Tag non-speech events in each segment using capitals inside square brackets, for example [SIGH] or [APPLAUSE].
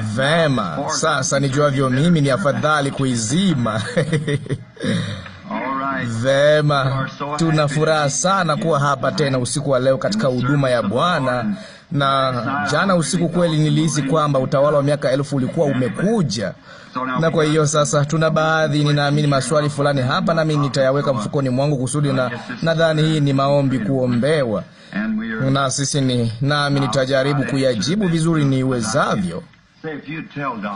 Vema, sasa nijuavyo mimi ni afadhali kuizima. Vema, tuna furaha sana kuwa hapa tena usiku wa leo katika huduma ya Bwana na jana usiku kweli nilihisi kwamba utawala wa miaka elfu ulikuwa umekuja. Na kwa hiyo sasa tuna baadhi, ninaamini maswali fulani hapa, nami nitayaweka mfukoni mwangu kusudi, na nadhani hii ni maombi kuombewa na sisi ni nami nitajaribu kuyajibu vizuri niwezavyo.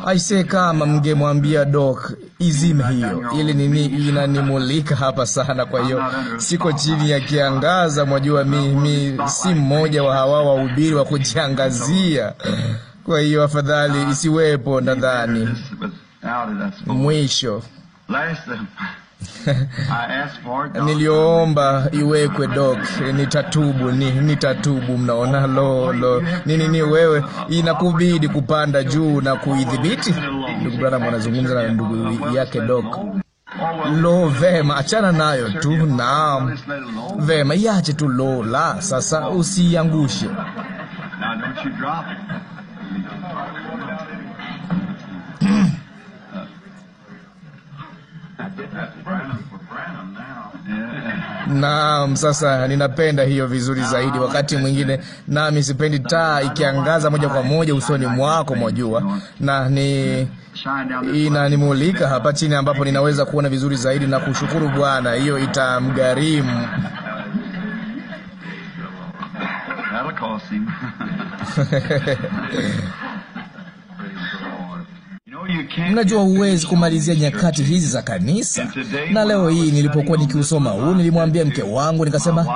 Aise, kama mngemwambia dok izime hiyo, ili nini inanimulika hapa sana. Kwa hiyo siko chini ya kiangaza, mwajua mimi si mmoja wa hawa wahubiri wa kujiangazia. Kwa hiyo afadhali isiwepo, nadhani mwisho [LAUGHS] niliomba iwekwe dok, nitatubu ni, nitatubu. Mnaona lo, lo nini ni wewe, inakubidi kupanda juu na kuidhibiti. Ndugu Branham anazungumza na ndugu yake dok. Lo, vema, achana nayo tu. Naam, vema, iache tu. Lo, la, sasa usiangushe [CLEARS THROAT] Naam, sasa ninapenda hiyo vizuri zaidi. Wakati mwingine nami sipendi taa ikiangaza moja kwa moja usoni mwako, mwajua, na ni inanimulika hapa chini ambapo ninaweza kuona vizuri zaidi na kushukuru Bwana. Hiyo itamgharimu [LAUGHS] Mnajua huwezi kumalizia nyakati hizi za kanisa. Na leo hii nilipokuwa nikiusoma huu, nilimwambia mke wangu nikasema,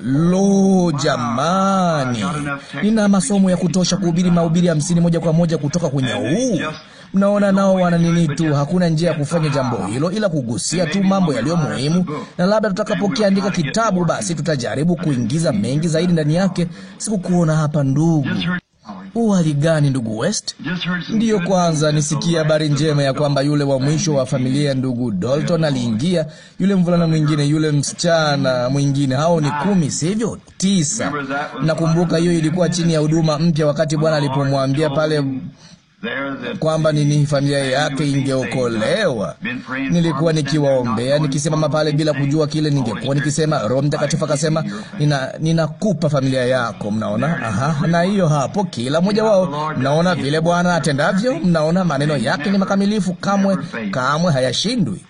Lo, jamani, nina masomo ya kutosha kuhubiri mahubiri hamsini moja kwa moja kutoka kwenye huu. Mnaona, nao wana nini tu. Hakuna njia ya kufanya jambo ah, hilo ila kugusia tu mambo yaliyo muhimu, na labda tutakapokiandika kitabu, basi tutajaribu kuingiza mengi zaidi ndani yake. Sikukuona hapa ndugu u gani ndugu West? Ndiyo kwanza nisikia habari njema ya kwamba yule wa mwisho wa familia ndugu Dalton aliingia, yule mvulana mwingine, yule msichana mwingine. Hao ni ah. kumi, sivyo? Tisa. Nakumbuka hiyo ilikuwa chini ya huduma mpya, wakati Bwana alipomwambia pale kwamba nini familia yake ingeokolewa. Nilikuwa nikiwaombea nikisimama pale bila kujua kile ningekuwa nikisema. Roho Mtakatifu akasema, nina ninakupa familia yako. Mnaona? Aha, na hiyo hapo, kila mmoja wao. Mnaona vile Bwana atendavyo? Mnaona maneno yake ni makamilifu, kamwe kamwe hayashindwi.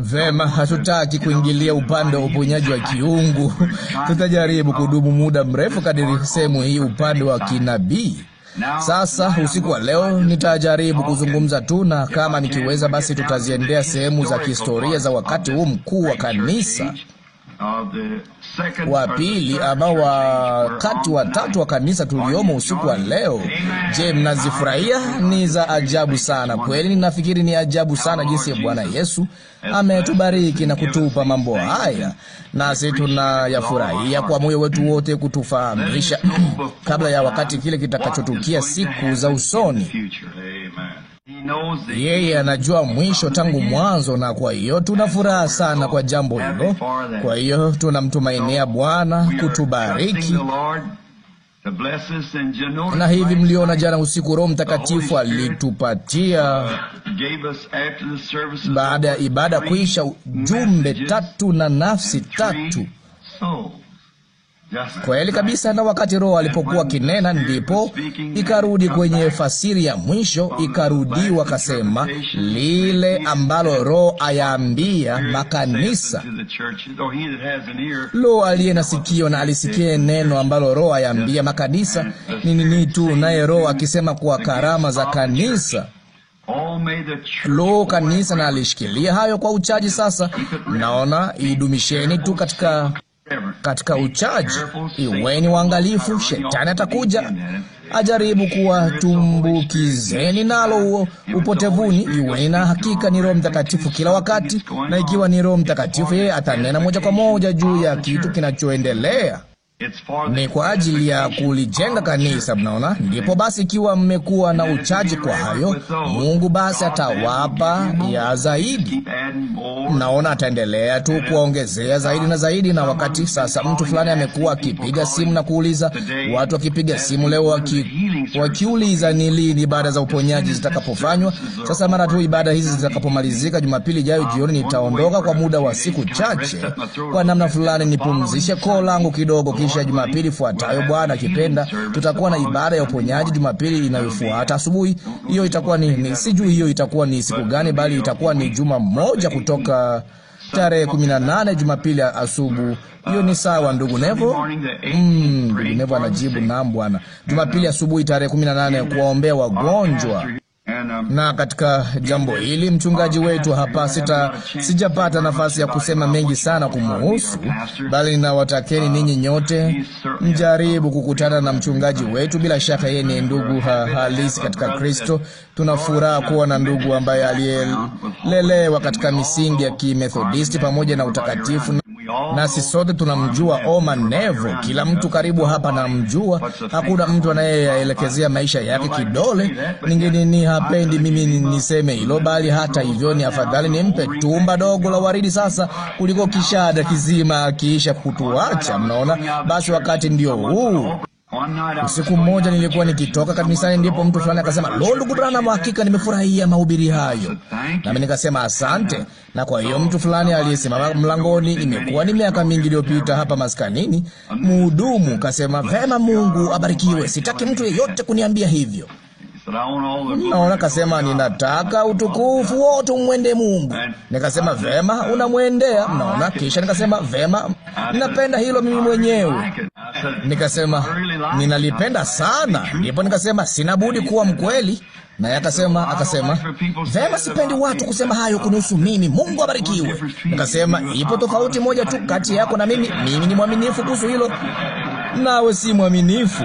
Vema, hatutaki kuingilia upande wa uponyaji wa kiungu tutajaribu kudumu muda mrefu kadiri sehemu hii upande wa kinabii. Sasa usiku wa leo nitajaribu kuzungumza tu, na kama nikiweza, basi tutaziendea sehemu za kihistoria za wakati huu mkuu wa kanisa wa pili ama wakati wa tatu wa kanisa tuliomo usiku wa leo. Je, mnazifurahia? Ni za ajabu sana kweli. Ninafikiri ni ajabu sana jinsi Bwana Yesu ametubariki na kutupa mambo haya, nasi tunayafurahia kwa moyo wetu wote, kutufahamisha kabla ya wakati kile kitakachotukia siku za usoni. Yeye anajua mwisho tangu mwanzo, na kwa hiyo tuna furaha sana kwa jambo hilo. Kwa hiyo tunamtumainia Bwana kutubariki na hivi mliona jana usiku Roho Mtakatifu alitupatia baada ya ibada kuisha jumbe tatu na nafsi tatu. Kweli kabisa. Na wakati Roho alipokuwa akinena, ndipo ikarudi kwenye fasiri ya mwisho, ikarudiwa, kasema lile ambalo Roho ayaambia makanisa. Lo, aliye na sikio na alisikie neno ambalo Roho ayaambia makanisa. Ni nini tu naye Roho akisema kwa karama za kanisa Lo, kanisa na alishikilia hayo kwa uchaji. Sasa naona idumisheni tu katika katika uchaji. Iweni waangalifu, shetani atakuja ajaribu kuwatumbukizeni nalo huo upotevuni. Iweni na hakika ni Roho Mtakatifu kila wakati, na ikiwa ni Roho Mtakatifu, yeye atanena moja kwa moja juu ya kitu kinachoendelea ni kwa ajili ya kulijenga kanisa. Mnaona, ndipo basi, ikiwa mmekuwa na uchaji kwa hayo, Mungu basi atawapa ya zaidi. Mnaona, ataendelea tu kuongezea zaidi na zaidi. Na wakati sasa mtu fulani amekuwa akipiga simu na kuuliza, watu wakipiga simu leo waki, wakiuliza ni lini ibada za uponyaji zitakapofanywa. Sasa mara tu ibada hizi zitakapomalizika Jumapili ijayo jioni, nitaondoka kwa muda wa siku chache, kwa namna fulani nipumzishe koo langu kidogo kidogo kisha Jumapili ifuatayo, Bwana akipenda, tutakuwa na ibada ya uponyaji Jumapili inayofuata asubuhi. Hiyo itakuwa ni, ni sijui hiyo itakuwa ni siku gani, bali itakuwa ni juma moja kutoka tarehe kumi na nane Jumapili asubuhi. Hiyo ni sawa, ndugu Nevo? Mm, ndugu Nevo anajibu, naam bwana. Jumapili asubuhi tarehe kumi na nane kuwaombea wagonjwa. Na katika jambo hili mchungaji wetu hapa, sita sijapata nafasi ya kusema mengi sana kumuhusu, bali ninawatakeni ninyi nyote mjaribu kukutana na mchungaji wetu. Bila shaka yeye ni ndugu ha halisi katika Kristo. Tuna furaha kuwa na ndugu ambaye aliyelelewa katika misingi ya Kimethodisti pamoja na utakatifu nasi sote tunamjua Oman Nevo. Kila mtu karibu hapa namjua, hakuna mtu anayeyaelekezea maisha yake kidole. ni hapendi mimi niseme hilo, bali hata hivyo ni afadhali nimpe tumba dogo la waridi sasa kuliko kishada kizima akiisha kutuacha. Mnaona? Basi wakati ndio huu. Usiku mmoja nilikuwa nikitoka kanisani, ndipo mtu fulani akasema, lo, ndugu Branham, hakika nimefurahia mahubiri hayo. Nami nikasema asante. Na kwa hiyo mtu fulani aliyesimama mlangoni, imekuwa ni miaka mingi iliyopita hapa maskanini, mhudumu kasema, vema, Mungu abarikiwe, sitaki mtu yeyote kuniambia hivyo. Naona kasema, ninataka utukufu wote umwende Mungu. Nikasema vema, unamwendea. Mnaona, kisha nikasema vema, ninapenda hilo mimi mwenyewe. Nikasema ninalipenda sana. Ndipo nikasema sina budi kuwa mkweli. Naye akasema akasema, vema, sipendi watu kusema hayo kunusu mimi. Mungu abarikiwe. Nikasema ipo tofauti moja tu kati yako na mimi. Mimi ni mwaminifu kuhusu hilo, nawe si mwaminifu.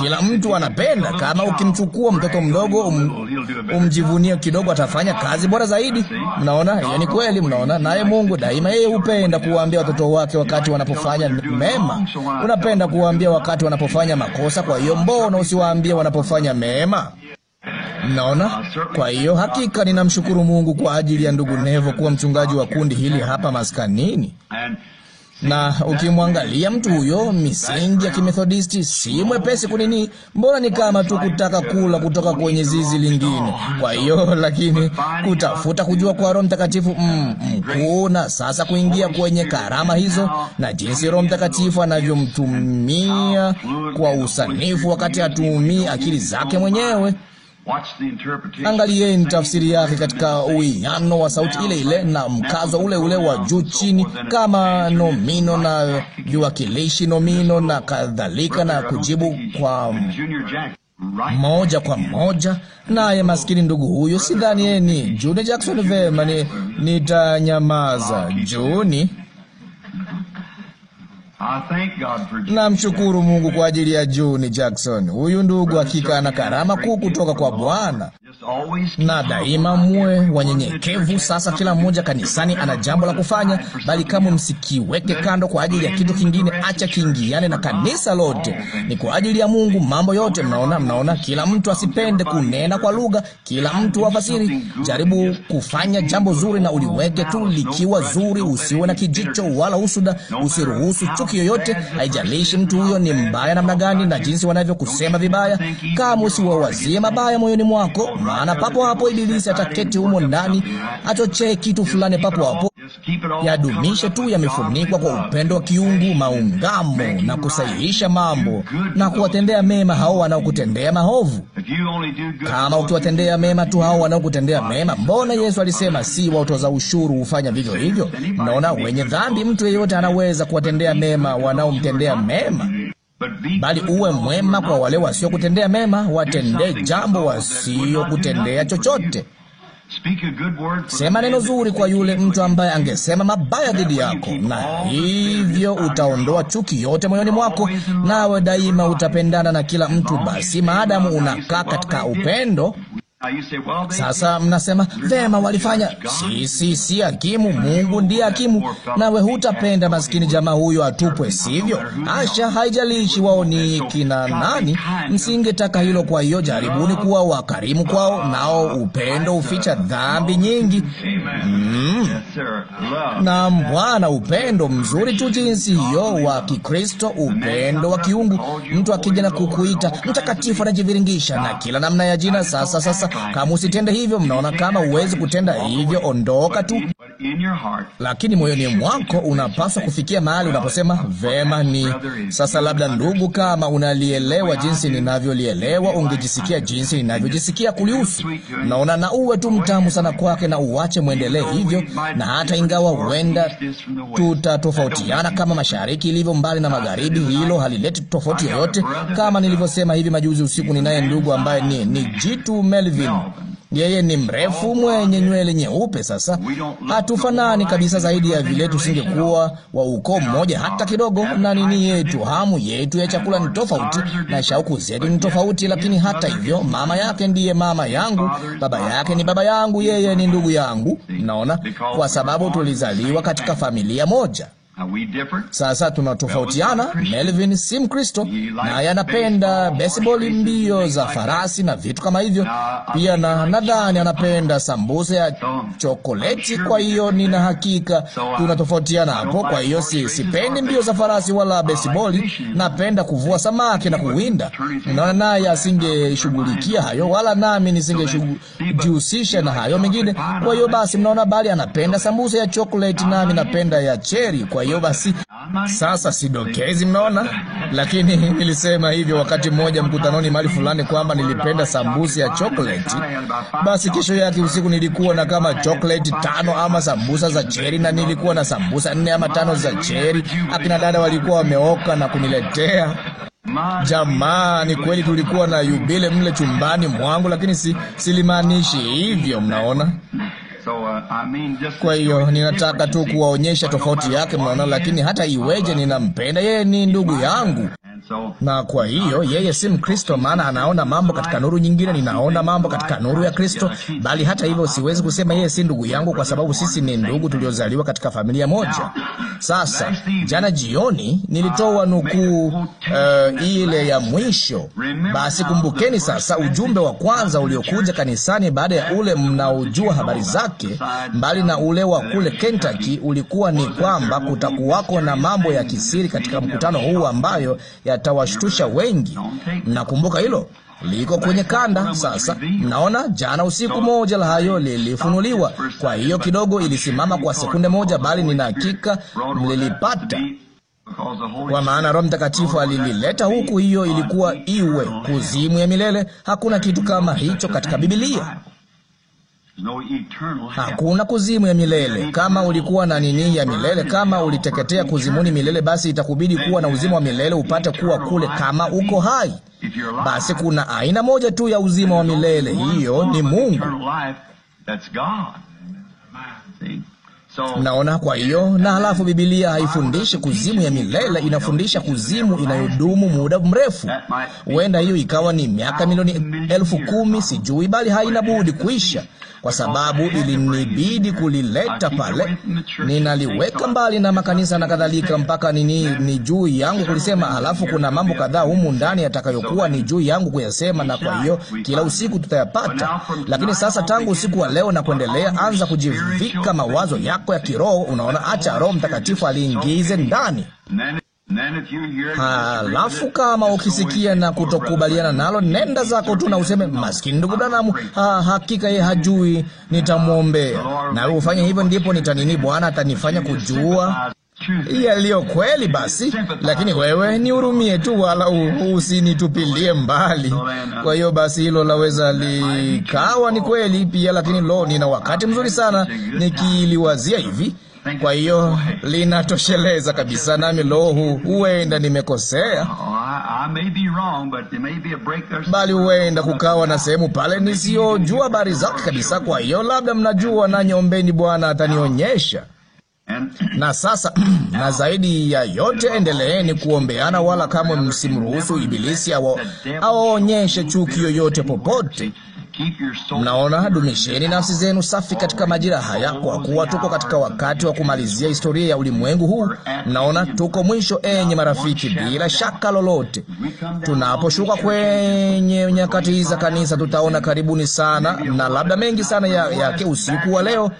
Kila mtu anapenda. Kama ukimchukua mtoto mdogo um, umjivunie kidogo, atafanya kazi bora zaidi. Mnaona hiyo ni kweli? Mnaona naye Mungu daima, yeye hupenda kuwaambia watoto wake wakati wanapofanya mema. Unapenda kuwaambia wakati wanapofanya makosa, kwa hiyo mbona usiwaambie wanapofanya mema? Mnaona? Kwa hiyo hakika ninamshukuru Mungu kwa ajili ya ndugu Nevo kuwa mchungaji wa kundi hili hapa maskanini na ukimwangalia mtu huyo, misingi ya kimethodisti si mwepesi kunini, mbona ni kama tu kutaka kula kutoka kwenye zizi lingine. Kwa hiyo lakini kutafuta kujua kwa Roho Mtakatifu mm, mkuu, mm, na sasa kuingia kwenye karama hizo na jinsi Roho Mtakatifu anavyomtumia kwa usanifu, wakati hatumii akili zake mwenyewe. Angalieni tafsiri yake katika uwiano wa sauti ile ile na mkazo ule ule wa juu chini, kama nomino na viwakilishi nomino na kadhalika, na kujibu kwa moja kwa moja. Naye maskini ndugu huyo, sidhani yeye ni Juni Jackson. Vema, nitanyamaza ni Juni. Namshukuru Mungu kwa ajili ya Juni Jackson. Huyu ndugu hakika ana karama kuu kutoka kwa Bwana na daima muwe wanyenyekevu. Sasa kila mmoja kanisani ana jambo la kufanya, bali kama msikiweke kando kwa ajili ya kitu kingine, acha kiingiane na kanisa lote. Ni kwa ajili ya Mungu mambo yote. Mnaona, mnaona, kila mtu asipende kunena kwa lugha, kila mtu wafasiri. Jaribu kufanya jambo zuri na uliweke tu likiwa zuri, usiwe na kijicho wala usuda, usiruhusu chuki yoyote. Haijalishi mtu huyo ni mbaya namna gani na jinsi wanavyokusema vibaya, kama usiwawazie mabaya moyoni mwako maana papo hapo Ibilisi ataketi humo ndani, achochee kitu fulani papo hapo. Yadumishe tu yamefunikwa kwa upendo wa kiungu, maungamo na kusahihisha mambo na kuwatendea mema hao wanaokutendea mahovu Kama ukiwatendea mema tu hao wanaokutendea mema, mbona Yesu alisema si watoza ushuru hufanya vivyo hivyo? naona wenye dhambi, mtu yeyote anaweza kuwatendea mema wanaomtendea mema bali uwe mwema kwa wale wasiokutendea mema, watendee jambo wasiokutendea chochote. Sema neno zuri kwa yule mtu ambaye angesema mabaya dhidi yako, na hivyo utaondoa chuki yote moyoni mwako, nawe daima utapendana na kila mtu. Basi maadamu unakaa katika upendo sasa mnasema vema, walifanya si si si, hakimu Mungu ndiye hakimu, nawe hutapenda maskini jamaa huyo atupwe, sivyo? hasha haijalishi wao ni kina nani, msingetaka hilo. Kwa hiyo jaribuni kuwa wakarimu kwao, nao upendo uficha dhambi nyingi. Mm. Na Bwana, upendo mzuri tu jinsi hiyo wa Kikristo, upendo wa kiungu. Mtu akija na kukuita mtakatifu anajiviringisha na kila namna ya jina. Sasa sasa kama usitende hivyo, mnaona, kama uwezi kutenda hivyo, ondoka tu. Lakini moyoni mwako unapaswa kufikia mahali unaposema, vema, ni sasa, labda ndugu, kama unalielewa jinsi ninavyolielewa, ungejisikia jinsi ninavyojisikia kulihusu. Naona, na uwe tu mtamu sana kwake, na uwache mwendelee hivyo, na hata ingawa huenda tutatofautiana kama mashariki ilivyo mbali na magharibi, hilo halileti tofauti yoyote. Kama nilivyosema hivi majuzi usiku, ninaye ndugu ambaye ni, ni Jitu Melvin yeye ni mrefu mwenye nywele nyeupe. Sasa hatufanani kabisa, zaidi ya vile tusingekuwa wa ukoo mmoja hata kidogo. Na nini yetu, hamu yetu ya chakula ni tofauti, na shauku zetu ni tofauti, lakini hata hivyo, mama yake ndiye mama yangu, baba yake ni baba yangu, yeye ni ndugu yangu. naona kwa sababu tulizaliwa katika familia moja. Sasa tunatofautiana. Melvin si Mkristo, naye anapenda baseball, mbio za farasi na vitu kama hivyo pia, na nadhani anapenda sambusa ya chokoleti. Kwa hiyo nina hakika uh, tunatofautiana hapo. Kwa hiyo si sipendi mbio za farasi wala baseball, napenda kuvua samaki na kuwinda. Naona naye asingeshughulikia hayo, wala nami nisingejihusisha na hayo mengine. Kwa hiyo basi, mnaona, bali anapenda sambusa ya chokoleti, nami napenda ya cheri. Kwa hiyo basi, sasa sidokezi, mnaona. Lakini [LAUGHS] nilisema hivyo wakati mmoja mkutanoni mahali fulani kwamba nilipenda sambusa ya chokoleti. Basi kesho yake usiku nilikuwa na kama chokoleti tano ama sambusa za cheri, na nilikuwa na sambusa nne ama tano za cheri. Akina dada walikuwa wameoka na kuniletea Jamani, kweli tulikuwa na yubile mle chumbani mwangu, lakini si silimaanishi hivyo, mnaona. Uh, Kwa hiyo ninataka tu kuwaonyesha tofauti yake, mwana Lakini hata iweje, ninampenda yeye, ni ndugu yangu na kwa hiyo yeye si Mkristo, maana anaona mambo katika nuru nyingine, ninaona mambo katika nuru ya Kristo. Bali hata hivyo, siwezi kusema yeye si ndugu yangu, kwa sababu sisi ni ndugu tuliozaliwa katika familia moja. Sasa jana jioni nilitoa nukuu uh, ile ya mwisho. Basi kumbukeni sasa ujumbe wa kwanza uliokuja kanisani baada ya ule mnaojua habari zake, mbali na ule wa kule Kentucky, ulikuwa ni kwamba kutakuwako na mambo ya kisiri katika mkutano huu ambayo ya yatawashtusha wengi. Mnakumbuka hilo liko kwenye kanda. Sasa mnaona, jana usiku moja la hayo lilifunuliwa. Kwa hiyo kidogo ilisimama kwa sekunde moja, bali nina hakika mlilipata kwa maana Roho Mtakatifu alilileta huku. Hiyo ilikuwa iwe kuzimu ya milele. Hakuna kitu kama hicho katika Biblia. Hakuna kuzimu ya milele. Kama ulikuwa na nini ya milele, kama uliteketea kuzimuni milele, basi itakubidi kuwa na uzima wa milele upate kuwa kule, kama uko hai. Basi kuna aina moja tu ya uzima wa milele, hiyo ni Mungu. Mnaona? Kwa hiyo na halafu, Bibilia haifundishi kuzimu ya milele, inafundisha kuzimu inayodumu muda mrefu. Huenda hiyo ikawa ni miaka milioni elfu kumi, sijui, bali haina budi kuisha kwa sababu ilinibidi kulileta pale. Ninaliweka mbali na makanisa na kadhalika, mpaka nini ni juu yangu kulisema. Halafu kuna mambo kadhaa humu ndani yatakayokuwa ni juu yangu kuyasema, na kwa hiyo kila usiku tutayapata. Lakini sasa, tangu usiku wa leo na kuendelea, anza kujivika mawazo yako ya kiroho. Unaona, acha Roho Mtakatifu aliingize ndani Halafu kama ukisikia na kutokubaliana nalo, nenda zako tu na useme, maskini ndugu Branhamu, ha, hakika yeye hajui, nitamwombea. Na ufanye hivyo, ndipo nitanini, Bwana atanifanya kujua yaliyo kweli. Basi lakini wewe nihurumie tu, wala usinitupilie mbali. Kwa hiyo basi, hilo laweza likawa ni kweli pia, lakini lo, nina wakati mzuri sana nikiliwazia hivi kwa hiyo linatosheleza kabisa, nami lohu, huenda nimekosea, oh, bali huenda kukawa na sehemu pale nisiyojua habari zake kabisa. Kwa hiyo labda mnajua, na nyombeni Bwana atanionyesha na sasa [CLEARS THROAT] na zaidi ya yote endeleeni kuombeana, wala kamwe msimruhusu Ibilisi awaonyeshe chuki yoyote popote. Mnaona, dumisheni nafsi zenu safi katika majira haya, kwa kuwa tuko katika wakati wa kumalizia historia ya ulimwengu huu. Mnaona, tuko mwisho, enye marafiki. Bila shaka lolote, tunaposhuka kwenye nyakati za kanisa, tutaona karibuni sana na labda mengi sana yake ya usiku wa leo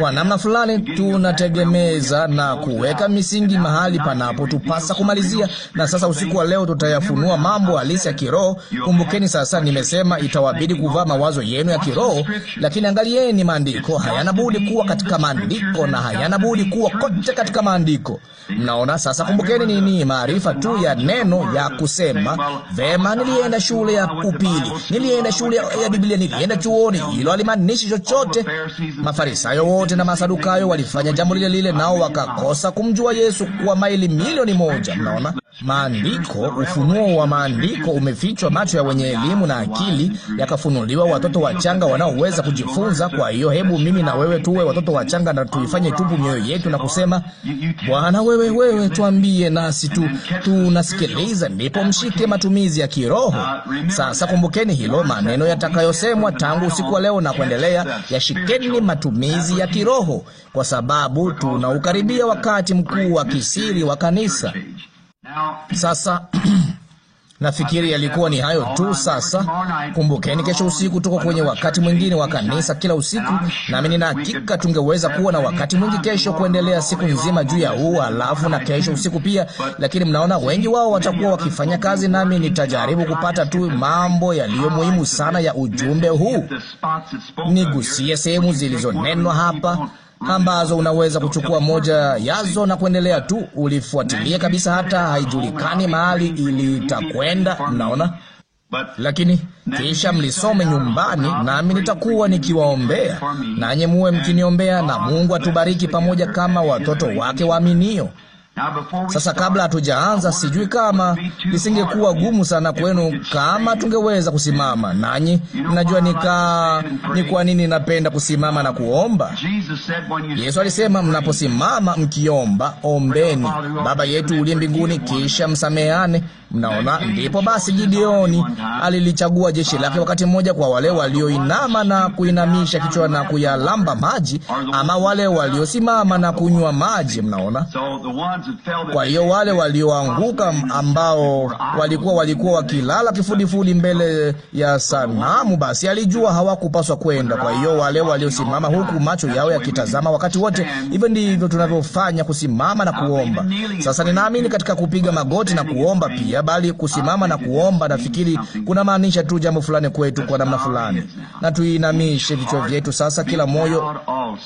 kwa namna fulani tunategemeza na kuweka misingi mahali panapotupasa kumalizia. Na sasa usiku wa leo tutayafunua mambo halisi ya kiroho. Kumbukeni sasa, nimesema itawabidi kuvaa mawazo yenu ya kiroho, lakini angalieni maandiko. Hayana budi kuwa katika maandiko na hayana budi kuwa kote katika maandiko. Mnaona sasa, kumbukeni nini? Maarifa tu ya neno ya kusema vema. Nilienda shule ya upili, nilienda shule ya Biblia, nilienda chuoni. Hilo alimaanishi chochote. Mafarisayo wote na Masadukayo walifanya jambo lile lile, nao wakakosa kumjua Yesu kwa maili milioni moja. Mnaona, maandiko, ufunuo wa maandiko umefichwa macho ya wenye elimu na akili, yakafunuliwa watoto wachanga wanaoweza kujifunza. Kwa hiyo hebu mimi na wewe tuwe watoto wachanga na tuifanye tupu mioyo yetu na kusema, Bwana wewe, wewe tuambie, nasi tu tunasikiliza, ndipo mshike matumizi ya kiroho. Sasa kumbukeni hilo, maneno yatakayosemwa tangu usiku wa leo na kuendelea, yashikeni matumizi ya kiroho, kwa sababu tunaukaribia wakati mkuu wa kisiri wa kanisa. Sasa [CLEARS THROAT] nafikiri yalikuwa ni hayo tu. Sasa kumbukeni, kesho usiku tuko kwenye wakati mwingine wa kanisa kila usiku, nami nina hakika tungeweza kuwa na wakati mwingi kesho kuendelea siku nzima juu ya huu, alafu na kesho usiku pia, lakini mnaona wengi wao watakuwa wakifanya kazi, nami nitajaribu kupata tu mambo yaliyo muhimu sana ya ujumbe huu. Nigusie sehemu zilizonenwa hapa ambazo unaweza kuchukua moja yazo na kuendelea tu. Ulifuatilia kabisa, hata haijulikani mahali ilitakwenda. Mnaona? Lakini kisha mlisome nyumbani, nami nitakuwa nikiwaombea, nanye muwe mkiniombea, na Mungu atubariki pamoja kama watoto wake waaminio. Sasa kabla hatujaanza, sijui kama lisingekuwa gumu sana kwenu kama tungeweza kusimama nanyi. Najua nika ni kwa nini napenda kusimama na kuomba. Yesu alisema, mnaposimama mkiomba, ombeni Baba yetu uliye mbinguni, kisha msameane Mnaona, ndipo basi Gideoni alilichagua jeshi lake wakati mmoja kwa wale walioinama na kuinamisha kichwa na kuyalamba maji, ama wale waliosimama na kunywa maji. Mnaona, kwa hiyo wale walioanguka ambao walikuwa walikuwa wakilala kifudifudi mbele ya sanamu, basi alijua hawakupaswa kwenda. Kwa hiyo wale waliosimama huku macho yao yakitazama wakati wote, hivyo ndivyo tunavyofanya kusimama na kuomba. Sasa ninaamini katika kupiga magoti na kuomba pia bali kusimama na kuomba, nafikiri kuna maanisha tu jambo fulani kwetu kwa namna fulani. Na tuinamishe vichwa vyetu sasa, kila moyo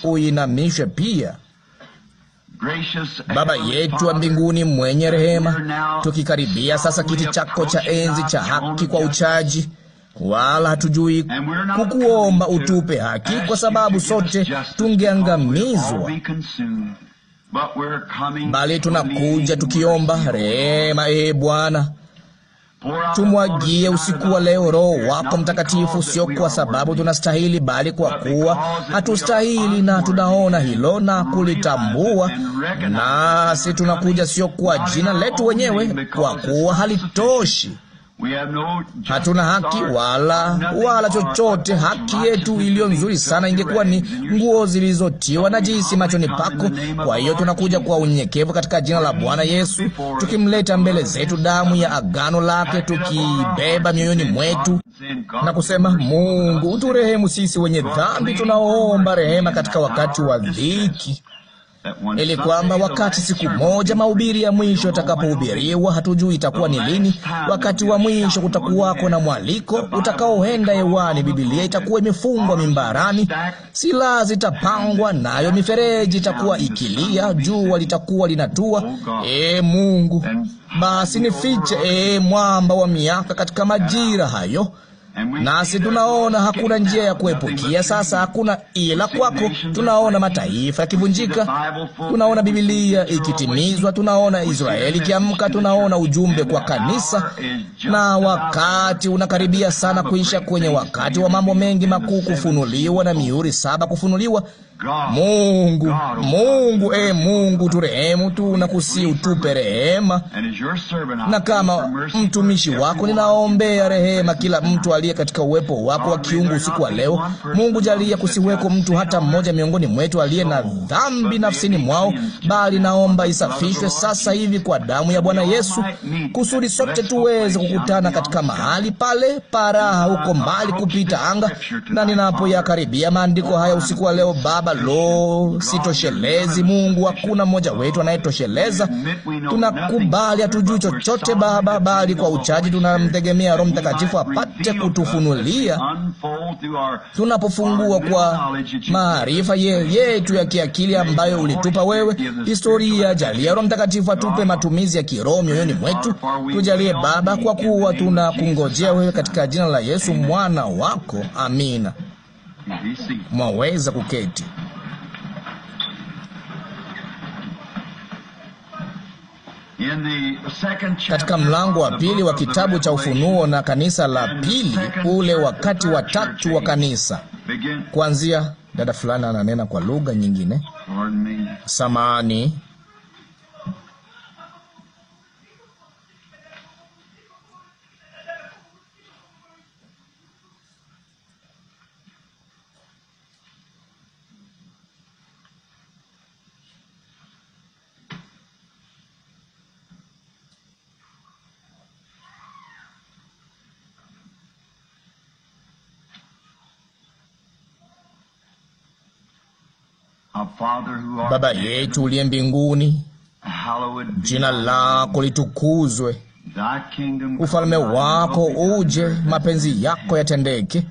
uinamishwe pia. Baba yetu wa mbinguni mwenye rehema, tukikaribia sasa kiti chako cha enzi cha haki kwa uchaji wala hatujui kukuomba utupe haki, kwa sababu sote tungeangamizwa bali tunakuja tukiomba rehema. E Bwana, tumwagie usiku wa leo Roho wako Mtakatifu, sio kwa sababu tunastahili, bali kwa kuwa hatustahili, na tunaona hilo na kulitambua. Nasi tunakuja sio kwa jina letu wenyewe, kwa kuwa halitoshi hatuna haki wala wala chochote. Haki yetu iliyo nzuri sana ingekuwa ni nguo zilizotiwa najisi machoni pako. Kwa hiyo tunakuja kwa unyenyekevu katika jina la Bwana Yesu, tukimleta mbele zetu damu ya agano lake, tukibeba mioyoni mwetu na kusema, Mungu turehemu sisi wenye dhambi, tunaomba rehema katika wakati wa dhiki ili kwamba wakati siku moja mahubiri ya mwisho yatakapohubiriwa, hatujui itakuwa ni lini. Wakati wa mwisho kutakuwako na mwaliko utakaoenda hewani. Bibilia itakuwa imefungwa mimbarani, silaha zitapangwa, nayo mifereji itakuwa ikilia, jua litakuwa linatua. Oh e Mungu, basi nifiche, e mwamba wa miaka, katika majira hayo nasi tunaona hakuna njia ya kuepukia sasa, hakuna ila kwako. Tunaona mataifa yakivunjika, tunaona Bibilia ikitimizwa, tunaona Israeli ikiamka, tunaona ujumbe kwa kanisa, na wakati unakaribia sana kuisha kwenye wakati wa mambo mengi makuu kufunuliwa na mihuri saba kufunuliwa Mungu, Mungu, e Mungu, turehemu, tu kusi utupe rehema. Na kama mtumishi wako ninaombea rehema kila mtu aliye katika uwepo wako wa kiungu usiku wa leo. Mungu, jalia kusiweko mtu hata mmoja miongoni mwetu aliye na dhambi nafsini mwao, bali naomba isafishwe sasa hivi kwa damu ya Bwana Yesu, kusudi sote tuweze kukutana katika mahali pale paraha huko mbali kupita anga, na ninapoyakaribia maandiko haya oh, usiku wa leo Baba Baba, lo, sitoshelezi Mungu, hakuna mmoja wetu anayetosheleza. Tunakubali hatujui chochote Baba, bali kwa uchaji tunamtegemea Roho Mtakatifu apate kutufunulia. Tunapofungua kwa maarifa yetu ya kiakili ambayo ulitupa wewe, historia, jalia Roho Mtakatifu atupe matumizi ya kiroho mioyoni mwetu. Tujalie Baba, kwa kuwa tunakungojea wewe, katika jina la Yesu mwana wako, amina mwaweza kuketi. Katika mlango wa pili wa kitabu cha Ufunuo na kanisa la pili, ule wakati wa tatu wa kanisa, kuanzia dada fulani ananena kwa lugha nyingine, samani Baba yetu uliye mbinguni, jina lako litukuzwe, ufalme wako uje, mapenzi yako yatendeke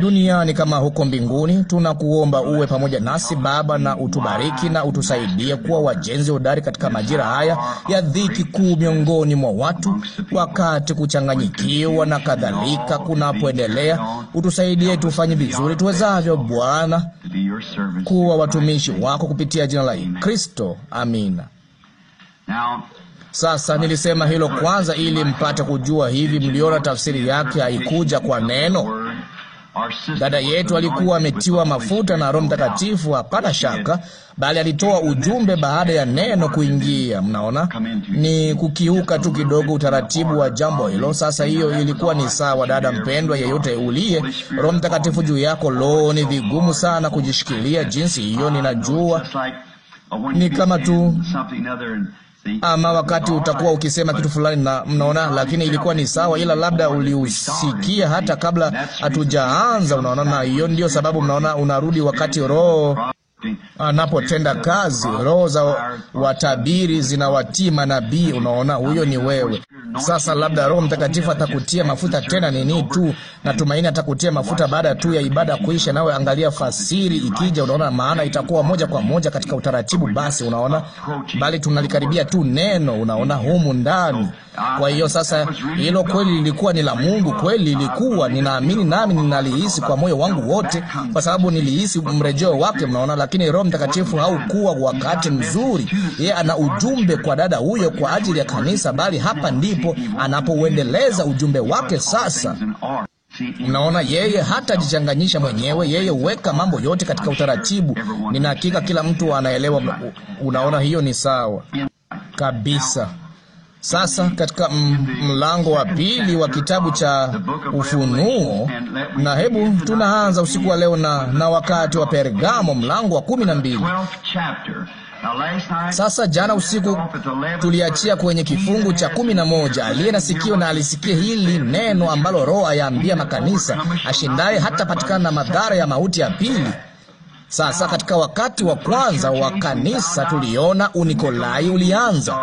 duniani kama huko mbinguni. Tunakuomba uwe pamoja nasi Baba, na utubariki na utusaidie kuwa wajenzi hodari katika majira haya ya dhiki kuu miongoni mwa watu, wakati kuchanganyikiwa na kadhalika kunapoendelea. Utusaidie tufanye vizuri tuwezavyo, Bwana, kuwa watumishi wako kupitia jina la Kristo. Amina. Sasa nilisema hilo kwanza, ili mpate kujua. Hivi mliona tafsiri yake haikuja kwa neno Dada yetu alikuwa ametiwa mafuta na Roho Mtakatifu, hapana shaka, bali alitoa ujumbe baada ya neno kuingia. Mnaona, ni kukiuka tu kidogo utaratibu wa jambo hilo. Sasa hiyo ilikuwa ni sawa. Dada mpendwa, yeyote uliye Roho Mtakatifu juu yako, lo, ni vigumu sana kujishikilia jinsi hiyo. Ninajua uh, ni kama tu ama wakati utakuwa ukisema kitu fulani na mnaona, lakini ilikuwa ni sawa, ila labda uliusikia hata kabla hatujaanza. Unaona, na hiyo ndio sababu mnaona unarudi wakati roho anapotenda kazi. Roho za watabiri zinawatii manabii. Unaona, huyo ni wewe. Sasa labda Roho Mtakatifu atakutia mafuta tena nini tu, natumaini atakutia mafuta baada tu ya ibada kuisha, nawe angalia fasiri ikija, unaona, maana itakuwa moja kwa moja katika utaratibu. Basi unaona, bali tunalikaribia tu neno, unaona, humu ndani. Kwa hiyo sasa, hilo kweli lilikuwa ni la Mungu, kweli lilikuwa, ninaamini nami ninalihisi kwa moyo wangu wote, kwa sababu nilihisi mrejeo wake, mnaona. Lakini Roho Mtakatifu haukuwa wakati mzuri, yeye ana ujumbe kwa dada huyo kwa ajili ya kanisa, bali hapa ndipo ndipo anapouendeleza ujumbe wake. Sasa unaona yeye hatajichanganyisha mwenyewe. Yeye huweka mambo yote katika utaratibu. Nina hakika kila mtu anaelewa. Unaona, hiyo ni sawa kabisa. Sasa katika mlango wa pili wa kitabu cha Ufunuo, na hebu tunaanza usiku wa leo na, na wakati wa Pergamo, mlango wa kumi na mbili sasa jana usiku tuliachia kwenye kifungu cha kumi na moja, aliye na sikio na alisikie hili neno ambalo Roho ayaambia makanisa. Ashindaye patikana na madhara ya mauti ya pili. Sasa katika wakati wa kwanza wa kanisa tuliona Unikolai ulianza.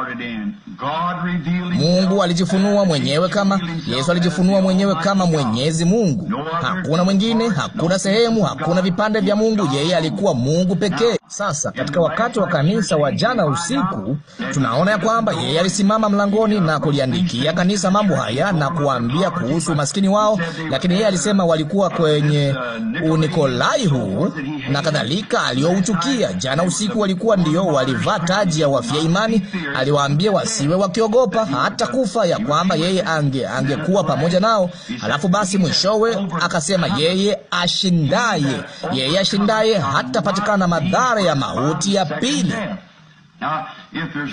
Mungu alijifunua mwenyewe kama Yesu, alijifunua mwenyewe kama Mwenyezi Mungu. Hakuna mwingine, hakuna sehemu, hakuna vipande vya Mungu. Yeye alikuwa Mungu pekee. Sasa katika wakati wa kanisa wa jana usiku, tunaona ya kwamba yeye alisimama mlangoni na kuliandikia kanisa mambo haya na kuambia kuhusu maskini wao, lakini yeye alisema walikuwa kwenye unikolai huu na kadhalika aliouchukia. Jana usiku walikuwa ndio walivaa taji ya wafia imani. Aliwaambia wasiwe wakiogopa hata kufa, ya kwamba yeye ange angekuwa pamoja nao. Alafu basi mwishowe akasema, yeye ashindaye, yeye ashindaye hatapatikana madhara ya mauti ya pili.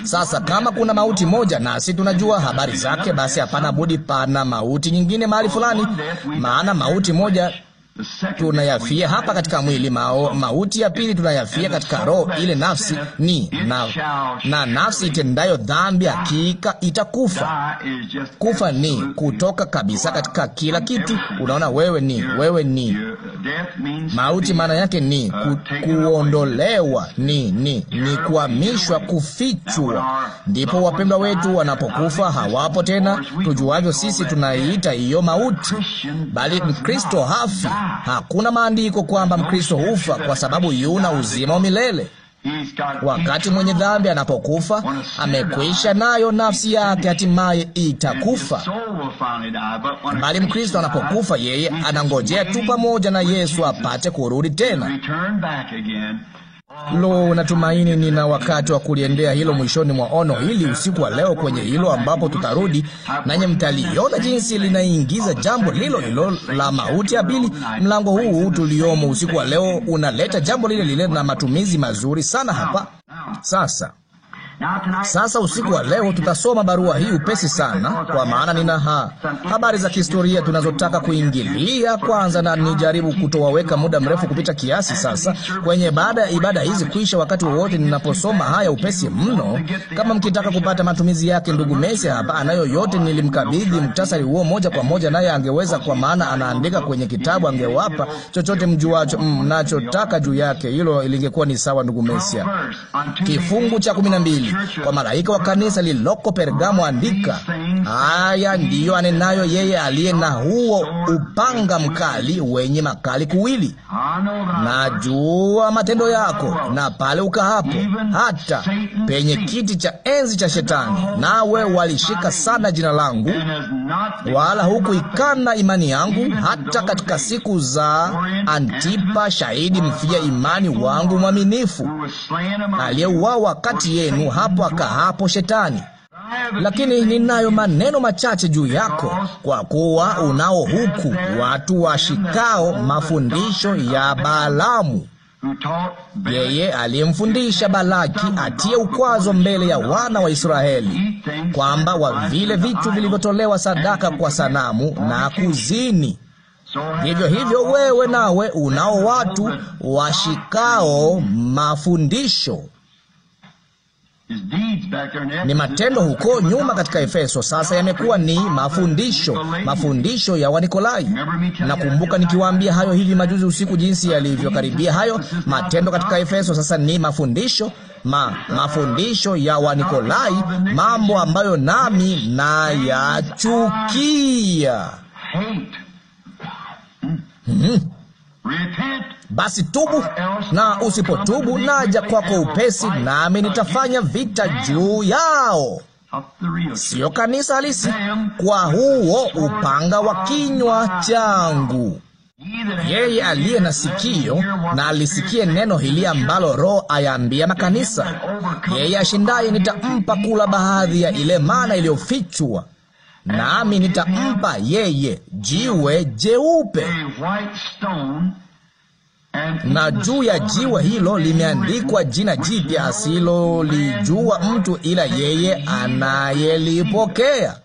Sasa kama kuna mauti moja nasi tunajua habari zake, basi hapana budi pana mauti nyingine mahali fulani, maana mauti moja tunayafia hapa katika mwili mao, mauti ya pili tunayafia katika roho. Ile nafsi ni na, na nafsi itendayo dhambi hakika itakufa. Kufa ni kutoka kabisa katika kila kitu. Unaona, wewe ni wewe ni mauti, maana yake ni ku, kuondolewa, ni ni ni kuhamishwa, kufichwa. Ndipo wapendwa wetu wanapokufa hawapo tena. Tujuavyo sisi tunaiita hiyo mauti, bali Mkristo hafi Hakuna maandiko kwamba Mkristo hufa, kwa sababu yuna uzima wa milele. Wakati mwenye dhambi anapokufa, amekwisha nayo nafsi yake hatimaye itakufa. Bali Mkristo anapokufa, yeye anangojea tu pamoja na Yesu apate kurudi tena. Lo, natumaini nina wakati wa kuliendea hilo mwishoni mwa ono hili usiku wa leo, kwenye hilo ambapo tutarudi nanye mtaliona jinsi linaingiza jambo lilo lilo la mauti ya pili. Mlango huu tuliomo usiku wa leo unaleta jambo lile lile na matumizi mazuri sana hapa sasa. Sasa usiku wa leo tutasoma barua hii upesi sana, kwa maana nina ha habari za kihistoria tunazotaka kuingilia kwanza, na nijaribu kutowaweka muda mrefu kupita kiasi. Sasa kwenye baada ya ibada hizi kuisha, wakati wowote ninaposoma haya upesi mno, kama mkitaka kupata matumizi yake, ndugu Mesi hapa anayo yote. Nilimkabidhi mktasari huo moja kwa moja, naye angeweza, kwa maana anaandika kwenye kitabu, angewapa chochote mjuacho mnachotaka juu yake. Hilo ilingekuwa ni sawa, ndugu Mesi. Kifungu cha hii, kwa malaika wa kanisa liloko Pergamo andika, haya ndiyo anenayo yeye aliye na huo upanga mkali wenye makali kuwili. Najua matendo yako, na pale ukahapo hata penye kiti cha enzi cha Shetani, nawe walishika sana jina langu, wala hukuikana imani yangu, hata katika siku za Antipa shahidi mfia imani wangu mwaminifu, aliyeuawa kati yenu hapo akaapo Shetani. Lakini ninayo maneno machache juu yako, kwa kuwa unao huku watu washikao mafundisho ya Balaamu, yeye aliyemfundisha Balaki atie ukwazo mbele ya wana wa Israeli kwamba wa vile vitu vilivyotolewa sadaka kwa sanamu na kuzini. Vivyo hivyo wewe nawe unao watu washikao mafundisho ni matendo huko nyuma katika Efeso, sasa yamekuwa ni mafundisho, mafundisho ya Wanikolai. Nakumbuka nikiwaambia hayo hivi majuzi usiku, jinsi yalivyokaribia hayo matendo katika Efeso. Sasa ni mafundisho ma, mafundisho ya Wanikolai, mambo ambayo nami nayachukia. Hmm. Basi tubu, na usipotubu naja kwako upesi, nami nitafanya vita juu yao. Sio kanisa halisi, kwa huo upanga wa kinywa changu. Yeye aliye na sikio na alisikie neno hili ambalo Roho ayaambia makanisa. Yeye ashindaye nitampa kula baadhi ya ile mana iliyofichwa, nami nitampa yeye jiwe jeupe na juu ya jiwe hilo limeandikwa jina jipya asilolijua mtu ila yeye anayelipokea.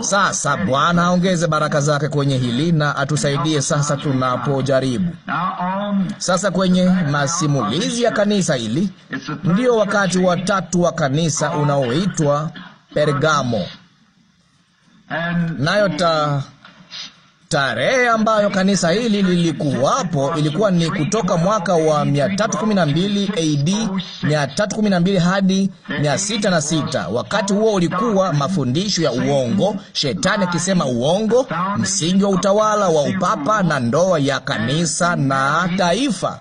Sasa Bwana aongeze baraka zake kwenye hili na atusaidie sasa tunapojaribu. Sasa kwenye masimulizi ya kanisa hili, ndio wakati wa tatu wa kanisa unaoitwa Pergamo, nayo ta Tarehe ambayo kanisa hili lilikuwapo ilikuwa ni kutoka mwaka wa 312 AD 312 hadi 606. Wakati huo ulikuwa mafundisho ya uongo, shetani akisema uongo, msingi wa utawala wa upapa na ndoa ya kanisa na taifa.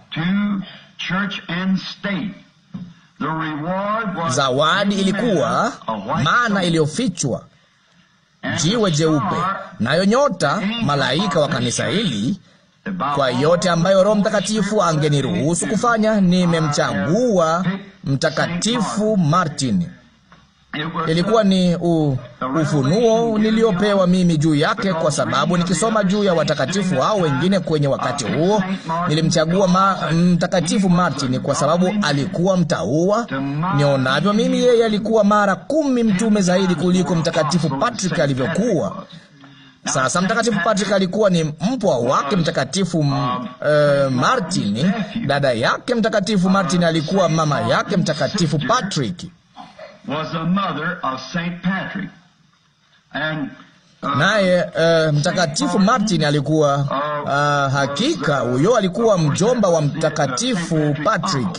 Zawadi ilikuwa maana iliyofichwa jiwe jeupe, nayo nyota, malaika wa kanisa hili. Kwa yote ambayo Roho Mtakatifu angeniruhusu kufanya, nimemchagua Mtakatifu Martin ilikuwa ni u, ufunuo niliopewa mimi juu yake, kwa sababu nikisoma juu ya watakatifu hao wengine kwenye wakati huo. Nilimchagua ma, mtakatifu Martin kwa sababu alikuwa mtaua. Nionavyo mimi, yeye alikuwa mara kumi mtume zaidi kuliko mtakatifu Patrick alivyokuwa. Sasa mtakatifu Patrick alikuwa ni mpwa wake mtakatifu uh, Martin. Dada yake mtakatifu Martin alikuwa mama yake mtakatifu Patrick was the mother of Saint Patrick. And uh, naye uh, mtakatifu Martin alikuwa uh, hakika huyo alikuwa mjomba wa mtakatifu Patrick.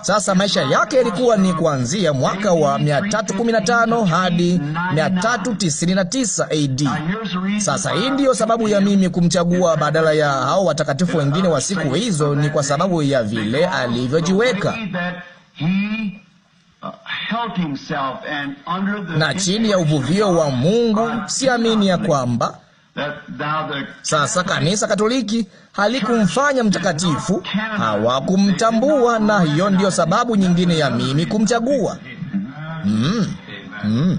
Sasa maisha uh, yake yalikuwa ni kuanzia mwaka wa 315 hadi 399 AD. Sasa hii ndiyo sababu ya mimi kumchagua badala ya hao watakatifu wengine wa siku hizo, ni kwa sababu ya vile alivyojiweka na chini ya uvuvio wa Mungu. Siamini ya kwamba sasa kanisa Katoliki halikumfanya mtakatifu, hawakumtambua, na hiyo ndiyo sababu nyingine ya mimi kumchagua. Mm. Mm.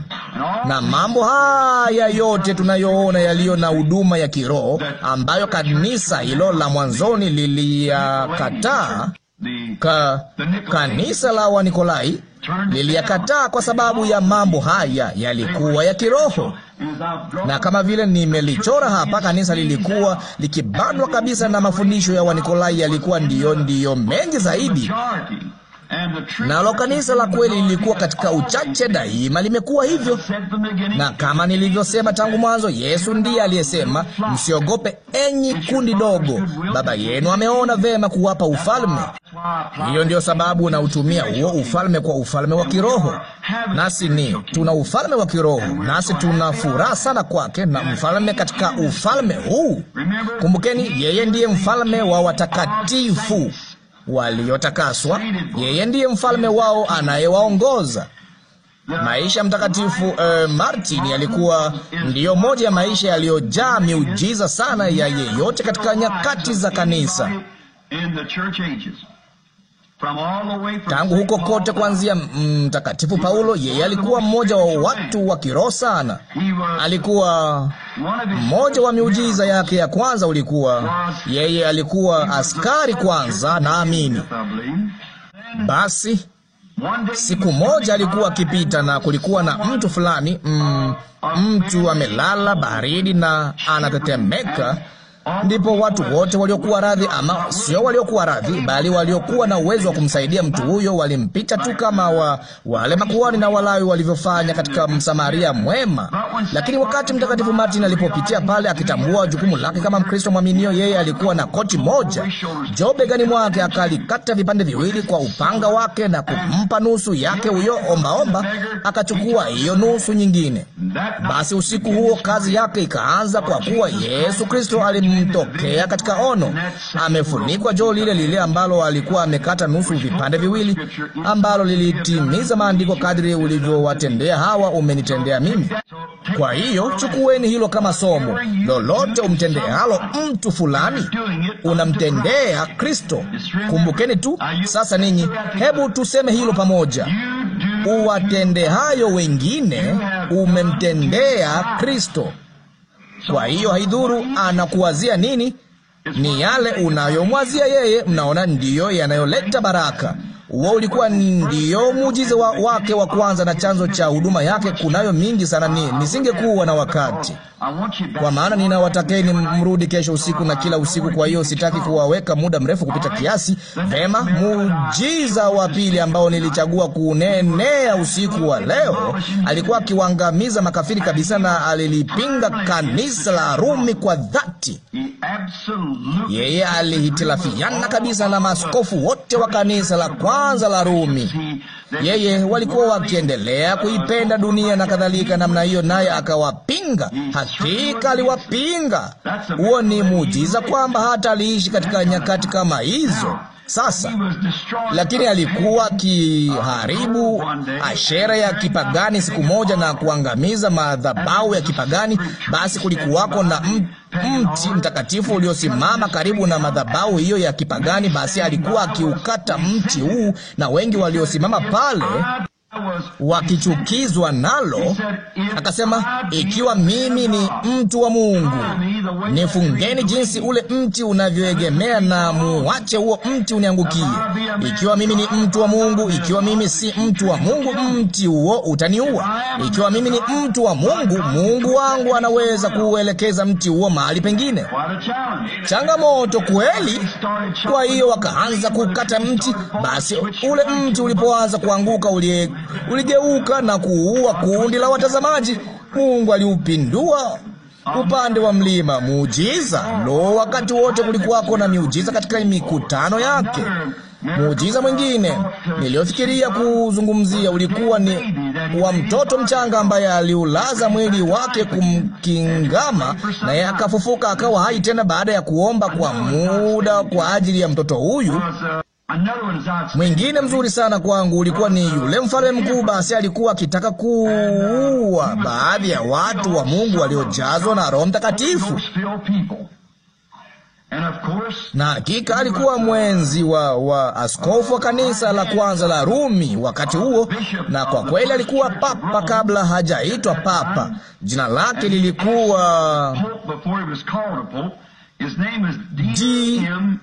Na mambo haya yote tunayoona yaliyo na huduma ya kiroho ambayo kanisa hilo la mwanzoni liliyakataa Ka, kanisa la Wanikolai liliyakataa kwa sababu ya mambo haya yalikuwa ya kiroho, na kama vile nimelichora hapa, kanisa lilikuwa likibanwa kabisa na mafundisho ya Wanikolai, yalikuwa ndiyo ndiyo mengi zaidi Nalo kanisa la kweli lilikuwa katika uchache daima, limekuwa hivyo. Na kama nilivyosema tangu mwanzo, Yesu ndiye aliyesema, msiogope enyi kundi dogo, baba yenu ameona vema kuwapa ufalme. Hiyo ndiyo sababu unautumia huo ufalme kwa ufalme wa kiroho, nasi ni tuna ufalme wa kiroho, nasi tuna furaha sana kwake na mfalme katika ufalme huu. Kumbukeni, yeye ndiye mfalme wa watakatifu waliotakaswa. Yeye ndiye mfalme wao anayewaongoza. Maisha mtakatifu uh, Martin yalikuwa ndiyo moja ya maisha yaliyojaa miujiza sana ya yeyote katika nyakati za kanisa tangu huko kote, kuanzia mm, Mtakatifu mm, Paulo. Yeye alikuwa mmoja wa watu wa kiroho sana, alikuwa mmoja wa miujiza yake ya kwanza ulikuwa yeye alikuwa askari kwanza, naamini basi Siku moja alikuwa akipita na kulikuwa na mtu fulani mm, mtu amelala baridi na anatetemeka Ndipo watu wote waliokuwa radhi, ama sio waliokuwa radhi, bali waliokuwa na uwezo wa kumsaidia mtu huyo, walimpita tu kama wa, wale makuhani na Walawi walivyofanya katika Msamaria mwema. Lakini wakati Mtakatifu Martin alipopitia pale, akitambua jukumu lake kama Mkristo mwaminio, yeye alikuwa na koti moja jo begani mwake, akalikata vipande viwili kwa upanga wake na kumpa nusu yake huyo ombaomba, akachukua hiyo nusu nyingine. Basi usiku huo kazi yake ikaanza, kwa kuwa Yesu Kristo ali ilimtokea katika ono. Amefunikwa joo lile lile ambalo alikuwa amekata nusu vipande viwili, ambalo lilitimiza maandiko, kadri ulivyowatendea hawa umenitendea mimi. Kwa hiyo chukueni hilo kama somo. Lolote umtendealo mtu fulani, unamtendea Kristo. Kumbukeni tu sasa, ninyi, hebu tuseme hilo pamoja uwatende hayo wengine umemtendea Kristo. Kwa hiyo haidhuru anakuwazia nini, ni yale unayomwazia yeye. Mnaona, ndiyo yanayoleta baraka. Huo ulikuwa ndiyo muujiza wa, wake wa kwanza na chanzo cha huduma yake. Kunayo mingi sana, ni nisingekuwa na wakati kwa maana ninawatakeni mrudi kesho usiku na kila usiku. Kwa hiyo sitaki kuwaweka muda mrefu kupita kiasi. Vema, muujiza wa pili ambao nilichagua kuunenea usiku wa leo alikuwa akiwaangamiza makafiri kabisa, na alilipinga kanisa la Rumi kwa dhati. Yeye alihitilafiana kabisa na maaskofu wote wa kanisa la kwanza la Rumi yeye walikuwa wakiendelea kuipenda dunia na kadhalika namna hiyo, naye akawapinga. Hakika aliwapinga. Huo ni muujiza kwamba hata aliishi katika nyakati kama hizo sasa, lakini alikuwa akiharibu ashera ya kipagani siku moja na kuangamiza madhabahu ya kipagani. Basi kulikuwako na mti mtakatifu uliosimama karibu na madhabahu hiyo ya kipagani. Basi alikuwa akiukata mti huu, na wengi waliosimama pale wakichukizwa nalo. Akasema, ikiwa mimi ni mtu wa Mungu, nifungeni jinsi ule mti unavyoegemea na muache huo mti uniangukie. Ikiwa mimi ni mtu wa Mungu, ikiwa mimi si mtu wa Mungu, mti huo utaniua. Ikiwa mimi ni mtu wa Mungu, Mungu wangu anaweza kuuelekeza mti huo mahali pengine. Changamoto kweli! Kwa hiyo wakaanza kukata mti. Basi ule mti ulipoanza kuanguka ulie uligeuka na kuua kundi la watazamaji. Mungu aliupindua upande wa mlima. Muujiza lo, wakati wote kulikuwako na miujiza katika mikutano yake. Muujiza mwingine niliyofikiria kuzungumzia ulikuwa ni wa mtoto mchanga ambaye aliulaza mwili wake kumkingama, naye akafufuka akawa hai tena baada ya kuomba kwa muda kwa ajili ya mtoto huyu. Mwingine mzuri sana kwangu ulikuwa ni yule mfalme mkuu. Basi alikuwa akitaka kuua baadhi ya watu wa Mungu waliojazwa na Roho Mtakatifu, na hakika alikuwa mwenzi wa, wa askofu wa kanisa la kwanza la Rumi wakati huo, na kwa kweli alikuwa papa kabla hajaitwa papa. Jina lake lilikuwa D A M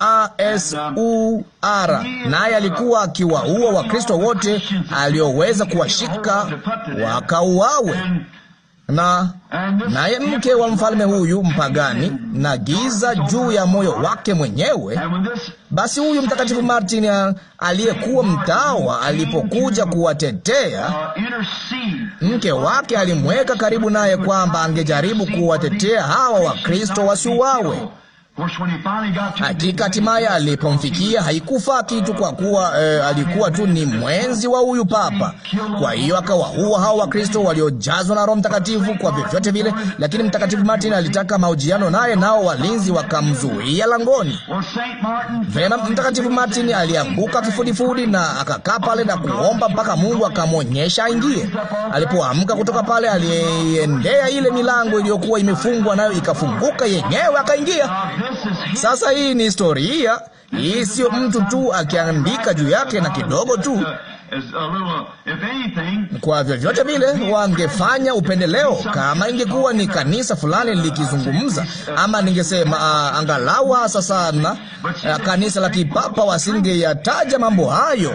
A S U R, naye alikuwa akiwaua Wakristo wote alioweza kuwashika wakauawe na naye mke wa mfalme huyu mpagani na giza juu ya moyo wake mwenyewe. Basi huyu mtakatifu Martin uh, aliyekuwa mtawa alipokuja kuwatetea, uh, mke wake alimweka karibu naye kwamba angejaribu kuwatetea hawa Wakristo wasiuawe. Hakika hatimaye alipomfikia haikufa kitu, kwa kuwa eh, alikuwa tu ni mwenzi wa huyu papa. Kwa hiyo akawaua hao Wakristo waliojazwa na Roho Mtakatifu kwa vyovyote vile, lakini Mtakatifu Martin alitaka mahojiano naye, nao walinzi wakamzuia langoni. Vema, Mtakatifu Martin alianguka kifudifudi na akakaa pale na kuomba mpaka Mungu akamwonyesha aingie. Alipoamka kutoka pale, aliendea ile milango iliyokuwa imefungwa, nayo ikafunguka yenyewe, akaingia. Sasa hii ni historia. Hii sio mtu tu akiandika juu yake na kidogo tu kwa vyovyote vile wangefanya upendeleo. Kama ingekuwa ni kanisa fulani likizungumza, ama ningesema uh, ah, angalau hasa sana uh, ah, kanisa la kipapa wasingeyataja mambo hayo.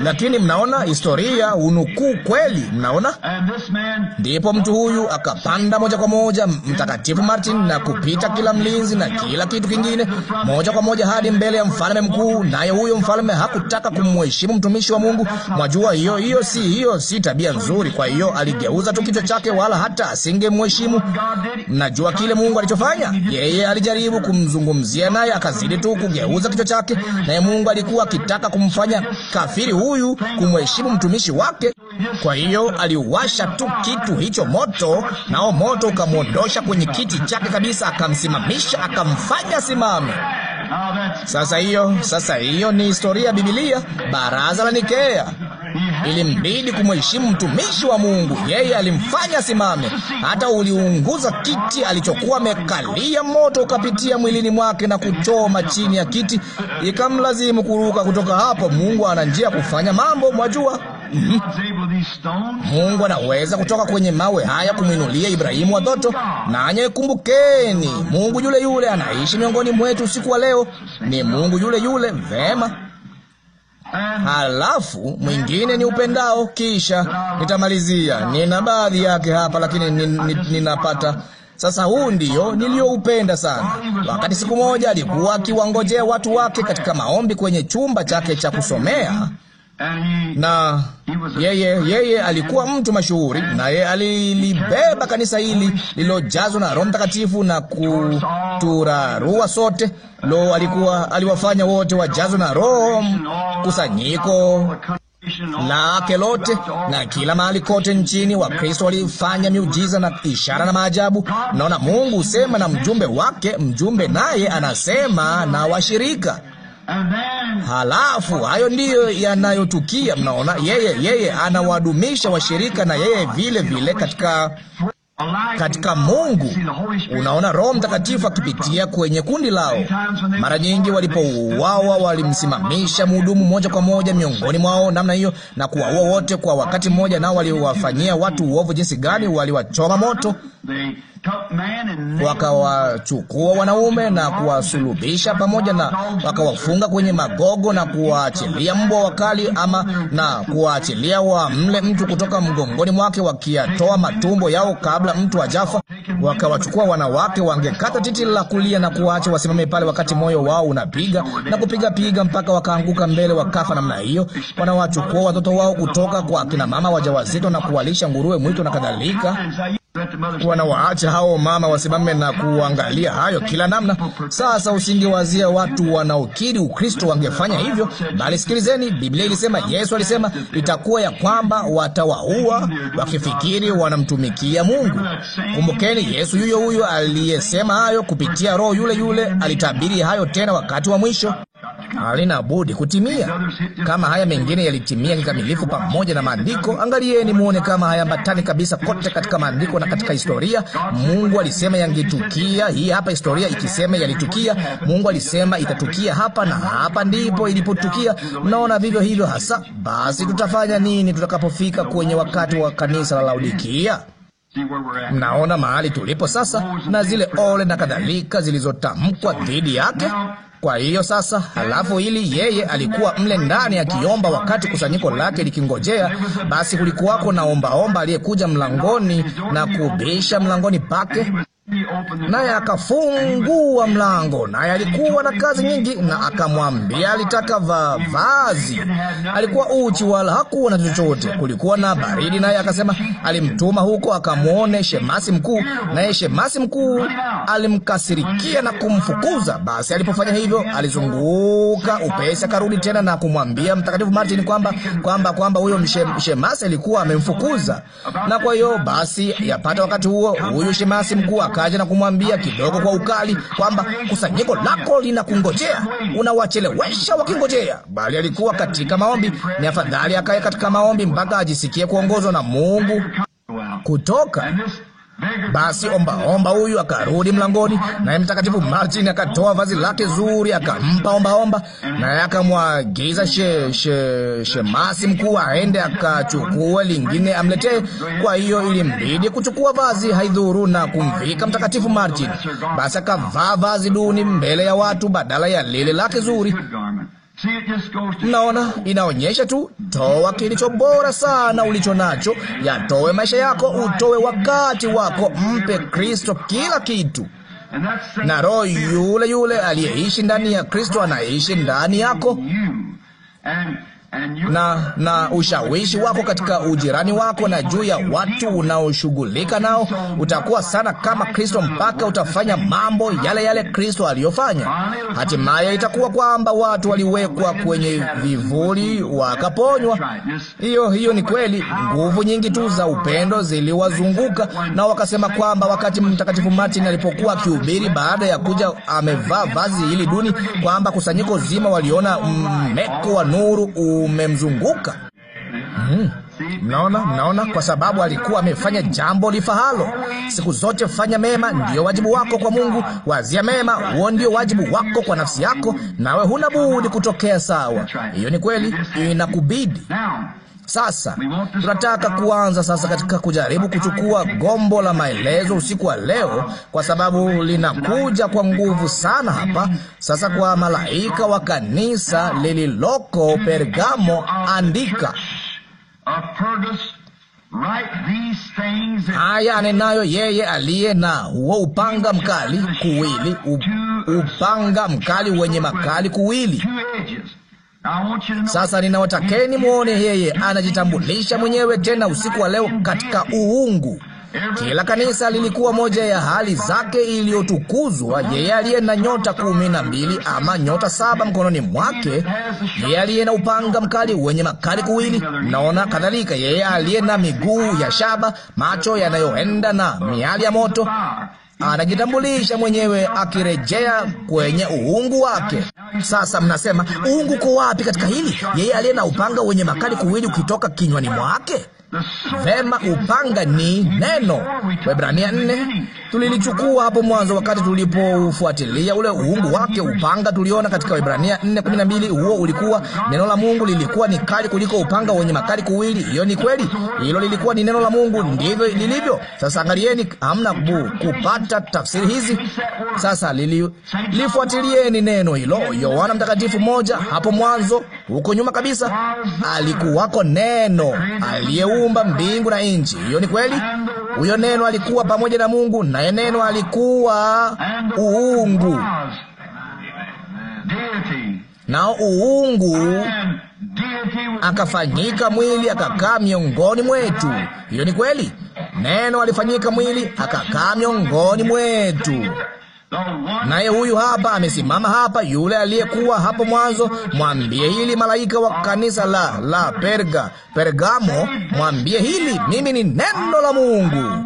Lakini mnaona historia unukuu kweli, mnaona. Ndipo mtu huyu akapanda moja kwa moja Mtakatifu Martin na kupita kila mlinzi na kila kitu kingine, moja kwa moja hadi mbele ya mfalme mkuu. Naye huyo mfalme hakutaka kumheshimu mtumishi wa Mungu. Mwajua hiyo hiyo, si hiyo si tabia nzuri. Kwa hiyo aligeuza tu kichwa chake, wala hata asingemheshimu. Mnajua kile Mungu alichofanya? Yeye alijaribu kumzungumzia, naye akazidi tu kugeuza kichwa chake, naye Mungu alikuwa akitaka kumfanya kafi kafiri huyu kumheshimu mtumishi wake. Kwa hiyo aliuwasha tu kitu hicho moto, nao moto ukamwondosha kwenye kiti chake kabisa, akamsimamisha, akamfanya simame. Sasa hiyo, sasa hiyo ni historia ya Biblia. Baraza la Nikea ilimbidi kumheshimu mtumishi wa Mungu, yeye alimfanya simame. Hata uliunguza kiti alichokuwa amekalia, moto ukapitia mwilini mwake na kuchoma chini ya kiti, ikamlazimu kuruka kutoka hapo. Mungu ana njia ya kufanya mambo, mwajua. Mhm. Mungu anaweza kutoka kwenye mawe haya kumwinulia Ibrahimu watoto. Nanye kumbukeni, Mungu yule yule anaishi miongoni mwetu usiku wa leo, ni Mungu yule yule. Vema. Halafu mwingine ni upendao, kisha nitamalizia. Nina baadhi yake hapa, lakini ni, nin, ninapata sasa huu ndiyo niliyoupenda sana. Wakati siku moja alikuwa akiwangojea watu wake katika maombi kwenye chumba chake cha kusomea na yeye yeye alikuwa mtu mashuhuri, na yeye alilibeba kanisa hili lilojazwa na Roho Mtakatifu na kuturarua sote. Lo, alikuwa aliwafanya wote wajazwa na Roho, kusanyiko lake lote na kila mahali kote nchini, Wakristo walifanya miujiza na ishara na maajabu. Naona Mungu husema na mjumbe wake, mjumbe naye anasema na washirika. Halafu hayo ndiyo yanayotukia. Mnaona, yeye yeye anawadumisha washirika na yeye vile vile katika katika Mungu. Unaona Roho Mtakatifu akipitia kwenye kundi lao. Mara nyingi walipouawa walimsimamisha mhudumu moja kwa moja miongoni mwao namna hiyo na kuwaua wote kwa wakati mmoja. Nao waliwafanyia watu uovu jinsi gani! Waliwachoma moto wakawachukua wanaume na kuwasulubisha pamoja na wakawafunga kwenye magogo na kuwaachilia mbwa wakali, ama na kuwaachilia mle mtu kutoka mgongoni mwake, wakiyatoa matumbo yao kabla mtu ajafa. Wakawachukua wanawake, wangekata titi la kulia na kuwaacha wasimame pale, wakati moyo wao unapiga na kupiga piga mpaka wakaanguka mbele, wakafa namna hiyo. Wanawachukua watoto wao kutoka kwa akina mama wajawazito na kuwalisha nguruwe mwitu na kadhalika wanawaacha hao mama wasimame na kuangalia hayo kila namna. Sasa usingewazia watu wanaokiri Ukristo wangefanya hivyo, bali sikilizeni, Biblia ilisema, Yesu alisema itakuwa ya kwamba watawaua wakifikiri wanamtumikia Mungu. Kumbukeni, Yesu yuyo huyo aliyesema hayo kupitia Roho yule yule alitabiri hayo tena wakati wa mwisho halina budi kutimia. Kama haya mengine yalitimia kikamilifu pamoja na Maandiko, angalieni muone kama mbatani kabisa kote katika Maandiko na katika historia. Mungu alisema yangetukia, hii hapa historia ikisema yalitukia. Mungu alisema itatukia hapa, na hapa ndipo ilipotukia. naona vivyo hivyo hasa. Basi tutafanya nini tutakapofika kwenye wakati wa kanisa la Laodikia? Mnaona mahali tulipo sasa, na zile ole na kadhalika zilizotamkwa dhidi yake. Kwa hiyo sasa, halafu ili yeye alikuwa mle ndani akiomba, wakati kusanyiko lake likingojea, basi kulikuwako na ombaomba aliyekuja mlangoni na kubisha mlangoni pake naye akafungua mlango, naye alikuwa na kazi nyingi, na akamwambia alitaka vazi. Alikuwa uchi, wala hakuwa na chochote, kulikuwa na baridi, naye akasema alimtuma huko akamwone shemasi mkuu, naye shemasi mkuu alimkasirikia na kumfukuza. Basi alipofanya hivyo, alizunguka upesi, akarudi tena na kumwambia Mtakatifu Martin kwamba kwamba kwamba huyo shemasi alikuwa amemfukuza, na kwa hiyo basi yapata wakati huo huyu shemasi mkuu akaja na kumwambia kidogo kwa ukali kwamba kusanyiko lako linakungojea, unawachelewesha wakingojea. Bali alikuwa katika maombi. Ni afadhali akae katika maombi mpaka ajisikie kuongozwa na Mungu kutoka basi ombaomba huyu omba akarudi mlangoni, naye Mtakatifu Martin akatoa vazi lake zuri akampa ombaomba, naye akamwagiza she, she, shemasi mkuu aende akachukua lingine amletee. Kwa hiyo ilimbidi kuchukua vazi haidhuru na kumvika Mtakatifu Martin. Basi akavaa vazi duni mbele ya watu badala ya lile lake zuri. Mnaona, inaonyesha tu, toa kilicho bora sana ulicho nacho, yatowe maisha yako, utoe wakati wako, mpe Kristo kila kitu, na Roho yule yule aliyeishi ndani ya Kristo anaishi ndani yako na, na ushawishi wako katika ujirani wako na juu ya watu unaoshughulika nao utakuwa sana kama Kristo mpaka utafanya mambo yale yale Kristo aliyofanya. Hatimaye itakuwa kwamba watu waliwekwa kwenye vivuli wakaponywa. Hiyo hiyo ni kweli. Nguvu nyingi tu za upendo ziliwazunguka na wakasema kwamba wakati Mtakatifu Martin alipokuwa akihubiri baada ya kuja amevaa vazi hili duni, kwamba kusanyiko zima waliona mmeko wa nuru u umemzunguka. Mm. Mnaona, mnaona, kwa sababu alikuwa amefanya jambo lifahalo. Siku zote fanya mema, ndiyo wajibu wako kwa Mungu. Wazia mema, huo ndio wajibu wako kwa nafsi yako, nawe huna budi kutokea sawa. Hiyo ni kweli, inakubidi sasa tunataka kuanza sasa katika kujaribu kuchukua gombo la maelezo usiku wa leo, kwa sababu linakuja kwa nguvu sana hapa sasa. Kwa malaika wa kanisa lililoko Pergamo, andika haya anenayo yeye aliye na huo upanga mkali kuwili, upanga mkali wenye makali kuwili sasa ninawatakeni mwone yeye anajitambulisha mwenyewe tena usiku wa leo katika uungu. Kila kanisa lilikuwa moja ya hali zake iliyotukuzwa. Yeye aliye na nyota kumi na mbili ama nyota saba mkononi mwake, yeye aliye na upanga mkali wenye makali kuwili, naona kadhalika, yeye aliye na miguu ya shaba, macho yanayoenda na miali ya moto anajitambulisha mwenyewe akirejea kwenye uungu wake. Sasa mnasema uungu uko wapi katika hili? Yeye aliye na upanga wenye makali kuwili ukitoka kinywani mwake Vema, upanga ni neno. Waebrania nne tulilichukua hapo mwanzo, wakati tulipoufuatilia ule uungu wake. Upanga tuliona katika Waebrania nne kumi na mbili huo ulikuwa neno la Mungu, lilikuwa ni kali kuliko upanga wenye makali kuwili. Hiyo ni kweli, hilo lilikuwa ni neno la Mungu, ndivyo lilivyo. Sasa angalieni, hamna kupata tafsiri hizi. Sasa lili, lifuatilieni neno hilo. Yohana Mtakatifu moja, hapo mwanzo, huko nyuma kabisa, alikuwako neno aliye kuumba mbingu na nchi. Hiyo ni kweli. Huyo neno alikuwa pamoja na Mungu, naye neno alikuwa uungu, nao uungu akafanyika mwili akakaa miongoni mwetu. Hiyo ni kweli. Neno alifanyika mwili akakaa miongoni mwetu. Naye huyu hapa amesimama hapa, yule aliyekuwa hapo mwanzo. Mwambie hili malaika wa kanisa la la Perga Pergamo, mwambie hili, mimi ni neno la Mungu.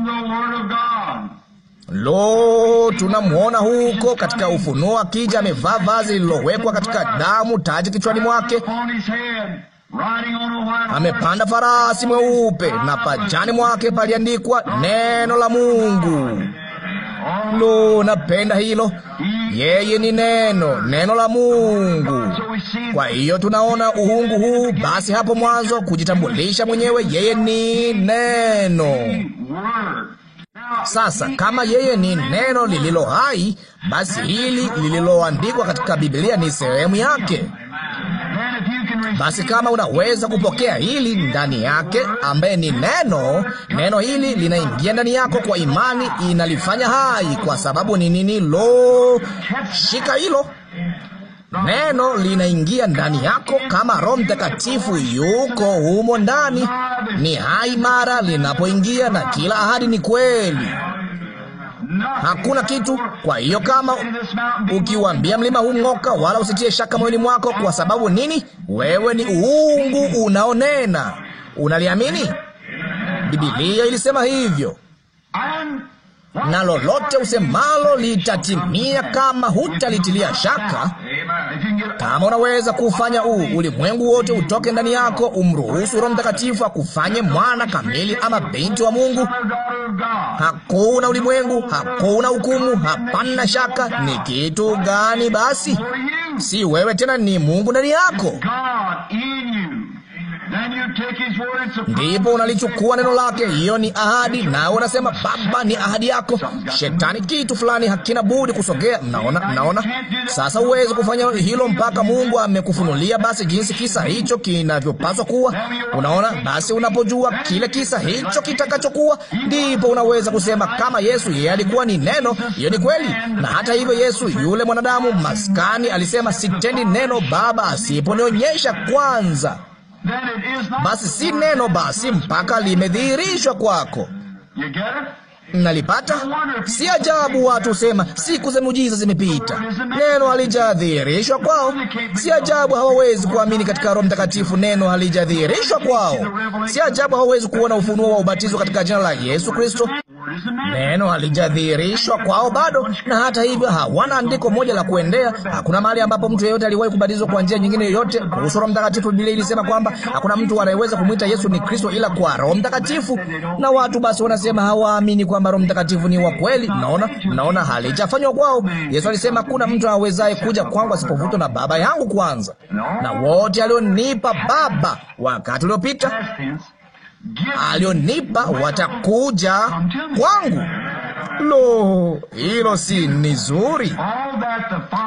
Lo, tunamwona huko katika Ufunuo akija amevaa vazi lilowekwa katika damu, taji kichwani mwake amepanda farasi mweupe na pajani mwake paliandikwa neno la Mungu. Lo, napenda hilo. Yeye ni neno, neno la Mungu. Kwa hiyo tunaona uhungu huu basi hapo mwanzo kujitambulisha mwenyewe, yeye ni neno. Sasa kama yeye ni neno lililo hai, basi hili lililoandikwa katika Biblia ni sehemu yake. Basi kama unaweza kupokea hili ndani yake, ambaye ni neno, neno hili linaingia ndani yako kwa imani, inalifanya hai. Kwa sababu ni nini? Lo, shika hilo neno linaingia ndani yako, kama Roho Mtakatifu yuko humo ndani. Ni hai mara linapoingia, na kila ahadi ni kweli hakuna kitu. Kwa hiyo kama ukiwambia mlima huu ng'oka, wala usitie shaka moyoni mwako, kwa sababu nini? Wewe ni uungu unaonena. Unaliamini? bibilia ilisema hivyo na lolote usemalo litatimia kama hutalitilia shaka. Kama unaweza kufanya uu ulimwengu wote utoke ndani yako, umruhusu Roho Mtakatifu akufanye mwana kamili ama binti wa Mungu. Hakuna ulimwengu, hakuna hukumu, hapana shaka. Ni kitu gani basi? Si wewe tena, ni Mungu ndani yako ndipo unalichukua neno lake. Hiyo ni ahadi, nawe unasema Baba, ni ahadi yako. Shetani kitu fulani hakina budi kusogea. Mnaona, mnaona sasa, huwezi kufanya hilo mpaka Mungu amekufunulia basi jinsi kisa hicho kinavyopaswa kuwa. Unaona, basi unapojua kile kisa hicho kitakachokuwa, ndipo unaweza kusema kama Yesu, yeye alikuwa ni neno. Hiyo ni kweli. Na hata hivyo, Yesu yule mwanadamu maskani alisema, sitendi neno Baba asiponionyesha kwanza basi si neno basi mpaka limedhihirishwa kwako. Nalipata. Si ajabu watu husema siku za miujiza zimepita, neno halijadhihirishwa kwao. Si ajabu hawawezi kuamini katika Roho Mtakatifu, neno halijadhihirishwa kwao. Si ajabu hawawezi kuona ufunuo wa ubatizo katika jina la Yesu Kristo, neno halijadhihirishwa kwao bado, na hata hivyo hawana andiko moja la kuendea. Hakuna mahali ambapo mtu yeyote aliwahi kubatizwa kwa njia nyingine yoyote. Kuhusu Roho Mtakatifu, Biblia ilisema kwamba hakuna mtu anayeweza kumwita Yesu ni Kristo ila kwa Roho Mtakatifu, na watu basi wanasema hawaamini kwamba Roho Mtakatifu ni wa kweli. naona naona halijafanywa kwao. Yesu alisema kuna mtu awezaye kuja kwangu asipovutwa na Baba yangu kwanza na wote alionipa Baba wakati uliopita alionipa watakuja kwangu. Lo, hilo si ni zuri!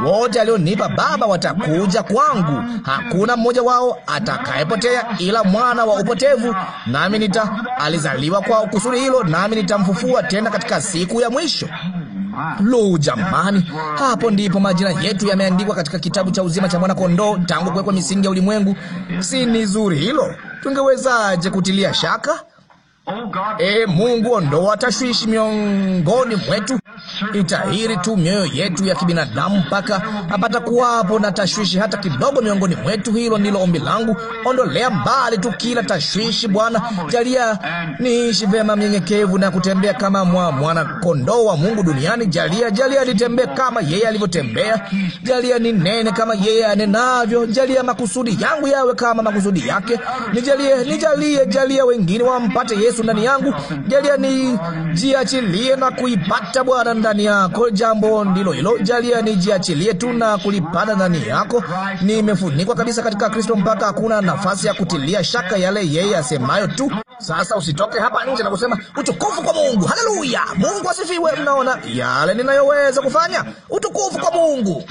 Wote alionipa Baba watakuja kwangu, hakuna mmoja wao atakayepotea ila mwana wa upotevu, nami nita alizaliwa kwa kusudi hilo, nami nitamfufua tena katika siku ya mwisho. Lo, jamani, hapo ndipo majina yetu yameandikwa katika kitabu cha uzima cha mwana kondoo tangu kuwekwa misingi ya ulimwengu. Si ni zuri hilo? tungewezaje kutilia shaka? E Mungu, ondoa tashwishi miongoni mwetu, itahiri tu mioyo yetu ya kibinadamu mpaka kuwapo na tashwishi hata kidogo miongoni mwetu. Hilo ndilo ombi langu. Ondolea mbali tu kila tashwishi, Bwana. Jalia niishi vema mnyenyekevu na kutembea kama mwa mwana kondoo wa Mungu duniani. Jalia, jalia nitembee kama yeye alivyotembea. Jalia ninene kama yeye anenavyo. Jalia makusudi yangu yawe kama makusudi yake. Nijalie, nijalie, jalia wengine wampate Yesu ndani yangu. Jalia nijiachilie na kuipata Bwana kulipata ndani yako. Jambo ndilo hilo, jalia nijiachilie tu na kulipata ndani yako. Nimefunikwa kabisa katika Kristo mpaka hakuna nafasi ya kutilia shaka yale yeye asemayo tu. Sasa usitoke hapa nje na kusema utukufu kwa Mungu, haleluya, Mungu asifiwe. Mnaona yale ninayoweza kufanya? Utukufu kwa Mungu.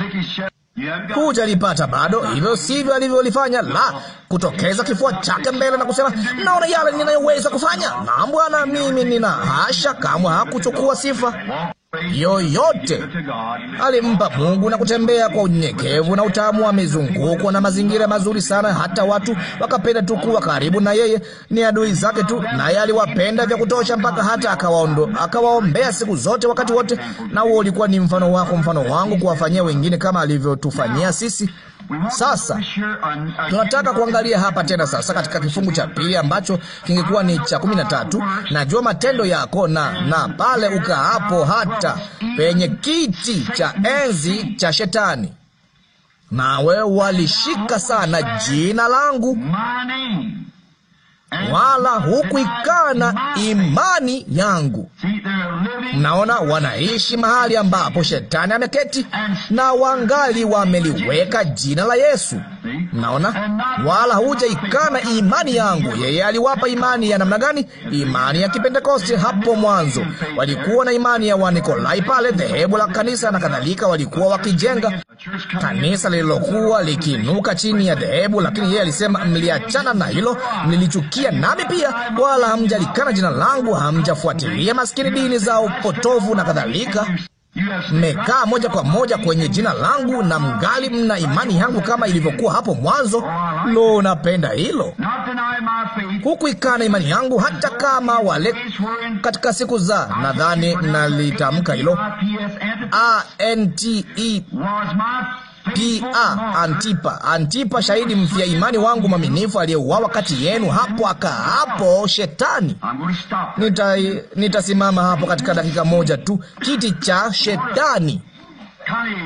Hujalipata bado, hivyo sivyo alivyolifanya. La, kutokeza kifua chake mbele na kusema, naona yale ninayoweza kufanya. Na Bwana, mimi nina hasha. Kamwe hakuchukua sifa yoyote alimpa Mungu na kutembea kwa unyenyekevu na utamu. Amezungukwa na mazingira mazuri sana, hata watu wakapenda tu kuwa karibu na yeye. Ni adui zake tu, naye aliwapenda vya kutosha, mpaka hata akawaondo akawaombea siku zote, wakati wote. Na huo ulikuwa ni mfano wako, mfano wangu, kuwafanyia wengine kama alivyotufanyia sisi. Sasa tunataka kuangalia hapa tena sasa katika kifungu cha pili ambacho kingekuwa ni cha kumi na tatu, najua matendo yako na na pale ukaapo hata penye kiti cha enzi cha Shetani, nawe walishika sana jina langu wala hukuikana imani yangu. Mnaona, wanaishi mahali ambapo shetani ameketi na wangali wameliweka jina la Yesu. Mnaona, wala hujaikana imani yangu. Yeye aliwapa imani ya namna gani? Imani ya Kipentekoste. Hapo mwanzo walikuwa na imani ya Wanikolai pale, dhehebu la kanisa na kadhalika. Walikuwa wakijenga kanisa lililokuwa likinuka chini ya dhehebu, lakini yeye alisema, mliachana na hilo, mlilichukia mmejutia nami pia, wala hamjalikana jina langu, hamjafuatilia maskini dini za upotovu na kadhalika. Mmekaa moja kwa moja kwenye jina langu na mgali mna imani yangu kama ilivyokuwa hapo mwanzo. Lo, napenda hilo. Hukuikana imani yangu hata kama wale katika siku za, nadhani nalitamka hilo A N T E P.A. Antipa. Antipa, shahidi mfia imani wangu mwaminifu, aliyeuawa kati yenu hapo hapo Shetani. Nita, nitasimama hapo katika dakika moja tu. Kiti cha Shetani.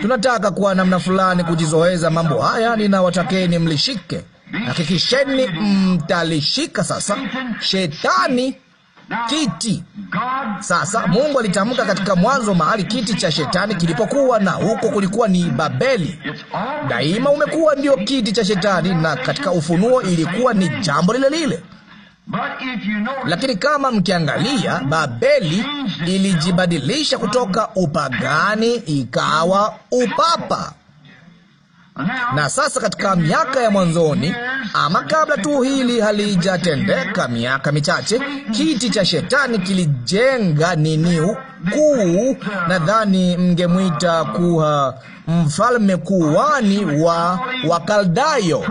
Tunataka kwa namna fulani kujizoeza mambo haya. Ninawatakeni mlishike, hakikisheni mtalishika. Sasa Shetani kiti. Sasa Mungu alitamka katika Mwanzo mahali kiti cha shetani kilipokuwa, na huko kulikuwa ni Babeli. Daima umekuwa ndio kiti cha shetani, na katika Ufunuo ilikuwa ni jambo lile lile. Lakini kama mkiangalia, Babeli ilijibadilisha kutoka upagani ikawa upapa. Na sasa katika miaka ya mwanzoni, ama kabla tu hili halijatendeka, miaka michache, kiti cha shetani kilijenga nini kuu, nadhani mngemwita kuha mfalme kuwani wa Wakaldayo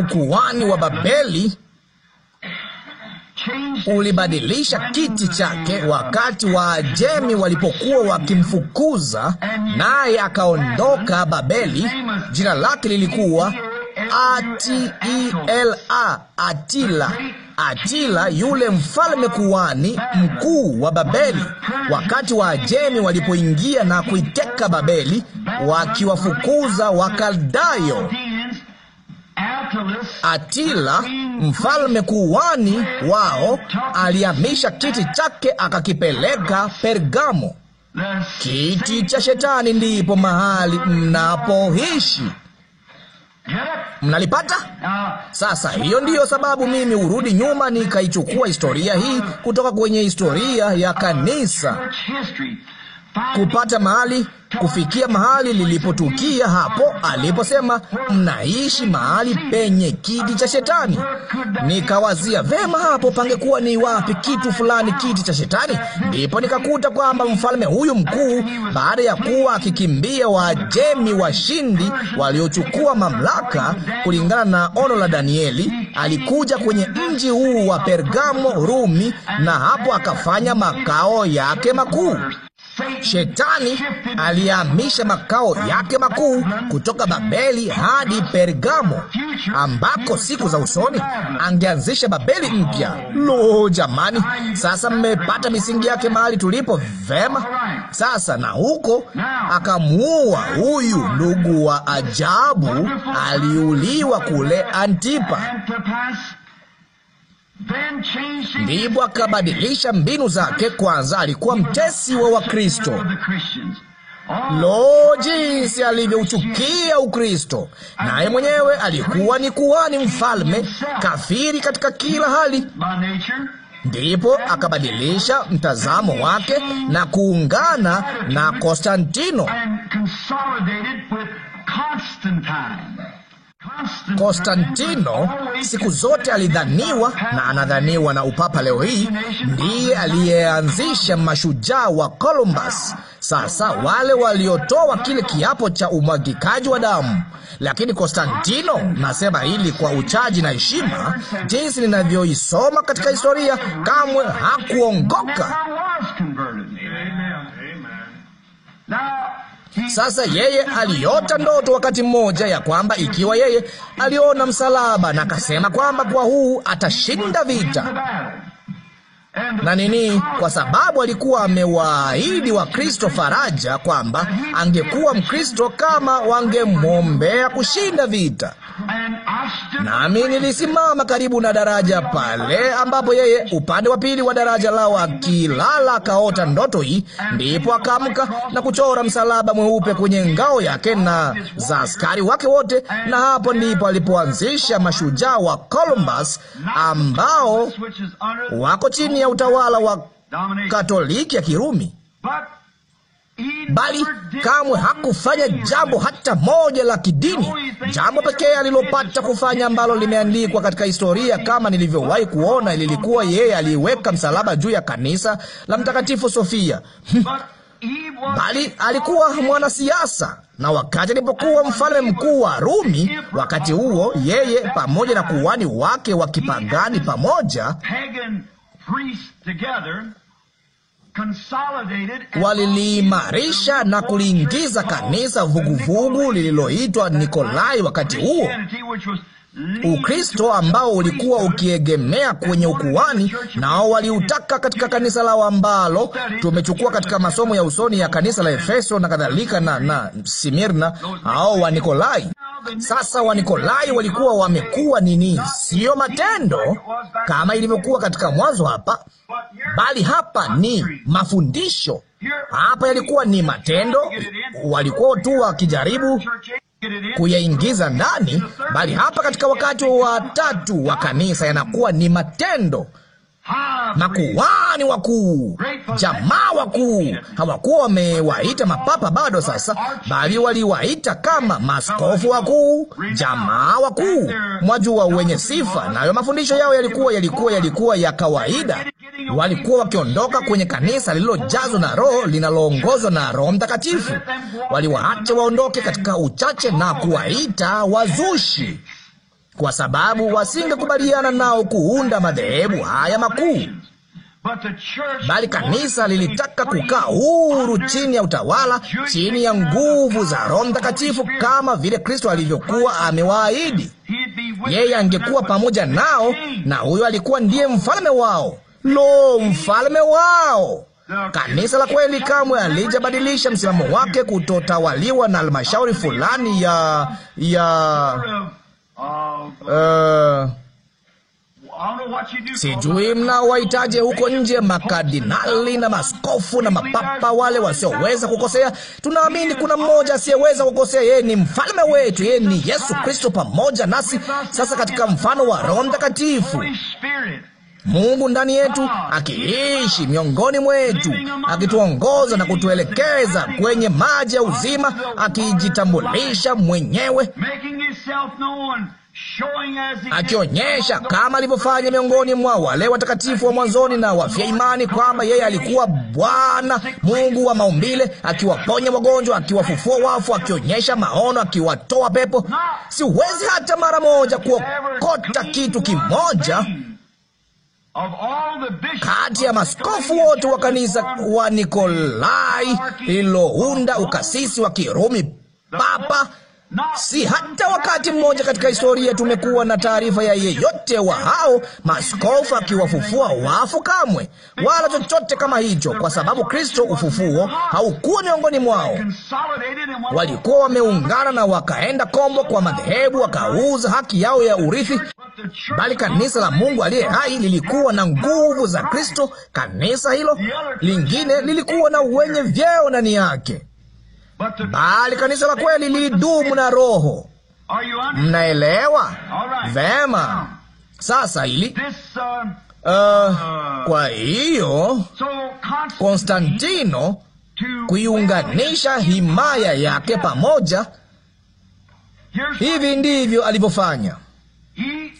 ukuani wa Babeli ulibadilisha kiti chake wakati wa ajemi walipokuwa wakimfukuza, naye akaondoka Babeli. Jina lake lilikuwa Atila, Atila, Atila yule mfalme kuwani mkuu wa Babeli. Wakati wa ajemi walipoingia na kuiteka Babeli, wakiwafukuza Wakaldayo Atila mfalme kuwani wao aliamisha kiti chake akakipeleka Pergamo. Kiti cha Shetani ndipo mahali mnapoishi. Mnalipata? Sasa hiyo ndiyo sababu mimi urudi nyuma nikaichukua historia hii kutoka kwenye historia ya kanisa kupata mahali, kufikia mahali lilipotukia hapo aliposema mnaishi mahali penye kiti cha Shetani. Nikawazia vema, hapo pangekuwa ni wapi kitu fulani kiti cha Shetani. Ndipo nikakuta kwamba mfalme huyu mkuu, baada ya kuwa akikimbia wajemi washindi waliochukua mamlaka kulingana na ono la Danieli, alikuja kwenye mji huu wa Pergamo, Rumi, na hapo akafanya makao yake makuu. Shetani alihamisha makao yake makuu kutoka Babeli hadi Pergamo, ambako siku za usoni angeanzisha Babeli mpya. Lo, jamani! Sasa mmepata misingi yake mahali tulipo. Vema, sasa na huko akamuua huyu ndugu wa ajabu, aliuliwa kule Antipa ndipo akabadilisha mbinu zake. Kwanza alikuwa mtesi wa Wakristo. Lo, jinsi alivyouchukia Ukristo! Naye mwenyewe alikuwa ni kuhani mfalme, kafiri katika kila hali. Ndipo akabadilisha mtazamo wake na kuungana na Konstantino. Konstantino siku zote alidhaniwa na anadhaniwa na upapa leo hii ndiye aliyeanzisha mashujaa wa Columbus. Sasa wale waliotoa kile kiapo cha umwagikaji wa damu. Lakini Konstantino, nasema hili kwa uchaji na heshima, jinsi ninavyoisoma katika historia, kamwe hakuongoka. Sasa yeye aliota ndoto wakati mmoja ya kwamba ikiwa yeye aliona msalaba na akasema kwamba kwa huu atashinda vita na nini, kwa sababu alikuwa amewaahidi wa Kristo faraja kwamba angekuwa Mkristo kama wangemwombea kushinda vita. Nami nilisimama karibu na daraja pale ambapo yeye upande wa pili wa daraja lao akilala, akaota ndoto hii. Ndipo akaamka na kuchora msalaba mweupe kwenye ngao yake na za askari wake wote, na hapo ndipo alipoanzisha mashujaa wa Columbus ambao wako chini ya ya utawala wa Katoliki ya Kirumi, bali kamwe hakufanya jambo hata moja la kidini. Jambo pekee alilopata kufanya ambalo limeandikwa katika historia kama nilivyowahi kuona, lilikuwa yeye aliweka msalaba juu ya kanisa la Mtakatifu Sofia. Hmm. bali alikuwa mwanasiasa na wakati alipokuwa mfalme mkuu wa Rumi, wakati huo yeye pamoja na kuwani wake wa kipagani pamoja waliliimarisha na kuliingiza kanisa vuguvugu lililoitwa Nikolai wakati huo. Ukristo ambao ulikuwa ukiegemea kwenye ukuani, nao waliutaka katika kanisa lao, ambalo tumechukua katika masomo ya usoni ya kanisa la Efeso na kadhalika na, na Simirna, au wa Nikolai. Sasa Wanikolai walikuwa wamekuwa nini? Siyo matendo kama ilivyokuwa katika mwanzo hapa, bali hapa ni mafundisho. Hapa yalikuwa ni matendo, walikuwa tu wakijaribu kuyaingiza ndani, bali hapa katika wakati wa tatu wa kanisa yanakuwa ni matendo makuhani wakuu, jamaa wakuu. Hawakuwa wamewaita mapapa bado sasa, bali waliwaita kama maskofu wakuu, jamaa wakuu, mwajua, wenye sifa. Nayo mafundisho yao yalikuwa yalikuwa yalikuwa ya kawaida. Walikuwa wakiondoka kwenye kanisa lililojazwa na Roho, linaloongozwa na Roho Mtakatifu. Waliwaacha waondoke katika uchache na kuwaita wazushi kwa sababu wasingekubaliana nao kuunda madhehebu haya makuu, bali kanisa lilitaka kukaa huru chini ya utawala, chini ya nguvu za Roho Mtakatifu kama vile Kristo alivyokuwa amewaahidi. Yeye angekuwa pamoja nao, na huyo alikuwa ndiye mfalme wao. Lo, mfalme wao! Kanisa la kweli kamwe alijabadilisha msimamo wake kutotawaliwa na halmashauri fulani ya ya Uh, sijui sijui mnawaitaje huko nje, makardinali na maskofu na mapapa wale wasioweza kukosea. Tunaamini kuna mmoja asiyeweza kukosea. Yeye ni mfalme wetu, yeye ni Yesu Kristo pamoja nasi sasa katika mfano wa Roho Mtakatifu. Mungu ndani yetu, akiishi miongoni mwetu, akituongoza na kutuelekeza kwenye maji ya uzima, akijitambulisha mwenyewe akionyesha kama alivyofanya miongoni mwa wale watakatifu wa mwanzoni na wafia imani kwamba yeye alikuwa Bwana Mungu wa maumbile, akiwaponya wagonjwa, akiwafufua wafu, akionyesha maono, akiwatoa pepo. Siwezi hata mara moja kuokota kitu kimoja kati ya maskofu wote wa kanisa wa Nikolai lililounda ukasisi wa Kirumi, papa Si hata wakati mmoja katika historia tumekuwa na taarifa ya yeyote wa hao maskofu akiwafufua wafu kamwe, wala chochote kama hicho, kwa sababu Kristo ufufuo haukuwa miongoni mwao. Walikuwa wameungana na wakaenda kombo kwa madhehebu, wakauza haki yao ya urithi, bali kanisa la Mungu aliye hai lilikuwa na nguvu za Kristo. Kanisa hilo lingine lilikuwa na wenye vyeo ndani yake. Uh, bali kanisa la kweli lidumu na Roho. Mnaelewa vema sasa ili uh, uh, uh, kwa hiyo Konstantino kuiunganisha himaya yake pamoja, hivi ndivyo alivyofanya.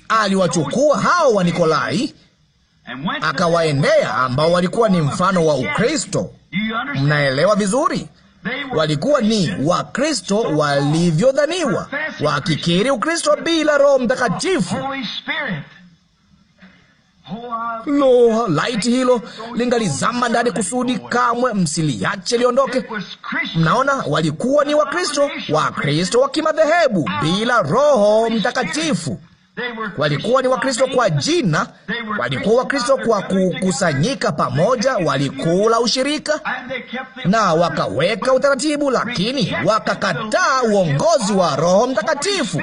Aliwachukua hao wa Nikolai akawaendea, ambao walikuwa ni mfano wa Ukristo. Mnaelewa vizuri? walikuwa ni Wakristo walivyodhaniwa, wakikiri Ukristo bila Roho Mtakatifu. Lo, laiti hilo lingalizama ndani kusudi kamwe msiliache liondoke. Mnaona, walikuwa ni Wakristo, Wakristo wa kimadhehebu bila Roho Mtakatifu. Walikuwa ni Wakristo kwa jina, walikuwa Wakristo kwa kukusanyika pamoja, walikula ushirika na wakaweka utaratibu, lakini wakakataa uongozi wa Roho Mtakatifu.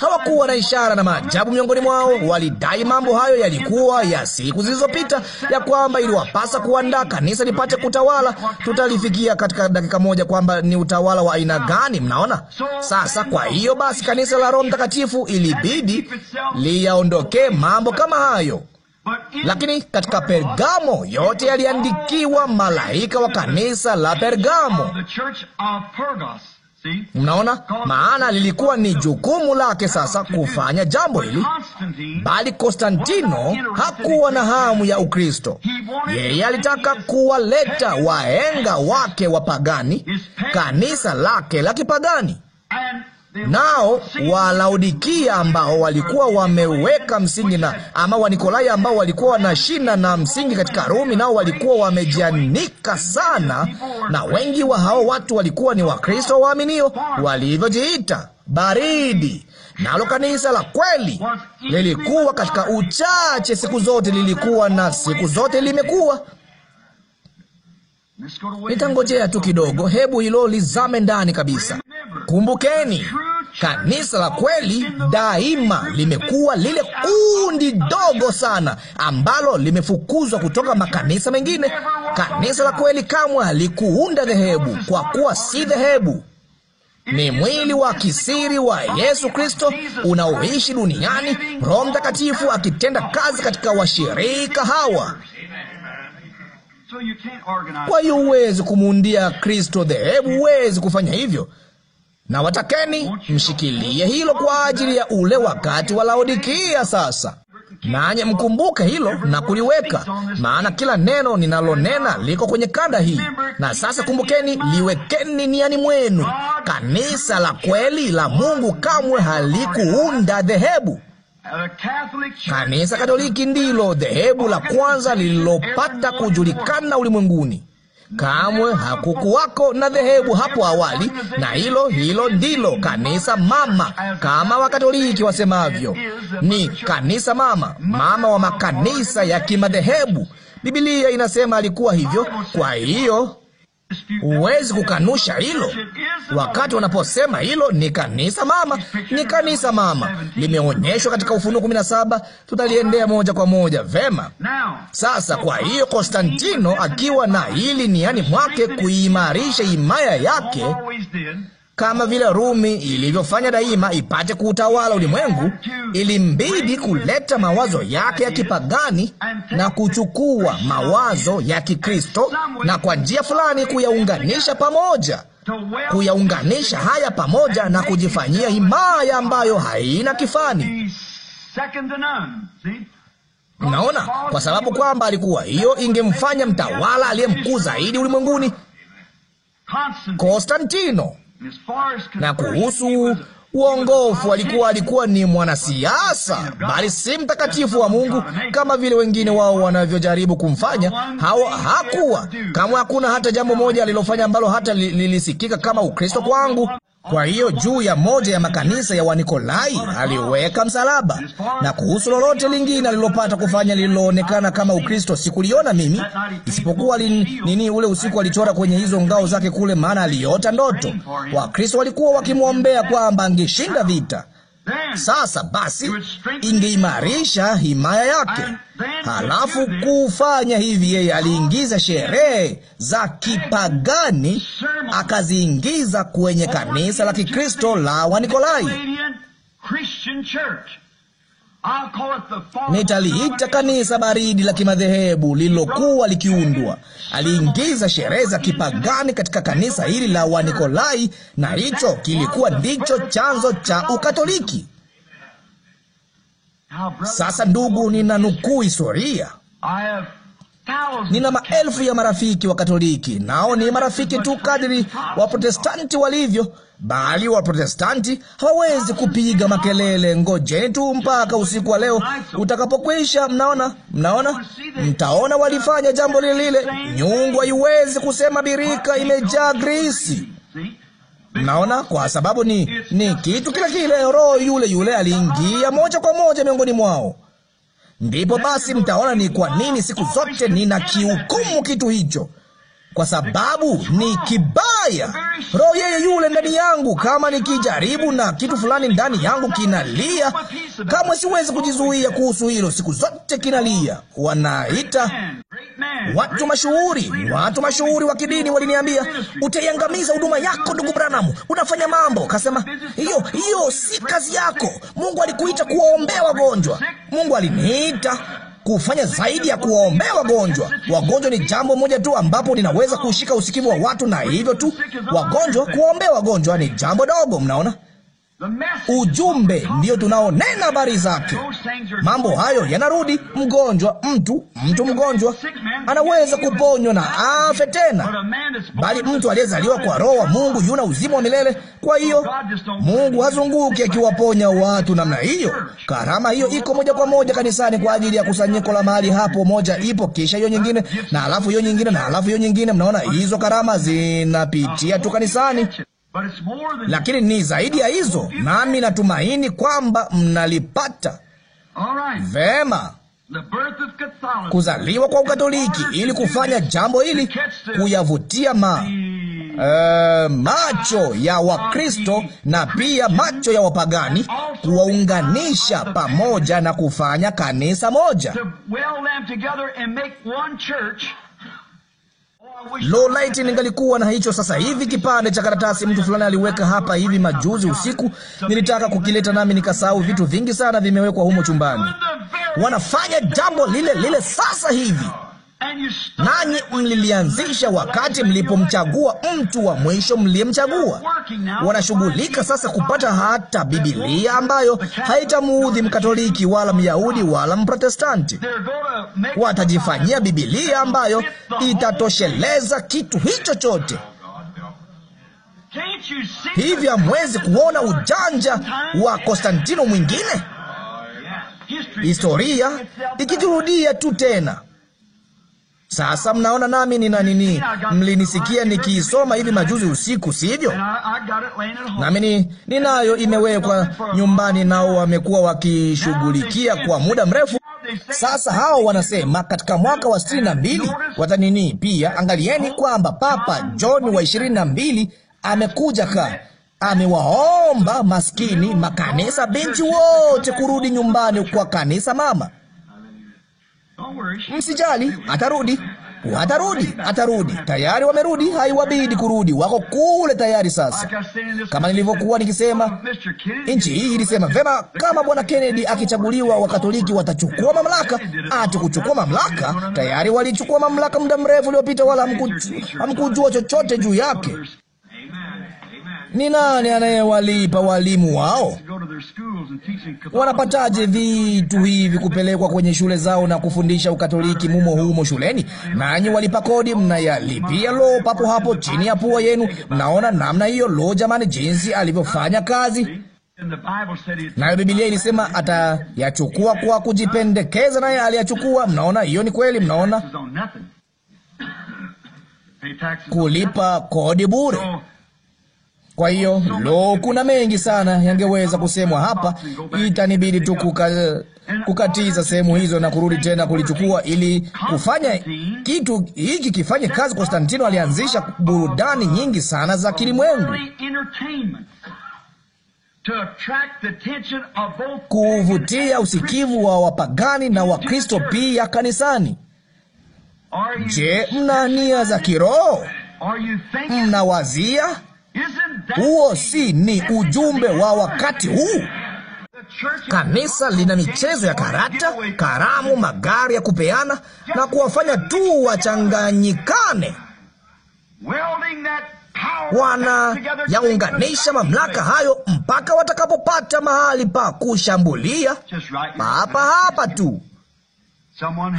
Hawakuwa na ishara na maajabu miongoni mwao. Walidai mambo hayo yalikuwa ya siku zilizopita, ya kwamba iliwapasa kuandaa kanisa lipate kutawala. Tutalifikia katika dakika moja kwamba ni utawala wa aina gani. Mnaona sasa? Kwa hiyo basi, kanisa la Roho Mtakatifu ilibidi liyaondokee mambo kama hayo. Lakini katika Pergamo yote yaliandikiwa malaika wa kanisa la Pergamo. Mnaona, maana lilikuwa ni jukumu lake sasa kufanya jambo hili, bali Konstantino hakuwa na hamu ya Ukristo. Yeye alitaka kuwaleta wahenga wake wapagani, kanisa lake la kipagani Nao Walaodikia ambao walikuwa wameweka msingi, na ama Wanikolai ambao walikuwa na shina na msingi katika Rumi, nao walikuwa wamejianika sana, na wengi wa hao watu walikuwa ni Wakristo waaminio walivyojiita baridi. Nalo kanisa la kweli lilikuwa katika uchache siku zote, lilikuwa na siku zote limekuwa Nitangojea tu kidogo, hebu hilo lizame ndani kabisa. Kumbukeni, kanisa la kweli daima limekuwa lile kundi dogo sana ambalo limefukuzwa kutoka makanisa mengine. Kanisa la kweli kamwe halikuunda dhehebu, kwa kuwa si dhehebu ni mwili wa kisiri wa Yesu Kristo unaoishi duniani, Roho Mtakatifu akitenda kazi katika washirika hawa. Kwa hiyo huwezi kumuundia Kristo dhehebu, huwezi kufanya hivyo. Na watakeni mshikilie hilo kwa ajili ya ule wakati wa Laodikia. Sasa nanye mkumbuke hilo na kuliweka, maana kila neno ninalonena liko kwenye kanda hii. Na sasa kumbukeni, liwekeni niani mwenu. Kanisa la kweli la Mungu kamwe halikuunda dhehebu. Kanisa Katoliki ndilo dhehebu la kwanza lililopata kujulikana ulimwenguni. Kamwe hakukuwako na dhehebu hapo awali, na hilo hilo ndilo kanisa mama, kama Wakatoliki wasemavyo ni kanisa mama, mama wa makanisa ya kimadhehebu. Bibilia inasema alikuwa hivyo. Kwa hiyo Huwezi kukanusha hilo. Wakati wanaposema hilo, ni kanisa mama, ni kanisa mama, limeonyeshwa katika Ufunuo 17. Tutaliendea moja kwa moja. Vema. Sasa, kwa hiyo Konstantino akiwa na hili niani mwake kuimarisha himaya yake kama vile Rumi ilivyofanya daima ipate kuutawala ulimwengu, ilimbidi kuleta mawazo yake ya kipagani na kuchukua mawazo ya Kikristo na kwa njia fulani kuyaunganisha pamoja kuyaunganisha haya pamoja na kujifanyia himaya ambayo haina kifani. Naona kwa sababu kwamba alikuwa hiyo, ingemfanya mtawala aliyemkuu zaidi ulimwenguni Konstantino na kuhusu uongofu, alikuwa alikuwa ni mwanasiasa, bali si mtakatifu wa Mungu kama vile wengine wao wanavyojaribu kumfanya. Hawa hakuwa kamwe, hakuna hata jambo moja alilofanya ambalo hata lilisikika kama Ukristo kwangu. Kwa hiyo juu ya moja ya makanisa ya Wanikolai aliweka msalaba, na kuhusu lolote lingine alilopata kufanya lililoonekana kama Ukristo sikuliona mimi, isipokuwa li, nini, ule usiku alichora kwenye hizo ngao zake kule, maana aliota ndoto Wakristo walikuwa wakimwombea kwamba angeshinda vita. Sasa basi, ingeimarisha himaya yake. Halafu kufanya hivi, yeye aliingiza sherehe za kipagani akaziingiza kwenye kanisa la Kikristo la Wanikolai. Nitaliita kanisa baridi la kimadhehebu lililokuwa likiundwa. Aliingiza sherehe za kipagani katika kanisa hili la Wanikolai, na hicho kilikuwa ndicho chanzo cha Ukatoliki. Sasa, ndugu, ninanukuu historia Nina maelfu ya marafiki wa Katoliki, nao ni marafiki tu kadiri Waprotestanti walivyo, bali Waprotestanti hawawezi kupiga makelele. Ngojeni tu mpaka usiku wa leo utakapokwisha. Mnaona, mnaona, mtaona walifanya jambo lile lile. Nyungu haiwezi kusema birika imejaa grisi. Mnaona, kwa sababu ni, ni kitu kila kile. Roho yule yule aliingia moja kwa moja miongoni mwao. Ndipo basi mtaona ni kwa nini siku zote ninakihukumu kitu hicho kwa sababu ni kibaya. Roho yeye yule ndani yangu, kama nikijaribu na kitu fulani ndani yangu kinalia, kamwe siwezi kujizuia kuhusu hilo, siku zote kinalia. Wanaita watu mashuhuri, watu mashuhuri wa kidini waliniambia, utaiangamiza huduma yako ndugu Branamu, unafanya mambo. Kasema hiyo hiyo si kazi yako. Mungu alikuita kuwaombea wagonjwa. Mungu aliniita kufanya zaidi ya kuwaombea wagonjwa. Wagonjwa ni jambo moja tu ambapo ninaweza kushika usikivu wa watu, na hivyo tu wagonjwa, kuwaombea wagonjwa ni jambo dogo. Mnaona? Ujumbe ndio tunaonena habari zake. Mambo hayo yanarudi. Mgonjwa mtu mtu mgonjwa anaweza kuponywa na afe tena, bali mtu aliyezaliwa kwa Roho wa Mungu yuna uzima wa milele. Kwa hiyo Mungu hazunguki akiwaponya watu namna hiyo. Karama hiyo iko moja kwa moja kanisani kwa ajili ya kusanyiko la mahali hapo. Moja ipo, kisha hiyo nyingine, na alafu hiyo nyingine, na halafu hiyo nyingine. Mnaona, hizo karama zinapitia tu kanisani lakini ni zaidi ya hizo, nami natumaini kwamba mnalipata vema. Kuzaliwa kwa Ukatoliki ili kufanya jambo hili, kuyavutia ma Uh, macho ya Wakristo na pia macho ya wapagani, kuwaunganisha pamoja na kufanya kanisa moja Low light ningalikuwa na hicho sasa hivi, kipande cha karatasi mtu fulani aliweka hapa hivi majuzi usiku. Nilitaka kukileta nami nikasahau, vitu vingi sana vimewekwa humo chumbani. Wanafanya jambo lile lile sasa hivi nanyi mlilianzisha wakati mlipomchagua mtu wa mwisho mliyemchagua. Wanashughulika sasa kupata hata Bibilia ambayo haitamuudhi Mkatoliki wala Myahudi wala Mprotestanti. Watajifanyia Bibilia ambayo itatosheleza kitu hicho chote. Hivyo hamwezi kuona ujanja wa Konstantino mwingine, historia ikijirudia tu tena. Sasa mnaona nami nina nini. Mlinisikia nikiisoma hivi majuzi usiku, sivyo? Nami ninayo imewekwa nyumbani, nao wamekuwa wakishughulikia kwa muda mrefu. Sasa hao wanasema katika mwaka wa sitini na mbili Pia angalieni kwamba Papa John wa ishirini na mbili amekuja ka amewaomba maskini makanisa binti wote kurudi nyumbani kwa kanisa mama. Msijali, atarudi, atarudi, atarudi. Tayari wamerudi, haiwabidi kurudi, wako kule tayari. Sasa kama nilivyokuwa nikisema, nchi hii ilisema vema, kama bwana Kennedy akichaguliwa, wakatoliki watachukua mamlaka. Ati kuchukua mamlaka? Tayari walichukua mamlaka muda mrefu uliopita, wala hamkujua chochote juu yake. Ni nani anayewalipa walimu wao? Wanapataje vitu hivi kupelekwa kwenye shule zao na kufundisha Ukatoliki mumo humo shuleni? Nanyi walipa kodi, mnayalipia lo papo hapo chini ya pua yenu. Mnaona namna hiyo? Lo jamani, jinsi alivyofanya kazi nayo Bibilia ilisema atayachukua kwa kujipendekeza, naye aliyachukua. Mnaona, hiyo ni kweli. Mnaona, kulipa kodi bure. Kwa hiyo lo, kuna mengi sana yangeweza kusemwa hapa. Itanibidi tu kuka, kukatiza sehemu hizo na kurudi tena kulichukua ili kufanya kitu hiki kifanye kazi. Konstantino alianzisha burudani nyingi sana za kilimwengu kuvutia usikivu wa wapagani na Wakristo pia kanisani. Je, mna nia za kiroho? Mnawazia huo si ni ujumbe wa wakati huu? Kanisa lina michezo ya karata, karamu, magari ya kupeana na kuwafanya tu wachanganyikane. Wanayaunganisha mamlaka hayo mpaka watakapopata mahali pa kushambulia, pahapa hapa tu.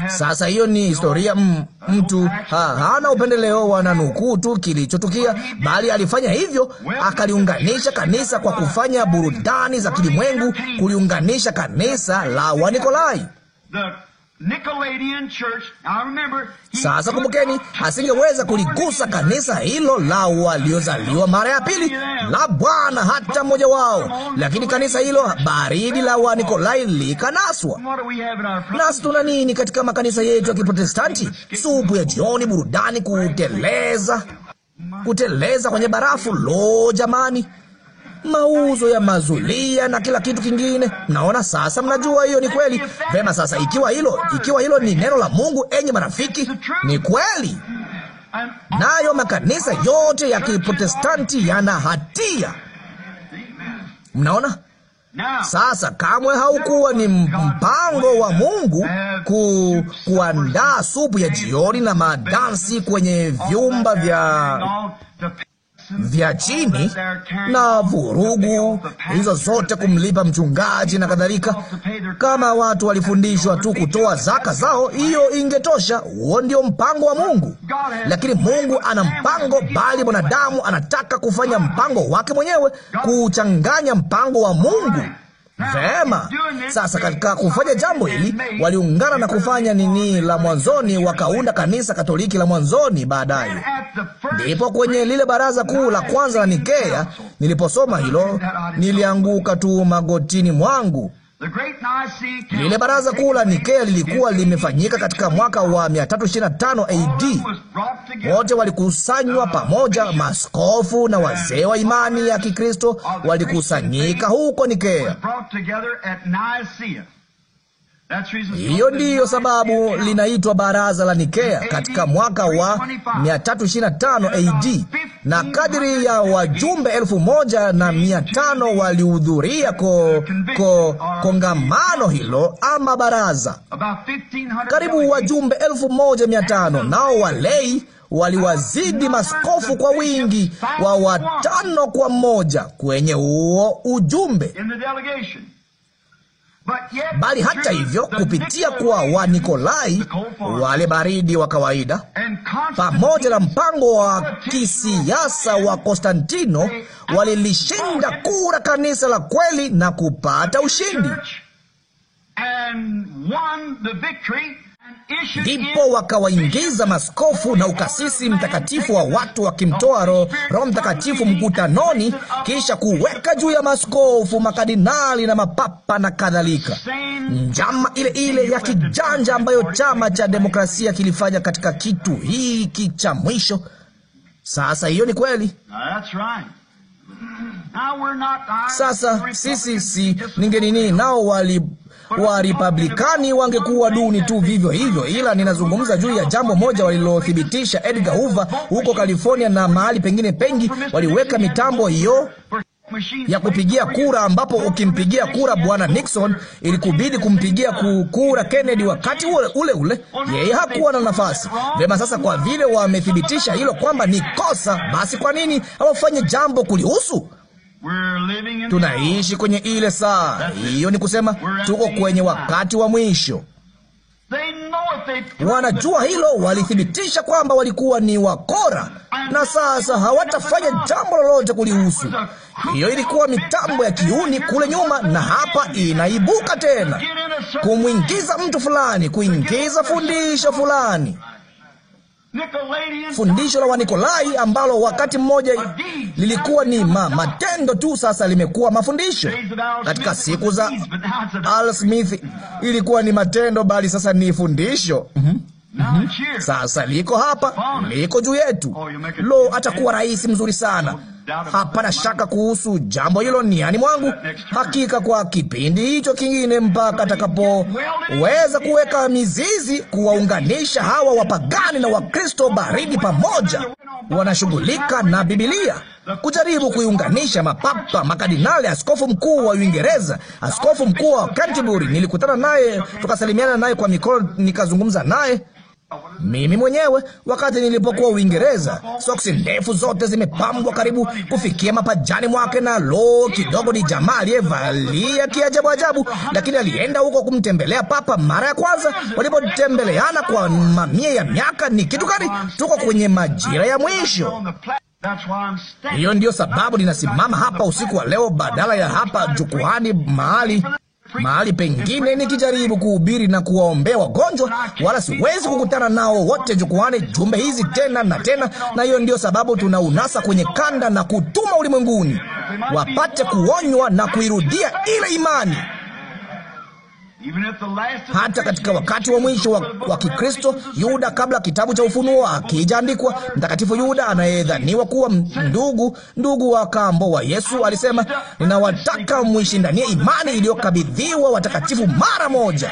Sasa hiyo ni historia. Mtu ha, hana upendeleo, wananukuu tu kilichotukia, bali alifanya hivyo, akaliunganisha kanisa kwa kufanya burudani za kilimwengu, kuliunganisha kanisa la Wanikolai sasa kumbukeni, asingeweza kuligusa kanisa hilo la waliozaliwa mara ya pili la Bwana hata mmoja wao, lakini kanisa hilo baridi la Wanikolai likanaswa. Nasi tuna nini katika makanisa yetu ya Kiprotestanti? Supu ya jioni, burudani, kuteleza, kuteleza kwenye barafu. Lo, jamani! mauzo ya mazulia na kila kitu kingine. Mnaona sasa, mnajua hiyo ni kweli. Vema, sasa ikiwa hilo, ikiwa hilo ni neno la Mungu, enyi marafiki, ni kweli, nayo makanisa yote ya Kiprotestanti yana hatia. Mnaona sasa, kamwe haukuwa ni mpango wa Mungu ku, kuandaa supu ya jioni na madansi kwenye vyumba vya vya chini na vurugu hizo zote, kumlipa mchungaji na kadhalika. Kama watu walifundishwa tu kutoa zaka zao, hiyo ingetosha. Huo ndio mpango wa Mungu, lakini Mungu ana mpango, bali mwanadamu anataka kufanya mpango wake mwenyewe, kuchanganya mpango wa Mungu. Vema. Sasa katika kufanya jambo hili waliungana na kufanya nini la mwanzoni, wakaunda kanisa Katoliki la mwanzoni. Baadaye ndipo kwenye lile baraza kuu la kwanza la Nikea, niliposoma hilo nilianguka tu magotini mwangu. Lile baraza kuu la Nikea lilikuwa limefanyika katika mwaka wa 325 AD. Wote walikusanywa pamoja, maskofu na wazee wa imani ya Kikristo walikusanyika huko Nikea. Hiyo ndiyo sababu linaitwa baraza la Nikea katika mwaka wa 325 AD, na kadiri ya wajumbe elfu moja na mia tano walihudhuria ko, ko, kongamano hilo ama baraza, karibu wajumbe elfu moja mia tano nao walei waliwazidi maskofu kwa wingi wa watano kwa moja kwenye huo ujumbe Bali hata hivyo, kupitia kwa Wanikolai wale baridi wa kawaida, pamoja na mpango wa kisiasa wa Konstantino, walilishinda kura kanisa la kweli na kupata ushindi. Ndipo wakawaingiza maskofu na ukasisi mtakatifu wa watu, wakimtoa Roho Mtakatifu mkutanoni, kisha kuweka juu ya maskofu, makadinali na mapapa na kadhalika, njama ile ile ya kijanja ambayo chama cha demokrasia kilifanya katika kitu hiki cha mwisho. Sasa hiyo ni kweli. Sasa sisi si ningenini nao wali Waripablikani wangekuwa duni tu vivyo hivyo, ila ninazungumza juu ya jambo moja walilothibitisha Edgar Hoover huko California na mahali pengine pengi, waliweka mitambo hiyo ya kupigia kura ambapo ukimpigia kura bwana Nixon ilikubidi kumpigia kura Kennedy wakati ule ule, ule. Yeye hakuwa na nafasi. Vema, sasa kwa vile wamethibitisha hilo kwamba ni kosa, basi kwa nini hawafanye jambo kulihusu? Tunaishi kwenye ile saa hiyo, ni kusema tuko kwenye wakati wa mwisho. Wanajua hilo, walithibitisha kwamba walikuwa ni wakora, na sasa hawatafanya jambo lolote kulihusu. Hiyo ilikuwa mitambo ya kiuni kule nyuma, na hapa inaibuka tena, kumwingiza mtu fulani, kuingiza fundisho fulani fundisho la Wanikolai ambalo wakati mmoja lilikuwa ni ma, matendo tu, sasa limekuwa mafundisho. Katika siku za Al Smith ilikuwa ni matendo, bali sasa ni fundisho. mm -hmm. Mhm. Sasa liko hapa, liko juu yetu. Oh, Lo, atakuwa rais mzuri sana. Hapana shaka kuhusu jambo hilo niani mwangu, hakika kwa kipindi hicho kingine, mpaka atakapoweza kuweka mizizi, kuwaunganisha hawa wapagani na Wakristo baridi pamoja. Wanashughulika na Bibilia, kujaribu kuiunganisha. Mapapa, makadinali askofu mkuu wa Uingereza, askofu mkuu wa Canterbury. Nilikutana naye tukasalimiana naye kwa mikono, nikazungumza naye mimi mwenyewe wakati nilipokuwa Uingereza, soksi ndefu zote zimepambwa karibu kufikia mapajani mwake, na lo kidogo ni jamaa aliyevalia kiajabu ajabu, lakini alienda huko kumtembelea Papa mara ya kwanza. Walipotembeleana kwa mamia ya miaka, ni kitu gani? Tuko kwenye majira ya mwisho. Hiyo ndiyo sababu ninasimama hapa usiku wa leo badala ya hapa jukwani mahali mahali pengine nikijaribu kuhubiri na kuwaombea wagonjwa, wala siwezi kukutana nao wote jukwani jumbe hizi tena na tena, na hiyo ndiyo sababu tunaunasa kwenye kanda na kutuma ulimwenguni wapate kuonywa na kuirudia ile imani hata katika wakati wa mwisho wa, wa Kikristo. Yuda, kabla kitabu cha Ufunuo akijaandikwa, mtakatifu Yuda anayedhaniwa kuwa ndugu ndugu wa kambo wa Yesu alisema, ninawataka mwishindanie imani iliyokabidhiwa watakatifu. Mara moja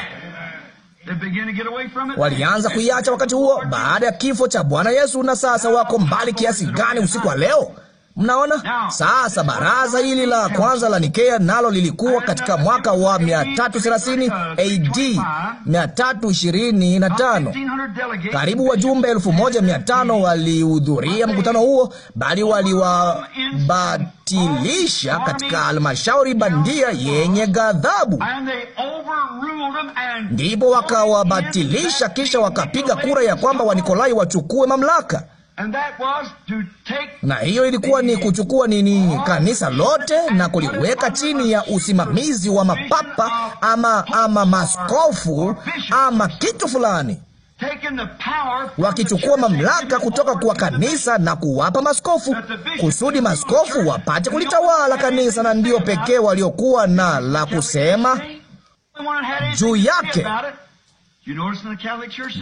walianza kuiacha wakati huo baada ya kifo cha Bwana Yesu. Na sasa wako mbali kiasi gani usiku wa leo? Mnaona sasa, baraza hili la kwanza la Nikea nalo lilikuwa katika mwaka wa 330 AD 325. Karibu wajumbe 1500 walihudhuria mkutano huo, bali waliwabatilisha katika halmashauri bandia yenye ghadhabu. Ndipo wakawabatilisha, kisha wakapiga kura ya kwamba Wanikolai wachukue mamlaka na hiyo ilikuwa ni kuchukua nini, kanisa lote na kuliweka chini ya usimamizi wa mapapa ama, ama maskofu ama kitu fulani, wakichukua mamlaka kutoka kwa kanisa na kuwapa maskofu, kusudi maskofu wapate kulitawala kanisa, na ndio pekee waliokuwa na la kusema juu yake.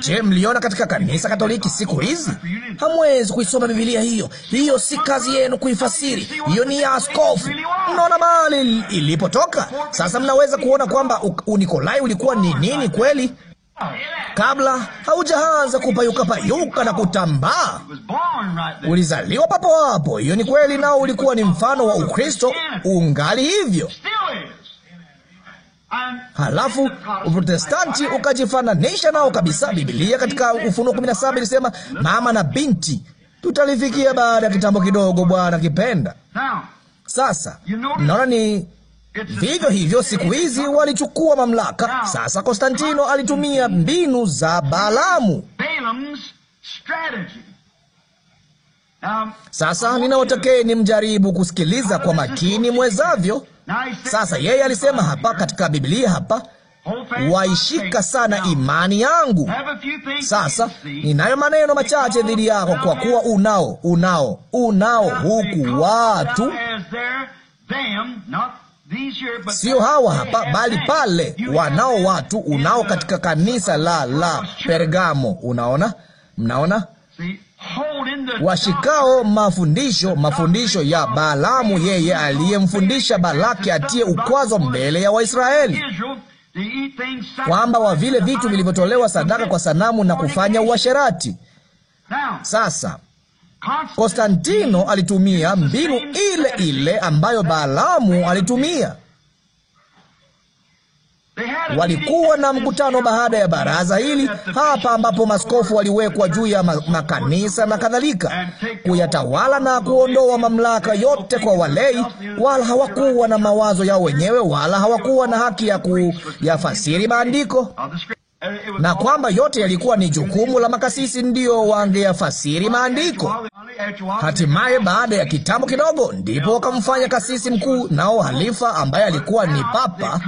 Je, mliona katika kanisa Katoliki siku hizi? Hamwezi kuisoma Bibilia hiyo hiyo, si kazi yenu kuifasiri, hiyo ni ya askofu. Mnaona mahali ilipotoka sasa. Mnaweza kuona kwamba Unikolai ulikuwa ni nini kweli, kabla haujaanza kupayuka payuka na kutambaa. Ulizaliwa papo hapo, hiyo ni kweli, nao ulikuwa ni mfano wa Ukristo, ungali hivyo. Halafu Uprotestanti ukajifananisha nao kabisa. Bibilia katika Ufunuo 17 ilisema mama na binti. Tutalifikia baada ya kitambo kidogo, Bwana kipenda. Sasa naona ni vivyo hivyo, siku hizi walichukua mamlaka. Sasa Konstantino alitumia mbinu za Balamu. Sasa ninaotakeni mjaribu kusikiliza kwa makini mwezavyo. Sasa yeye alisema hapa katika Biblia hapa waishika sana imani yangu. Sasa ninayo maneno machache dhidi yako, kwa kuwa unao unao unao huku watu sio hawa hapa bali pale, wanao watu unao katika kanisa la la Pergamo. Unaona, mnaona washikao mafundisho, mafundisho ya Balaamu, yeye aliyemfundisha Balaki atie ukwazo mbele ya Waisraeli kwamba wavile vitu vilivyotolewa sadaka kwa sanamu na kufanya uasherati. Sasa Konstantino alitumia mbinu ile ile ambayo Balaamu alitumia. Walikuwa na mkutano baada ya baraza hili hapa, ambapo maskofu waliwekwa juu ya makanisa na kadhalika, kuyatawala na kuondoa mamlaka yote kwa walei. Wala hawakuwa na mawazo yao wenyewe, wala hawakuwa na haki ya kuyafasiri maandiko na kwamba yote yalikuwa ni jukumu la makasisi, ndiyo wangeyafasiri maandiko. Hatimaye baada ya kitambo kidogo, ndipo wakamfanya kasisi mkuu, nao halifa ambaye alikuwa ni papa.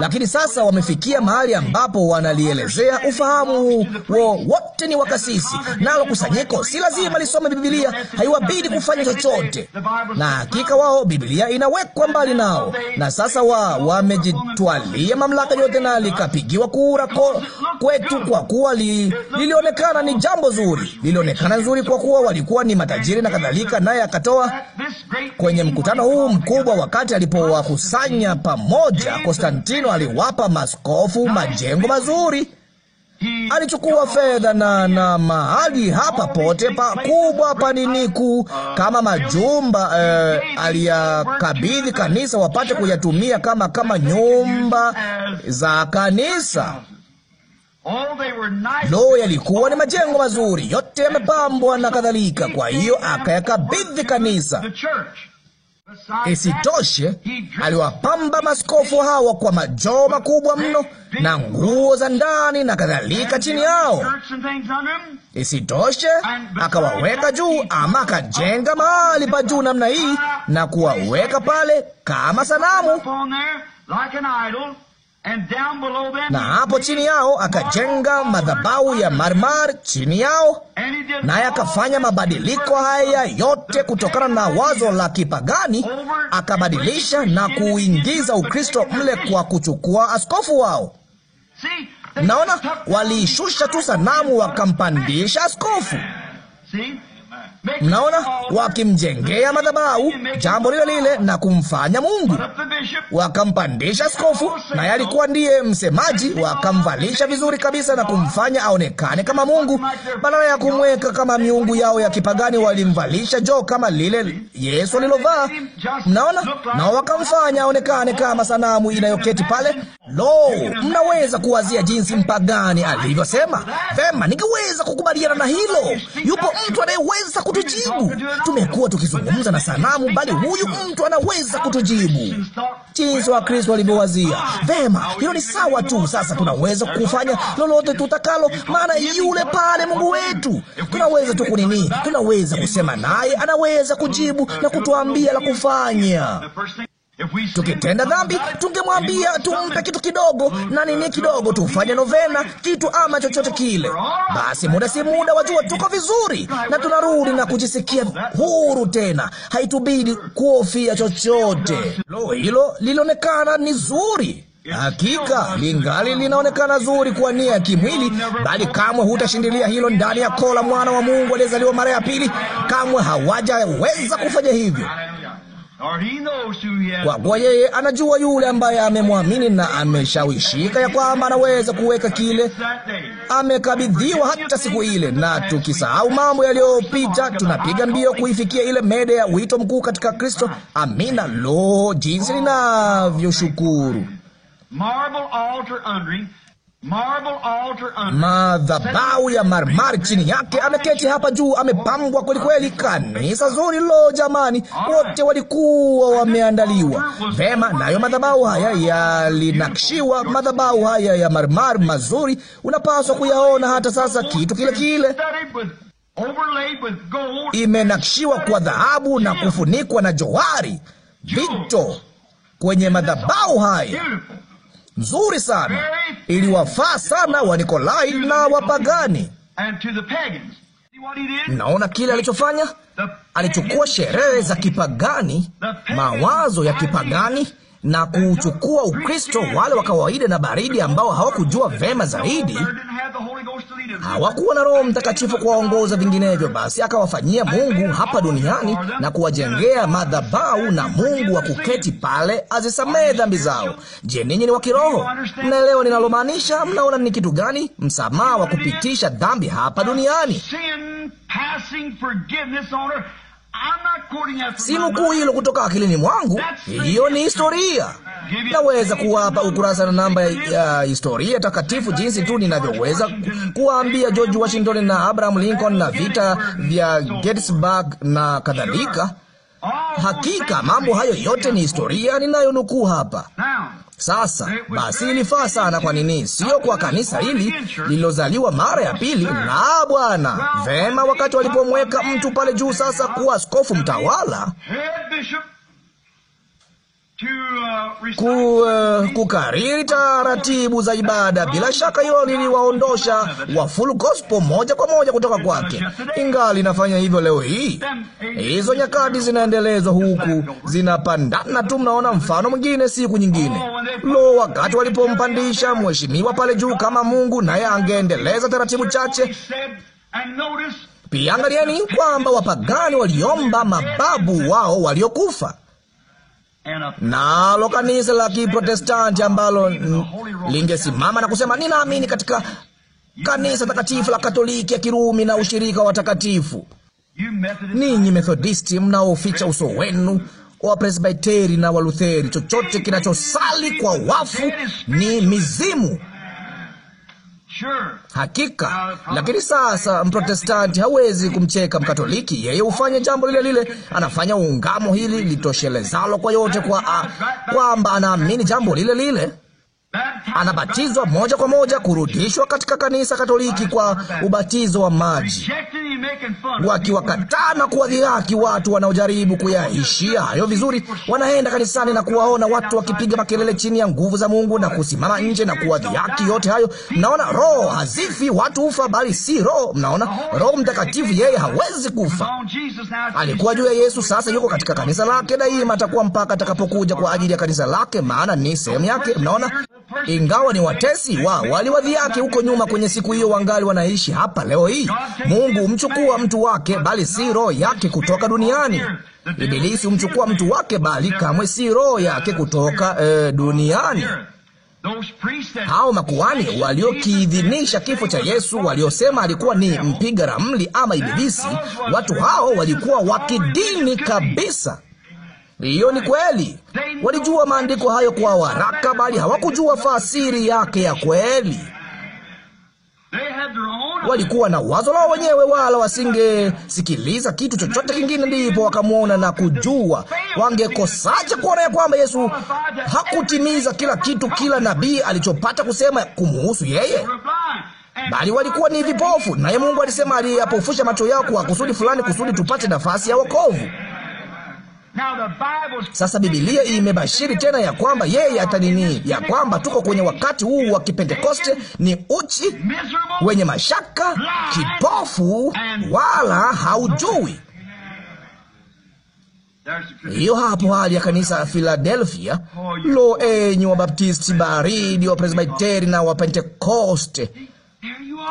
Lakini sasa wamefikia mahali ambapo wanalielezea ufahamu wo wote ni wakasisi, nalo kusanyiko si lazima lisome Bibilia, haiwabidi kufanya chochote, na hakika wao Bibilia inawekwa mbali nao, na sasa wa wamejitwalia mamlaka yote na likapigiwa kura ko kwetu, kwa kuwa li, lilionekana ni jambo zuri, lilionekana zuri kwa kuwa walikuwa ni matajiri na kadhalika. Naye akatoa kwenye mkutano huu mkubwa, wakati alipowakusanya pamoja, Konstantino aliwapa maskofu majengo mazuri alichukua fedha na, na mahali hapa pote pakubwa paniniku kama majumba eh, aliyakabidhi kanisa wapate kuyatumia kama kama nyumba za kanisa. Lo, yalikuwa ni majengo mazuri, yote yamepambwa na kadhalika. Kwa hiyo akayakabidhi kanisa. Isitoshe, aliwapamba maskofu hawa kwa majoo makubwa mno na nguo za ndani na kadhalika chini yao. Isitoshe, akawaweka juu, ama akajenga mahali pa juu namna hii na kuwaweka pale kama sanamu na hapo chini yao akajenga madhabahu ya marmar chini yao, naye akafanya mabadiliko haya yote kutokana na wazo la kipagani, akabadilisha na kuingiza Ukristo mle kwa kuchukua askofu wao. Mnaona, waliishusha tu sanamu wakampandisha askofu. Mnaona, wakimjengea madhabahu jambo lile lile na kumfanya Mungu. Wakampandisha askofu, naye alikuwa ndiye msemaji. Wakamvalisha vizuri kabisa na kumfanya aonekane kama Mungu, badala ya kumweka kama miungu yao ya kipagani. Walimvalisha joo kama lile Yesu alilovaa. Mnaona, nao wakamfanya aonekane kama sanamu inayoketi pale. Lo, mnaweza kuwazia jinsi mpagani alivyosema, vema, ningeweza kukubaliana na hilo. Yupo mtu anayeweza kutujibu. Tumekuwa tukizungumza na sanamu, bali huyu mtu anaweza kutujibu jinsi Wakristo walivyowazia alivyowazia. Vema, hilo ni sawa tu. Sasa tunaweza kufanya lolote tutakalo, maana yule pale Mungu wetu, tunaweza tu kunini, tunaweza kusema naye, anaweza kujibu na kutuambia la kufanya. Tukitenda dhambi, tungemwambia tumpe kitu kidogo na nini kidogo, tufanye novena kitu ama chochote kile. Basi muda si muda, wajua tuko vizuri na tunarudi na kujisikia huru tena, haitubidi kuhofia chochote. Lo, hilo lilionekana ni zuri. Hakika lingali linaonekana zuri kwa nia ya kimwili, bali kamwe hutashindilia hilo ndani ya kola mwana wa Mungu aliyezaliwa mara ya pili. Kamwe hawajaweza kufanya hivyo kwa kuwa yeye anajua yule ambaye amemwamini na ameshawishika ya kwamba anaweza kuweka kile amekabidhiwa hata siku ile. Na tukisahau mambo yaliyopita, tunapiga mbio kuifikia ile mede ya wito mkuu katika Kristo. Amina. Lo, jinsi oh, ninavyoshukuru madhabau ya marmari chini yake, ameketi hapa juu, amepambwa kweli kweli. Kanisa zuri lo, jamani, wote walikuwa wameandaliwa vema, nayo madhabau haya yalinakshiwa, madhabau haya ya marmari mazuri, unapaswa kuyaona hata sasa, kitu kile kile imenakshiwa kwa dhahabu na kufunikwa na johari, vito kwenye madhabau haya nzuri sana, iliwafaa sana Wanikolai na wapagani. Naona kile alichofanya, alichukua sherehe za kipagani, mawazo ya kipagani na kuchukua Ukristo. Wale wa kawaida na baridi ambao hawakujua vema zaidi, hawakuwa na Roho Mtakatifu kuwaongoza vinginevyo, basi akawafanyia Mungu hapa duniani na kuwajengea madhabahu na Mungu wa kuketi pale azisamehe dhambi zao. Je, ninyi ni wa kiroho? Mnaelewa ninalomaanisha? Mnaona ni kitu gani? Msamaha wa kupitisha dhambi hapa duniani nukuu hilo kutoka akilini mwangu, hiyo ni historia. Naweza kuwapa ukurasa na namba ya historia takatifu jinsi tu ninavyoweza kuwaambia George Washington na Abraham Lincoln na vita vya Gettysburg na kadhalika. Hakika mambo hayo yote ni historia ninayonukuu hapa. Sasa basi, ilifaa sana kwa nini? Sio kwa kanisa hili lililozaliwa mara ya pili. Na Bwana vema, wakati walipomweka mtu pale juu sasa kuwa askofu mtawala ku, uh, eh, kukariri taratibu za ibada. Bila shaka hiyo liliwaondosha wa full gospel moja kwa moja kutoka kwake. Ingali inafanya hivyo leo hii, hizo nyakati zinaendelezwa huku, zinapandana tu. Mnaona mfano mwingine siku nyingine. Lo, wakati walipompandisha mheshimiwa pale juu kama Mungu, naye angeendeleza taratibu chache pia. Angalieni kwamba wapagani waliomba mababu wao waliokufa nalo kanisa la Kiprotestanti ambalo lingesimama na kusema ninaamini katika kanisa takatifu la Katoliki ya Kirumi na ushirika wa takatifu. Ninyi Methodisti mnaoficha uso wenu wa Presbiteri na Walutheri, chochote kinachosali kwa wafu ni mizimu. Hakika. Lakini sasa Mprotestanti hawezi kumcheka Mkatoliki. Yeye hufanya jambo lile lile, anafanya uungamo hili litoshelezalo kwa yote, kwa kwamba anaamini jambo lile lile anabatizwa moja kwa moja kurudishwa katika kanisa Katoliki kwa ubatizo wa maji, wakiwakataa na kuwadhihaki watu wanaojaribu kuyaishia hayo vizuri. Wanaenda kanisani na kuwaona watu wakipiga makelele chini ya nguvu za Mungu na kusimama nje na kuwadhihaki. Yote hayo mnaona, roho hazifi, watu hufa, bali si roho. Mnaona, Roho Mtakatifu yeye hawezi kufa, alikuwa juu ya Yesu, sasa yuko katika kanisa lake daima, atakuwa mpaka atakapokuja kwa ajili ya kanisa lake, maana ni sehemu yake. Mnaona ingawa ni watesi wa waliwadhi yake huko nyuma kwenye siku hiyo, wangali wanaishi hapa leo hii. Mungu humchukua mtu wake, bali si roho yake kutoka duniani. Ibilisi humchukua mtu wake, bali kamwe si roho yake kutoka eh, duniani. Hao makuhani waliokiidhinisha kifo cha Yesu, waliosema alikuwa ni mpiga ramli ama ibilisi, watu hao walikuwa wakidini kabisa. Hiyo ni kweli. Walijua maandiko hayo kwa haraka, bali hawakujua fasiri yake ya kweli. Walikuwa na wazo lao wenyewe, wala wasingesikiliza kitu chochote kingine. Ndipo wakamwona na kujua. Wangekosaje kuona ya kwamba Yesu hakutimiza kila kitu kila nabii alichopata kusema kumuhusu yeye? Bali walikuwa ni vipofu, naye Mungu alisema aliyapofusha macho yao kwa kusudi fulani, kusudi tupate nafasi ya wokovu. Sasa Bibilia imebashiri tena ya kwamba yeye atanini, ya kwamba tuko kwenye wakati huu wa Kipentekoste, ni uchi, wenye mashaka, kipofu, wala haujui. Hiyo hapo hali ya kanisa la Filadelfia. Lo, enyi Wabaptisti baridi, wa presbiteri na Wapentekoste,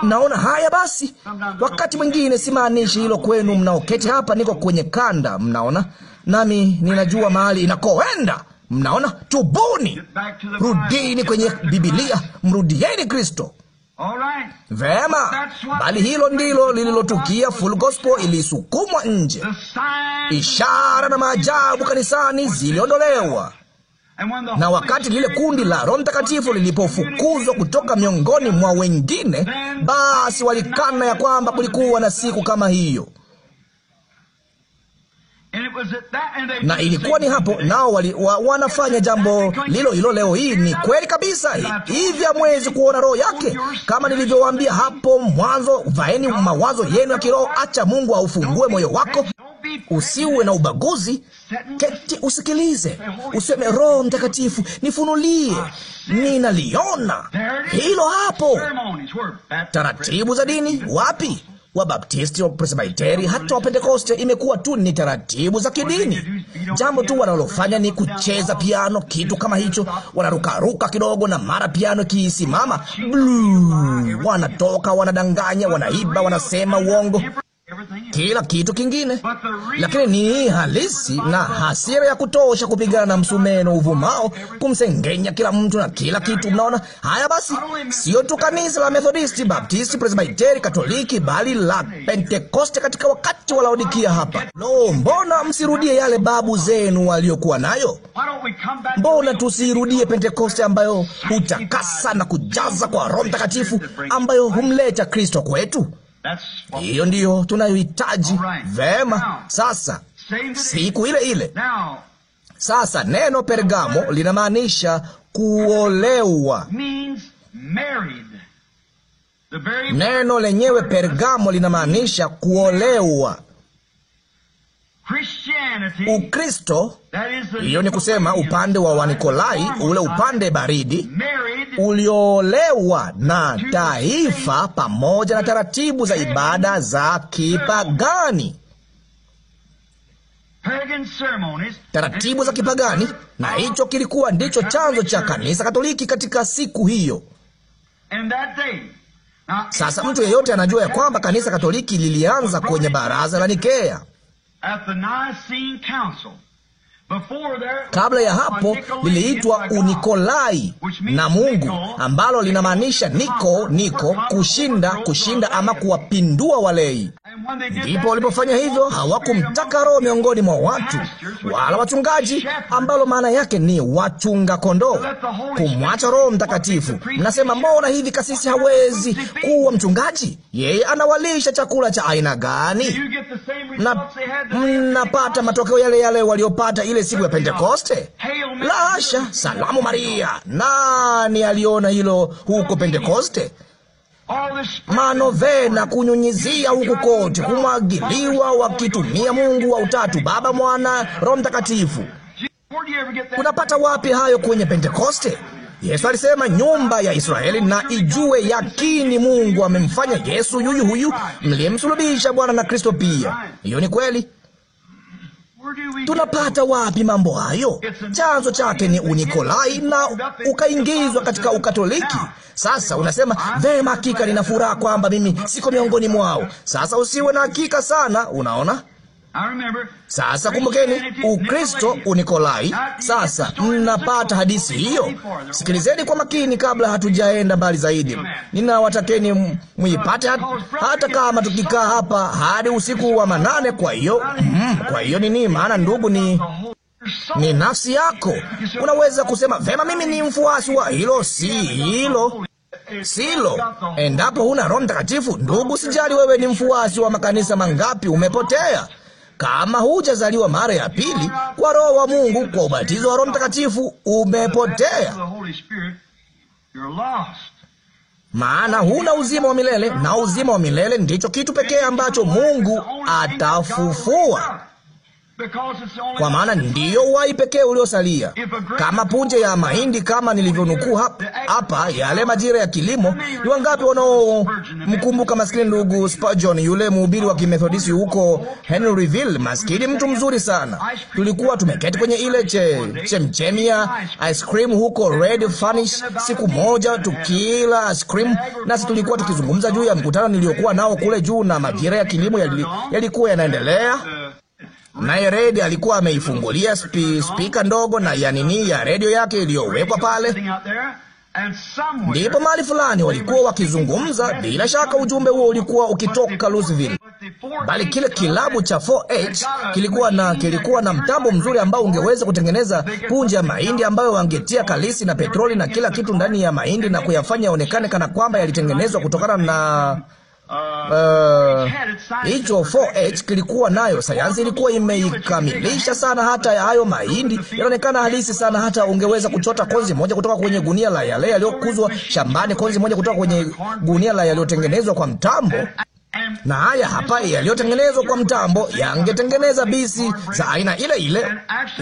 naona haya. Basi wakati mwingine simaanishi hilo kwenu mnaoketi hapa, niko kwenye kanda, mnaona nami ninajua mahali inakoenda. Mnaona, tubuni, rudini kwenye Bibilia, mrudieni Kristo. Vema, bali hilo ndilo lililotukia. Full gospel ilisukumwa nje, ishara na maajabu kanisani ziliondolewa. Na wakati lile kundi la Roho Mtakatifu lilipofukuzwa kutoka miongoni mwa wengine, basi walikana ya kwamba kulikuwa na siku kama hiyo na ilikuwa ni hapo, nao wali, wa, wanafanya jambo lilo hilo leo hii. Ni kweli kabisa, hivi hamwezi kuona roho yake. Kama nilivyowaambia hapo mwanzo, vaeni mawazo yenu ya kiroho. Acha Mungu aufungue moyo wako, usiwe na ubaguzi. Keti usikilize, useme Roho Mtakatifu, nifunulie, ah, ninaliona hilo hapo. Taratibu za dini wapi? Wabaptisti, Wapresbiteri, hata Wapentekoste. Imekuwa tu ni taratibu za kidini. Jambo tu wanalofanya ni kucheza piano, kitu kama hicho, wanarukaruka kidogo, na mara piano kiisimama bluu, wanatoka, wanadanganya, wanaiba, wanasema uongo kila kitu kingine, lakini ni halisi na hasira ya kutosha kupigana na msumeno uvumao, kumsengenya kila mtu na kila kitu. Mnaona haya? Basi sio tu kanisa la Methodisti, Baptisti, Presbiteri, Katoliki, bali la Pentekoste katika wakati wa Laodikia hapa. Lo, mbona msirudie yale babu zenu waliokuwa nayo? Mbona tusirudie Pentekoste ambayo hutakasa na kujaza kwa Roho Mtakatifu, ambayo humleta Kristo kwetu? Hiyo ndiyo tunayohitaji. Vema, sasa siku ile ile sasa neno Pergamo linamaanisha kuolewa. Neno lenyewe Pergamo linamaanisha kuolewa. Ukristo, hiyo ni kusema upande wa Wanikolai, ule upande baridi uliolewa na taifa pamoja na taratibu za ibada za kipagani, taratibu za kipagani, na hicho kilikuwa ndicho chanzo cha kanisa Katoliki katika siku hiyo. Sasa mtu yeyote anajua ya kwamba kanisa Katoliki lilianza kwenye baraza la Nikea. Kabla ya hapo liliitwa Unikolai na Mungu, ambalo linamaanisha niko niko, kushinda kushinda, ama kuwapindua walei. Ndipo walipofanya hivyo, hawakumtaka roho miongoni mwa watu wala wachungaji, ambalo maana yake ni wachunga kondoo, kumwacha Roho Mtakatifu. Mnasema, mbona hivi kasisi hawezi kuwa mchungaji? Yeye anawalisha chakula cha aina gani? Na mnapata matokeo yale yale waliopata ile siku ya Pentekoste? lasha Salamu Maria! Nani aliona hilo huko Pentekoste? manove na kunyunyizia huku kote, kumwagiliwa, wakitumia Mungu wa Utatu, Baba, Mwana, Roho Mtakatifu. Unapata wapi hayo kwenye Pentekoste? Yesu alisema nyumba ya Israeli na ijue yakini Mungu amemfanya Yesu yuyu huyu mliyemsulubisha Bwana na Kristo pia. Hiyo ni kweli. Tunapata wapi mambo hayo? Chanzo chake ni Unikolai na ukaingizwa katika Ukatoliki. Sasa unasema vema, hakika nina furaha kwamba mimi siko miongoni mwao. Sasa usiwe na hakika sana, unaona. Sasa kumbukeni, Ukristo Unikolai. Sasa mnapata hadithi hiyo, sikilizeni kwa makini kabla hatujaenda mbali zaidi. Ninawatakeni muipate, hata kama tukikaa hapa hadi usiku wa manane. Kwa hiyo mm, kwa hiyo nini maana, ndugu, ni ni nafsi yako. Unaweza oh, kusema vema, mimi ni mfuasi wa hilo, si hilo silo endapo huna Roho Mtakatifu. Ndugu, sijali wewe ni mfuasi wa makanisa mangapi, umepotea. Kama hujazaliwa mara ya pili kwa Roho wa Mungu, kwa ubatizo wa Roho Mtakatifu, umepotea, maana huna uzima wa milele, na uzima wa milele ndicho kitu pekee ambacho Mungu atafufua kwa maana ndiyo uhai pekee uliosalia. Kama punje ya mahindi, kama nilivyonukuu hapa hapa, yale majira ya kilimo, ni wangapi wanaomkumbuka maskini ndugu Spurgeon, yule mhubiri wa Kimethodisti huko Henryville? Maskini mtu mzuri sana. Tulikuwa tumeketi kwenye ile che, chemchemi ya ice cream huko Red Furnish siku moja, tukila ice cream, nasi tulikuwa tukizungumza juu ya mkutano niliokuwa nao kule juu, na majira ya kilimo yalikuwa yanaendelea naye Redi alikuwa ameifungulia spi, spika ndogo na ya nini ya redio yake iliyowekwa pale ndipo mahali fulani walikuwa wakizungumza. Bila shaka ujumbe huo ulikuwa ukitoka Louisville, bali kile kilabu cha 4H kilikuwa na kilikuwa na mtambo mzuri ambao ungeweza kutengeneza punje ya mahindi ambayo wangetia kalisi na petroli na kila kitu ndani ya mahindi na kuyafanya yaonekane kana kwamba yalitengenezwa kutokana na Uh, hicho uh, 4H kilikuwa nayo. Sayansi ilikuwa imeikamilisha sana, hata hayo mahindi yanaonekana halisi sana. Hata ungeweza kuchota konzi moja kutoka kwenye gunia la yale yaliyokuzwa shambani, konzi moja kutoka kwenye gunia la yaliyotengenezwa kwa mtambo na haya hapa yaliyotengenezwa kwa mtambo yangetengeneza bisi za aina ile ile,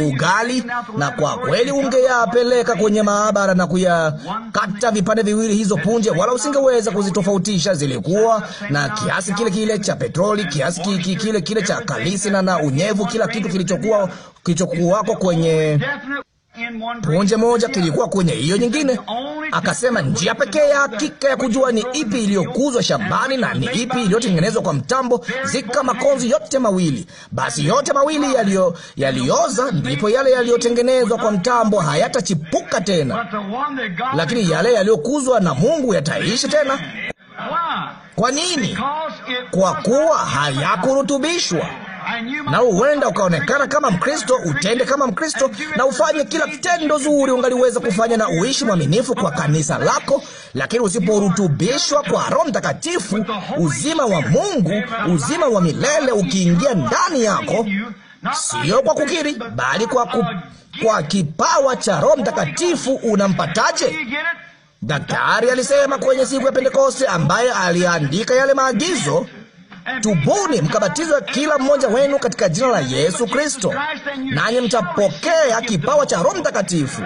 ugali, na kwa kweli ungeyapeleka kwenye maabara na kuyakata vipande viwili hizo punje, wala usingeweza kuzitofautisha. Zilikuwa na kiasi kile kile cha petroli, kiasi kile kile cha kalisi na na unyevu, kila kitu kilichokuwa kilichokuwako kwenye punje moja kilikuwa kwenye hiyo nyingine. Akasema njia pekee ya hakika ya kujua ni ipi iliyokuzwa shambani na ni ipi iliyotengenezwa kwa mtambo, zika makonzi yote mawili. Basi yote mawili yaliyo yalioza, ndipo yale yaliyotengenezwa kwa mtambo hayatachipuka tena, lakini yale yaliyokuzwa na Mungu yataishi tena. Kwa nini? Kwa kuwa hayakurutubishwa na huenda ukaonekana kama Mkristo, utende kama Mkristo na ufanye kila tendo zuri ungaliweza kufanya, na uishi mwaminifu kwa kanisa lako, lakini usiporutubishwa kwa Roho Mtakatifu, uzima wa Mungu, uzima wa milele ukiingia ndani yako, sio kwa kukiri, bali kwa, ku, kwa kipawa cha Roho Mtakatifu, unampataje? Daktari alisema kwenye siku ya Pentekoste, ambaye aliandika yale maagizo Tubuni mkabatizwe kila mmoja wenu katika jina la Yesu Kristo, nanyi mtapokea kipawa cha Roho Mtakatifu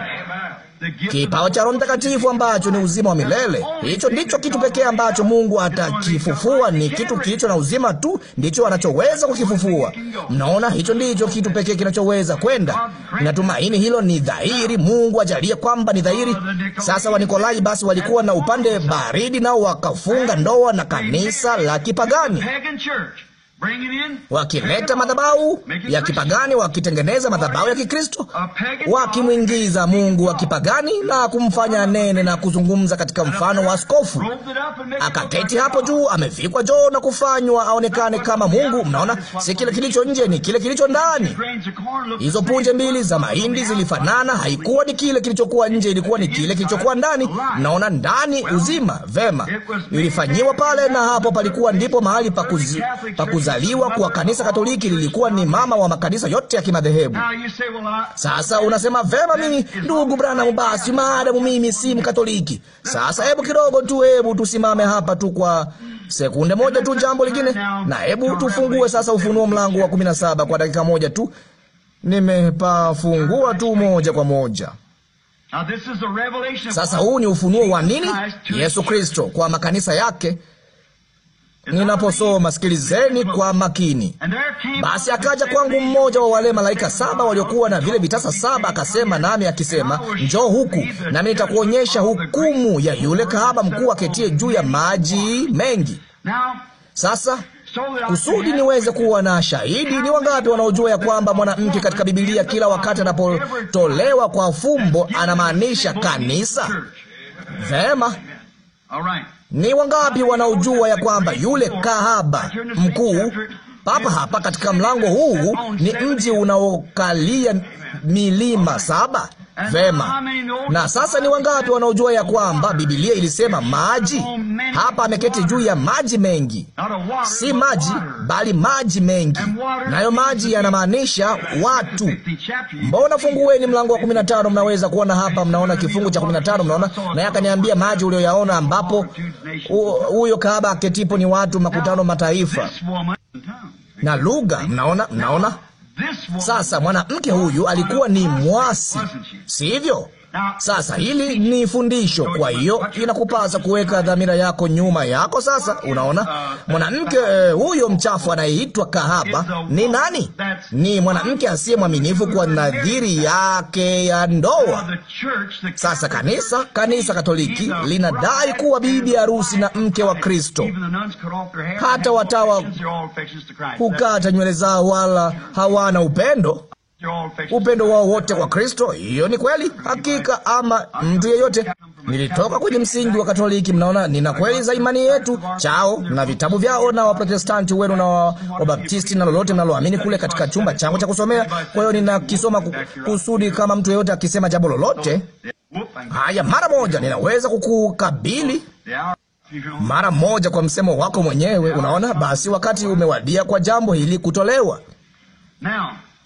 kipao cha Roho Mtakatifu ambacho ni uzima wa milele. Hicho ndicho kitu pekee ambacho Mungu atakifufua, ni kitu kilicho na uzima tu, ndicho anachoweza kukifufua. Mnaona, hicho ndicho kitu pekee kinachoweza kwenda. Natumaini hilo ni dhahiri. Mungu ajalie kwamba ni dhahiri. Sasa Wanikolai basi walikuwa na upande baridi, nao wakafunga ndoa na kanisa la kipagani wakileta madhabahu ya kipagani, wakitengeneza madhabahu ya Kikristo, wakimwingiza Mungu wa kipagani na kumfanya nene na kuzungumza katika mfano wa askofu. Akaketi hapo juu, amevikwa joo na kufanywa aonekane kama Mungu. Mnaona, si kile kilicho nje, ni kile kilicho ndani. Hizo punje mbili za mahindi zilifanana, haikuwa ni kile kilichokuwa nje, ilikuwa ni kile kilichokuwa ndani. Mnaona, ndani uzima. Vema, ilifanyiwa pale, na hapo palikuwa ndipo mahali pa kuzaliwa kwa kanisa Katoliki lilikuwa ni mama wa makanisa yote ya kimadhehebu. Sasa unasema vema, mimi ndugu Branham, basi maadamu mimi si Mkatoliki. Sasa hebu kidogo tu, hebu tusimame hapa tu kwa sekunde moja tu, jambo lingine, na hebu tufungue sasa Ufunuo mlango wa 17 kwa dakika moja tu. Nimepafungua tu moja kwa moja. Sasa huu ni ufunuo wa nini? Yesu Kristo kwa makanisa yake ninaposoma, sikilizeni kwa makini. Basi akaja kwangu mmoja wa wale malaika saba waliokuwa na vile vitasa saba, akasema nami akisema, njoo huku, nami nitakuonyesha hukumu ya yule kahaba mkuu aketie juu ya maji mengi. Sasa kusudi niweze kuwa na shahidi, ni wangapi wanaojua ya kwamba mwanamke katika Bibilia kila wakati anapotolewa kwa fumbo anamaanisha kanisa? Vema. Ni wangapi wanaojua ya kwamba yule kahaba mkuu Papa hapa katika mlango huu ni mji unaokalia milima saba. Vema. Na sasa ni wangapi wanaojua ya kwamba Biblia ilisema maji? Hapa ameketi juu ya maji mengi, si maji bali maji mengi, nayo maji yanamaanisha watu. Mbona fungueni mlango wa 15, mnaweza kuona hapa, mnaona kifungu cha 15, mnaona naye akaniambia maji ulioyaona ambapo huyo kahaba aketipo ni watu, makutano, mataifa. Mm-hmm. na lugha. Mnaona, mnaona sasa, mwanamke huyu alikuwa ni mwasi, sivyo? Sasa hili ni fundisho, kwa hiyo inakupasa kuweka dhamira yako nyuma yako. Sasa unaona, mwanamke eh, huyo mchafu anayeitwa kahaba ni nani? Ni mwanamke asiye mwaminifu kwa nadhiri yake ya ndoa. Sasa kanisa, kanisa Katoliki linadai kuwa bibi harusi na mke wa Kristo. Hata watawa hukata nywele zao, wala hawana upendo upendo wao wote kwa Kristo. Hiyo ni kweli hakika, ama mtu yeyote. Nilitoka kwenye msingi wa Katoliki, mnaona nina kweli za imani yetu, chao na vitabu vyao, na Waprotestanti wenu na Wabaptisti na lolote mnaloamini kule katika chumba changu cha kusomea. Kwa hiyo ninakisoma kusudi, kama mtu yeyote akisema jambo lolote haya, mara moja ninaweza kukukabili mara moja kwa msemo wako mwenyewe. Unaona, basi wakati umewadia kwa jambo hili kutolewa.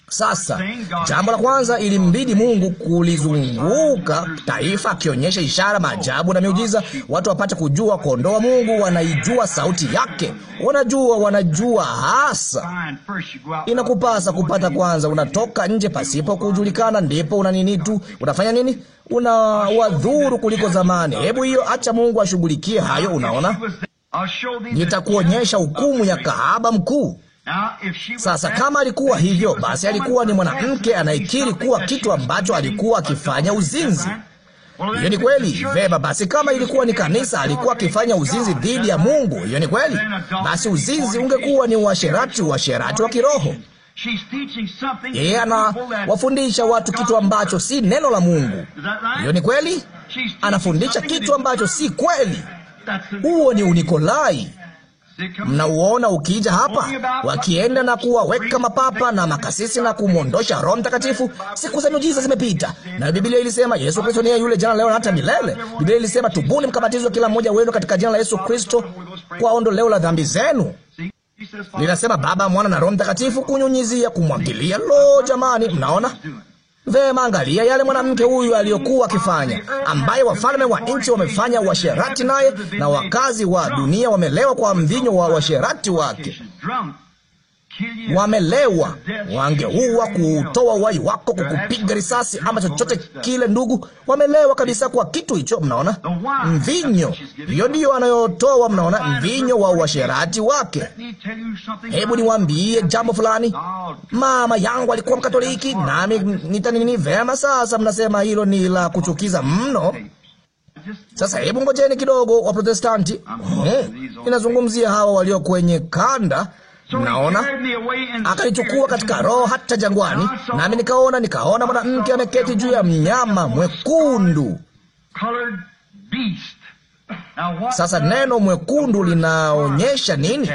Sasa jambo la kwanza, ilimbidi Mungu kulizunguka taifa akionyesha ishara, maajabu na miujiza, watu wapate kujua kondoa Mungu. Wanaijua sauti yake, wanajua, wanajua hasa. Inakupasa kupata kwanza, unatoka nje pasipo kujulikana, ndipo unanini tu, unafanya nini? una wadhuru kuliko zamani. Hebu hiyo, acha Mungu ashughulikie hayo. Unaona, nitakuonyesha hukumu ya kahaba mkuu. Sasa kama alikuwa hivyo, basi alikuwa ni mwanamke anayekiri kuwa kitu ambacho alikuwa akifanya uzinzi. Hiyo ni kweli. Vema, basi kama ilikuwa ni kanisa, alikuwa akifanya uzinzi dhidi ya Mungu. Hiyo ni kweli. Basi uzinzi ungekuwa ni uasherati, uasherati wa kiroho. Yeye yeah, anawafundisha watu kitu ambacho si neno la Mungu. Hiyo ni kweli. Anafundisha kitu ambacho si kweli. Huo ni Unikolai mnauona ukija hapa, wakienda na kuwaweka mapapa na makasisi na kumwondosha Roho Mtakatifu. Siku za miujiza zimepita, na Biblia ilisema Yesu Kristo niye yule jana, leo na hata milele. Biblia ilisema tubuni, mkabatizwe kila mmoja wenu katika jina la Yesu Kristo kwa ondoleo la dhambi zenu. Linasema Baba, Mwana na Roho Mtakatifu, kunyunyizia, kumwagilia. Lo, jamani, mnaona Vema, angalia yale mwanamke huyu aliyokuwa akifanya, ambaye wafalme wa nchi wamefanya washerati naye, na wakazi wa dunia wamelewa kwa mvinyo wa washerati wake wamelewa, wangeua, kuutoa uhai wako, kukupiga risasi ama chochote kile. Ndugu, wamelewa kabisa kwa kitu hicho. Mnaona mvinyo, hiyo ndiyo anayotoa. Mnaona mvinyo wa uasherati wake. Hebu niwaambie jambo fulani. Mama yangu alikuwa Mkatoliki, nami nitanini vema. Sasa mnasema hilo ni la kuchukiza mno. Sasa hebu ngojeni kidogo, Waprotestanti. Hmm, inazungumzia hawa walio kwenye kanda Mnaona, akanichukua katika roho hata jangwani, nami nikaona, nikaona mwanamke ameketi juu ya mnyama mwekundu. Sasa neno mwekundu linaonyesha nini?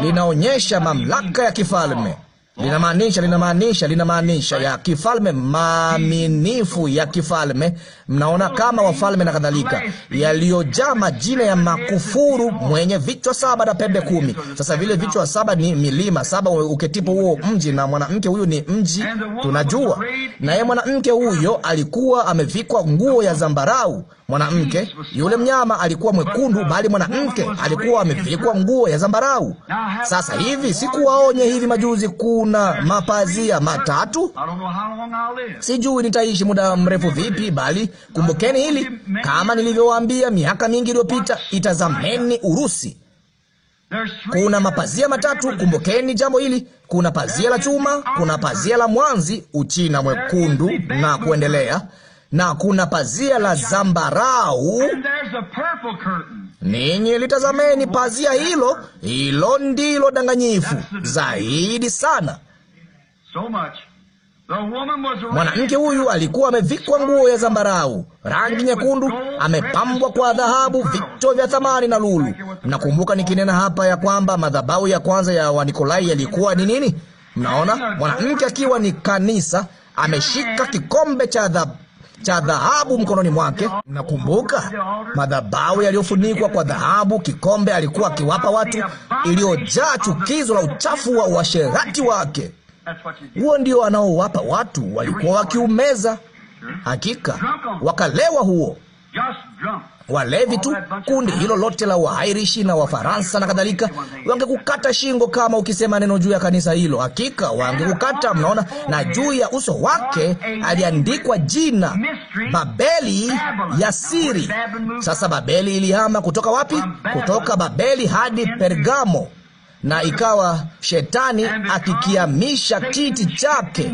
Linaonyesha mamlaka ya kifalme linamaanisha linamaanisha linamaanisha ya kifalme, maaminifu ya kifalme. Mnaona, kama wafalme na kadhalika, yaliyojaa majina ya makufuru, mwenye vichwa saba na pembe kumi. Sasa vile vichwa saba ni milima saba uketipo huo mji, na mwanamke huyu ni mji tunajua, na yeye mwanamke huyo alikuwa amevikwa nguo ya zambarau mwanamke. Yule mnyama alikuwa mwekundu, bali mwanamke alikuwa amevikwa nguo ya zambarau. Sasa hivi sikuwaonye hivi majuzi, kuna mapazia matatu. Sijui nitaishi muda mrefu vipi, bali kumbukeni hili, kama nilivyowaambia miaka mingi iliyopita, itazameni Urusi. Kuna mapazia matatu, kumbukeni jambo hili. Kuna pazia la chuma, kuna pazia la mwanzi, Uchina mwekundu na kuendelea na kuna pazia la zambarau. Ninyi litazameni pazia hilo, hilo ndilo danganyifu zaidi sana. Mwanamke huyu alikuwa amevikwa nguo ya zambarau, rangi nyekundu, amepambwa kwa dhahabu, vito vya thamani na lulu. Mnakumbuka nikinena hapa ya kwamba madhabahu ya kwanza ya Wanikolai yalikuwa ni nini? Mnaona mwanamke akiwa ni kanisa, ameshika kikombe cha dhahabu cha dhahabu mkononi mwake. Mnakumbuka madhabahu yaliyofunikwa kwa dhahabu, kikombe alikuwa akiwapa watu, iliyojaa chukizo la uchafu wa uasherati wake. Huo ndio anaowapa watu, walikuwa wakiumeza. Hakika wakalewa huo walevi tu, kundi hilo lote la Wairishi na Wafaransa na kadhalika, wangekukata shingo kama ukisema neno juu ya kanisa hilo. Hakika wangekukata, mnaona. Na juu ya uso wake aliandikwa jina Babeli ya siri. Sasa Babeli ilihama kutoka wapi? Kutoka Babeli hadi Pergamo na ikawa shetani akikiamisha kiti chake.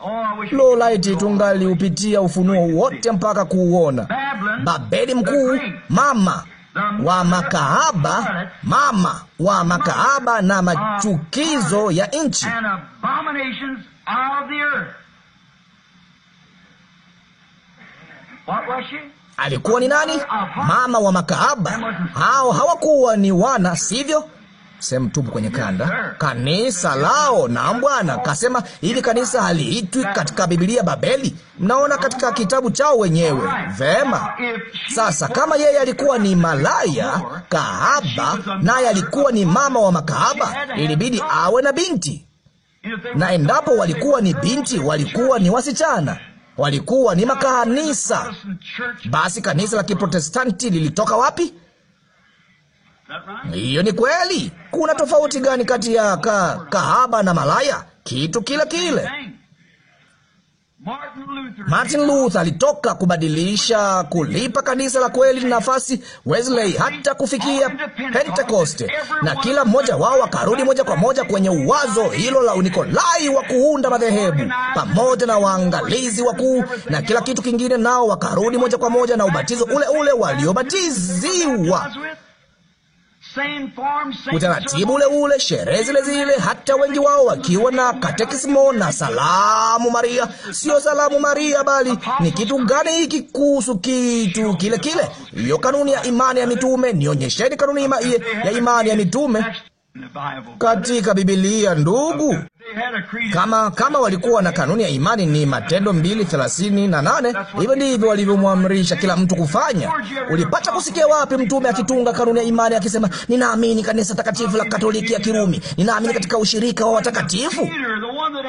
Oh, Lo, laiti tungaliupitia ufunuo wote mpaka kuuona. Babeli mkuu, mama wa makahaba, mama wa makahaba na machukizo ya nchi. Alikuwa ni nani? Mama wa makahaba. Hao hawakuwa ni wana, sivyo? sehemu tupu kwenye kanda, kanisa lao na Bwana kasema hili kanisa haliitwi katika Biblia Babeli, mnaona katika kitabu chao wenyewe. Vema, sasa kama yeye alikuwa ni malaya kahaba, naye alikuwa ni mama wa makahaba, ilibidi awe na binti, na endapo walikuwa ni binti, walikuwa ni wasichana walikuwa ni makanisa. Basi kanisa la Kiprotestanti lilitoka wapi? Hiyo ni kweli. Kuna tofauti gani kati ya ka, kahaba na malaya? Kitu kile kile. Martin Luther alitoka kubadilisha kulipa kanisa la kweli nafasi, Wesley hata kufikia Pentekoste, na kila mmoja wao akarudi moja kwa moja kwenye uwazo hilo la Unikolai wa kuunda madhehebu pamoja na waangalizi wakuu na kila kitu kingine, nao wakarudi moja kwa moja na ubatizo ule ule waliobatiziwa utaratibu ule ule, sherehe zile zile, hata wengi wao wakiwa na katekismo na salamu Maria. Sio salamu Maria, bali ni kitu gani hiki kuhusu kitu kile kile. Hiyo kanuni ya imani ya mitume, nionyesheni kanuni ya imani ya mitume katika Bibilia, ndugu. Kama kama walikuwa na kanuni ya imani, ni Matendo mbili thelathini na nane. Hivyo ndivyo walivyomwamrisha kila mtu kufanya. Ulipata kusikia wapi mtume akitunga kanuni ya imani akisema, ninaamini kanisa takatifu la Katoliki ya Kirumi, ninaamini katika ushirika wa watakatifu?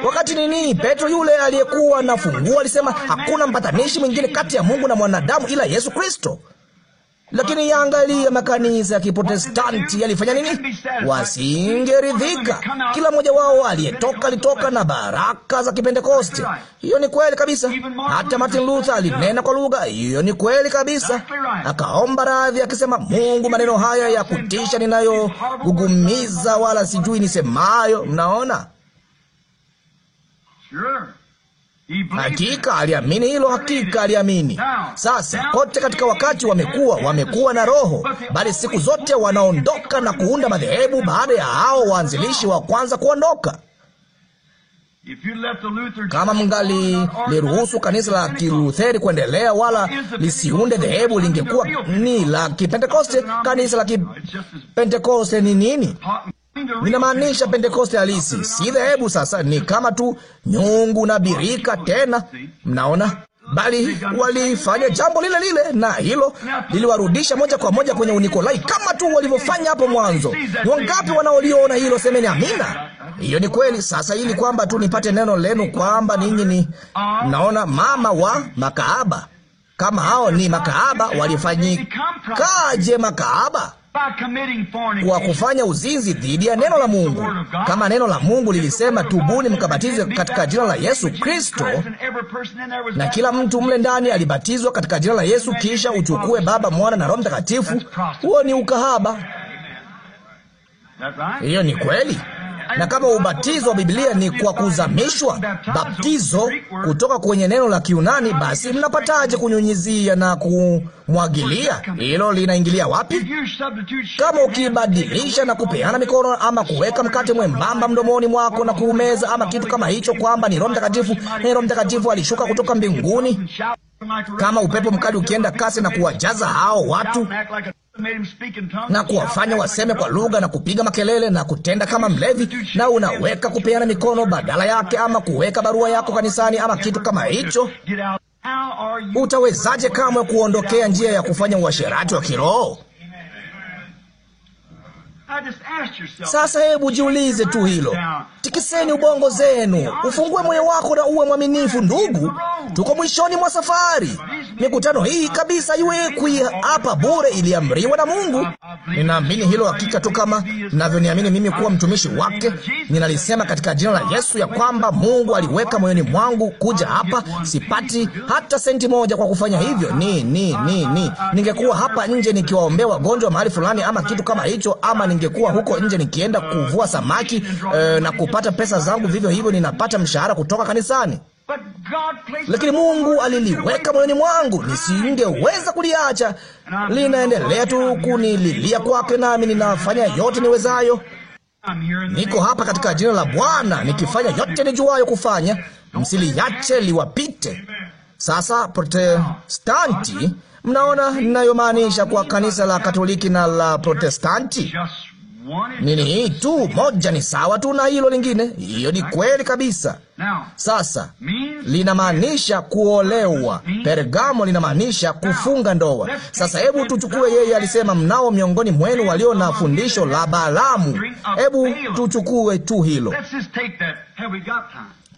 Wakati nini? Petro yule aliyekuwa na funguo alisema, hakuna mpatanishi mwingine kati ya Mungu na mwanadamu ila Yesu Kristo. Lakini yaangalia makanisa ya Kiprotestanti yalifanya nini? Wasingeridhika. Kila mmoja wao aliyetoka alitoka na baraka za Kipentekoste. Hiyo ni kweli kabisa. Hata Martin Luther alinena kwa lugha. Hiyo ni kweli kabisa. Akaomba radhi akisema, Mungu, maneno haya ya kutisha ninayogugumiza, wala sijui nisemayo. Mnaona? Hakika aliamini hilo, hakika aliamini. Sasa kote katika wakati wamekuwa wamekuwa na roho, bali siku zote wanaondoka na kuunda madhehebu baada ya hao waanzilishi wa kwanza kuondoka. Kama mngali liruhusu kanisa la Kilutheri kuendelea wala lisiunde dhehebu, lingekuwa ni la Kipentekoste. Kanisa la Kipentekoste ni nini? ninamaanisha Pentekoste halisi, si dhehebu. Sasa ni kama tu nyungu na birika tena, mnaona bali walifanya jambo lile lile, na hilo liliwarudisha moja kwa moja kwenye Unikolai kama tu walivyofanya hapo mwanzo. Ni wangapi wanaoliona hilo? Semeni amina. Hiyo ni kweli. Sasa ili kwamba tu nipate neno lenu kwamba ninyi ni naona mama wa makahaba, kama hao ni makahaba, walifanyikaje makahaba? kwa kufanya uzinzi dhidi ya neno la Mungu. Kama neno la Mungu lilisema, tubuni mkabatizwe katika jina la Yesu Kristo, na kila mtu mle ndani alibatizwa katika jina la Yesu, kisha uchukue Baba, Mwana na Roho Mtakatifu, huo ni ukahaba. Hiyo ni kweli na kama ubatizo wa Biblia ni kwa kuzamishwa, baptizo kutoka kwenye neno la Kiunani, basi mnapataje kunyunyizia na kumwagilia? Hilo linaingilia wapi? Kama ukibadilisha na kupeana mikono ama kuweka mkate mwembamba mdomoni mwako na kuumeza ama kitu kama hicho, kwamba ni Roho Mtakatifu, ni Roho Mtakatifu alishuka kutoka mbinguni kama upepo mkali ukienda kasi na kuwajaza hao watu na kuwafanya waseme kwa lugha na kupiga makelele na kutenda kama mlevi, na unaweka kupeana mikono badala yake, ama kuweka barua yako kanisani ama kitu kama hicho. Utawezaje kamwe kuondokea njia ya kufanya uasherati wa kiroho? Sasa hebu jiulize tu hilo. Tikiseni ubongo zenu, ufungue moyo wako na uwe mwaminifu. Ndugu, tuko mwishoni mwa safari. Mikutano hii kabisa iwekwi hapa bure, iliamriwa na Mungu. Ninaamini hilo hakika tu kama ninavyoniamini mimi kuwa mtumishi wake. Ninalisema katika jina la Yesu ya kwamba Mungu aliweka moyoni mwangu kuja hapa. Sipati hata senti moja kwa kufanya hivyo. Ni, ni, ni, ni. Ningekuwa hapa nje nikiwaombea wagonjwa mahali fulani ama kitu kama hicho ama ningekuwa huko nje nikienda kuvua samaki eh, na kupata pesa zangu, vivyo hivyo ninapata mshahara kutoka kanisani. Lakini Mungu aliliweka moyoni mwangu, nisingeweza kuliacha. Linaendelea tu kunililia kwake, nami ninafanya yote niwezayo. Niko hapa katika jina la Bwana nikifanya yote nijuayo kufanya, msiliache liwapite. Sasa Protestanti Mnaona ninayomaanisha kwa kanisa la Katoliki na la Protestanti? Nini hii tu moja ni sawa tu na hilo lingine. Hiyo ni kweli kabisa. Sasa linamaanisha kuolewa. Pergamo linamaanisha kufunga ndoa. Sasa hebu tuchukue, yeye alisema mnao miongoni mwenu walio na fundisho la balamu Hebu tuchukue tu hilo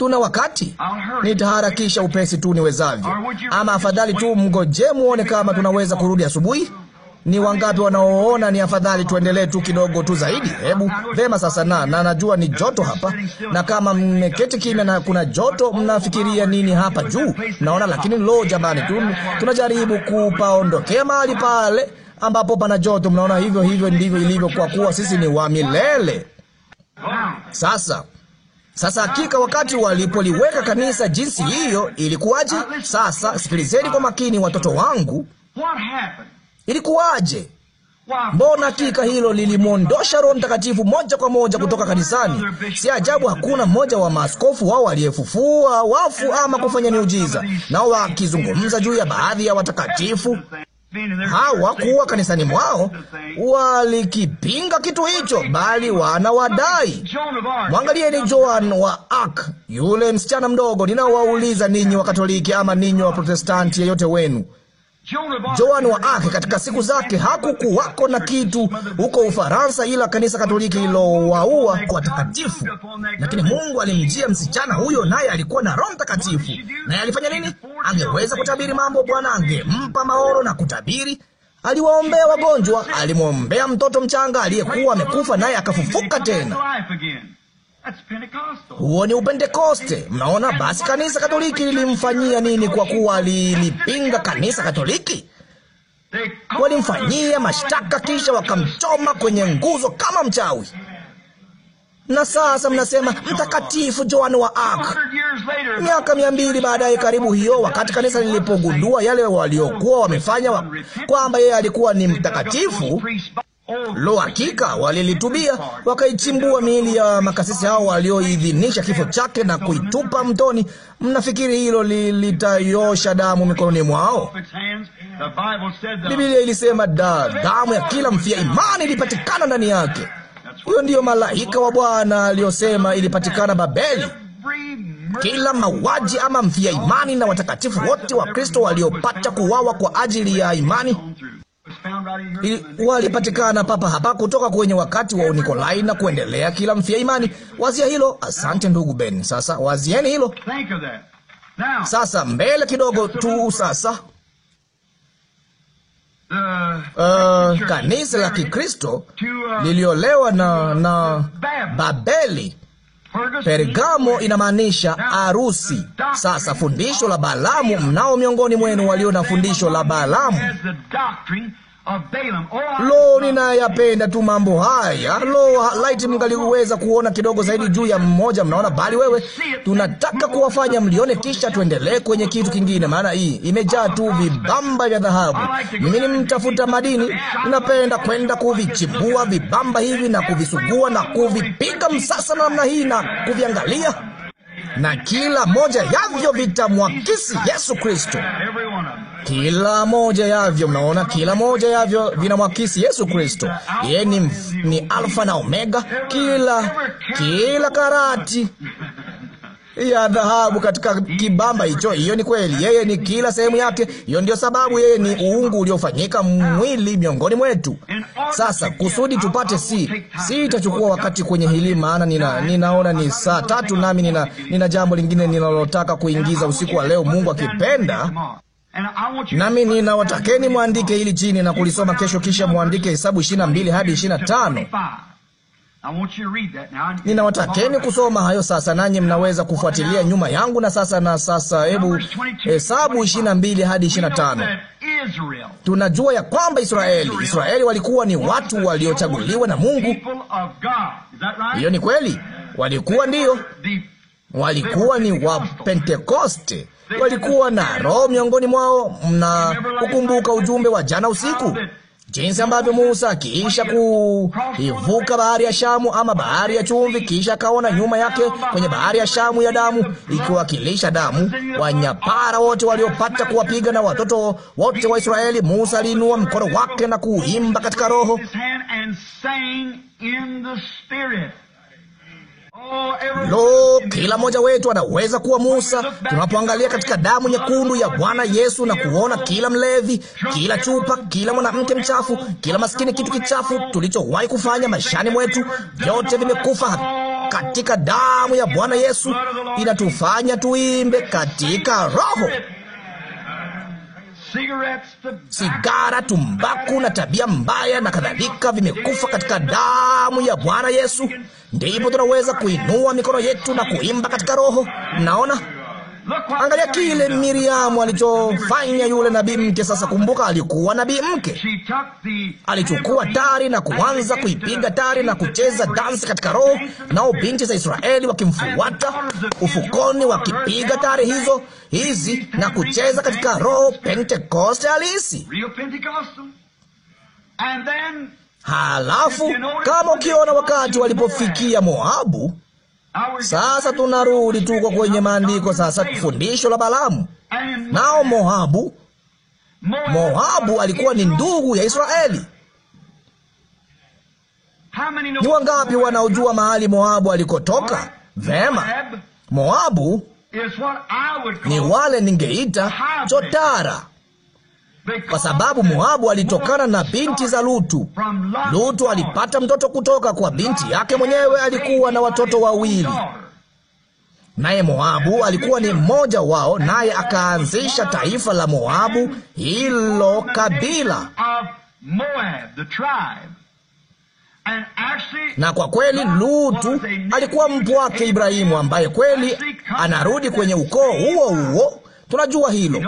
tuna wakati, nitaharakisha upesi tu niwezavyo. Ama afadhali tu mgoje muone kama tunaweza kurudi asubuhi. Ni wangapi wanaoona ni afadhali tuendelee tu kidogo tu zaidi? Hebu vema. Sasa na na najua ni joto hapa, na kama mmeketi kimya na kuna joto, mnafikiria nini hapa juu? Naona lakini, lo jamani, tu tunajaribu kupaondokea mahali pale ambapo pana joto. Mnaona hivyo, hivyo ndivyo ilivyo, kwa kuwa sisi ni wa milele. Sasa sasa hakika wakati walipoliweka kanisa jinsi hiyo ilikuwaje? Sasa sikilizeni kwa makini, watoto wangu, ilikuwaje? Mbona hakika hilo lilimwondosha Roho Mtakatifu moja kwa moja kutoka kanisani. Si ajabu hakuna mmoja wa maaskofu wao aliyefufua wafu ama kufanya miujiza, nao wakizungumza juu ya baadhi ya watakatifu hawakuwa kanisani mwao, walikipinga kitu hicho, bali wana wadai. Mwangalieni Joan wa Arc, yule msichana mdogo. Ninawauliza ninyi wa Katoliki ama ninyi wa Protestanti, yeyote wenu Joan wa Arc katika siku zake hakukuwako na kitu huko Ufaransa ila kanisa Katoliki lilowaua watakatifu, lakini Mungu alimjia msichana huyo, naye alikuwa na Roho Mtakatifu. Naye alifanya nini? Angeweza kutabiri mambo. Bwana angempa maoro na kutabiri. Aliwaombea wagonjwa, alimwombea mtoto mchanga aliyekuwa amekufa, naye akafufuka tena. Huo ni Upentekoste. Mnaona, basi kanisa Katoliki lilimfanyia nini? Kwa kuwa lilipinga kanisa Katoliki, walimfanyia mashtaka, kisha wakamchoma kwenye nguzo kama mchawi. Na sasa mnasema Mtakatifu joan wa Ark. Miaka mia mbili baadaye karibu hiyo, wakati kanisa lilipogundua yale waliokuwa wamefanya, kwamba yeye alikuwa ni mtakatifu Lo, hakika walilitubia, wakaichimbua miili ya makasisi hao walioidhinisha kifo chake na kuitupa mtoni. Mnafikiri hilo litayosha damu mikononi mwao? Biblia ilisema da, damu ya kila mfia imani ilipatikana ndani yake. Huyo ndiyo malaika wa Bwana aliyosema ilipatikana Babeli. Kila mauaji ama mfia imani na watakatifu wote wa Kristo waliopata kuwawa kwa ajili ya imani walipatikana papa hapa kutoka kwenye wakati wa Nikolai na kuendelea. Kila mfia imani, wazia hilo. Asante ndugu Ben. Sasa wazieni hilo sasa, mbele kidogo tu sasa. Uh, kanisa la Kikristo uh, liliolewa na, na Babeli Pergamo inamaanisha arusi. Sasa fundisho la Balaamu, mnao miongoni mwenu walio na fundisho la Balaamu Lo, ninayapenda tu mambo haya. Lo, laiti mngaliweza kuona kidogo zaidi juu ya mmoja, mnaona. Bali wewe, tunataka kuwafanya mlione, kisha tuendelee kwenye kitu kingine, maana hii imejaa tu vibamba vya dhahabu. Mimi ni mtafuta madini, ninapenda kwenda kuvichibua vibamba hivi na kuvisugua na kuvipiga msasa namna hii na kuviangalia na kila moja yavyo vitamwakisi Yesu Kristo. Kila moja yavyo, mnaona, kila moja yavyo vinamwakisi Yesu Kristo. Yeye ni, ni Alfa na Omega. Kila kila karati ya dhahabu katika kibamba hicho. Hiyo ni kweli, yeye ni kila sehemu yake. Hiyo ndio sababu yeye ni uungu uliofanyika mwili miongoni mwetu. Sasa kusudi tupate si si, itachukua wakati kwenye hili, maana nina, ninaona ni saa tatu, nami nina, nina jambo lingine ninalotaka kuingiza usiku wa leo, Mungu akipenda nami ninawatakeni mwandike hili chini na kulisoma kesho, kisha mwandike Hesabu 22 mbili hadi ishirini Ninawatakeni kusoma hayo sasa, nanyi mnaweza kufuatilia nyuma yangu. Na sasa na sasa, hebu hesabu 22 hadi 25. Tunajua ya kwamba Israeli, Israeli walikuwa ni watu waliochaguliwa na Mungu. Hiyo ni kweli, walikuwa ndiyo, walikuwa ni wa Pentekoste, walikuwa na Roho miongoni mwao. Mna kukumbuka ujumbe wa jana usiku jinsi ambavyo Musa kisha kuivuka bahari ya Shamu ama bahari ya chumvi, kisha akaona nyuma yake kwenye bahari ya Shamu ya damu ikiwakilisha damu, wanyapara wote waliopata kuwapiga na watoto wote wa Israeli. Musa aliinua mkono wake na kuimba katika roho. Lo, kila mmoja wetu anaweza kuwa Musa tunapoangalia katika damu nyekundu ya Bwana Yesu na kuona kila mlevi, kila chupa, kila mwanamke mchafu, kila maskini, kitu kichafu tulichowahi kufanya maishani mwetu, vyote vimekufa katika damu ya Bwana Yesu. Inatufanya tuimbe katika Roho sigara, tumbaku na tabia mbaya na kadhalika, vimekufa katika damu ya Bwana Yesu. Ndipo tunaweza kuinua mikono yetu na kuimba katika Roho. Mnaona? Angalia kile Miriamu alichofanya yule nabii mke. Sasa kumbuka, alikuwa nabii mke, alichukua tari na kuanza kuipiga tari na kucheza dansi katika roho, nao binti za Israeli wakimfuata ufukoni, wakipiga tari hizo hizi na kucheza katika roho Pentekoste halisi. Halafu kama ukiona wakati walipofikia Moabu sasa tunarudi, tuko kwenye maandiko sasa, fundisho la Balamu. Nao Moabu, Moabu alikuwa ni ndugu ya Israeli. Ni wangapi wanaojua mahali Moabu alikotoka? Vema, Moabu ni wale ningeita chotara kwa sababu Moabu alitokana na binti za Lutu. Lutu alipata mtoto kutoka kwa binti yake mwenyewe, alikuwa na watoto wawili naye Moabu alikuwa ni mmoja wao, naye akaanzisha taifa la Moabu, hilo kabila. Na kwa kweli Lutu alikuwa mpwake Ibrahimu, ambaye kweli anarudi kwenye ukoo huo huo. Tunajua hilo.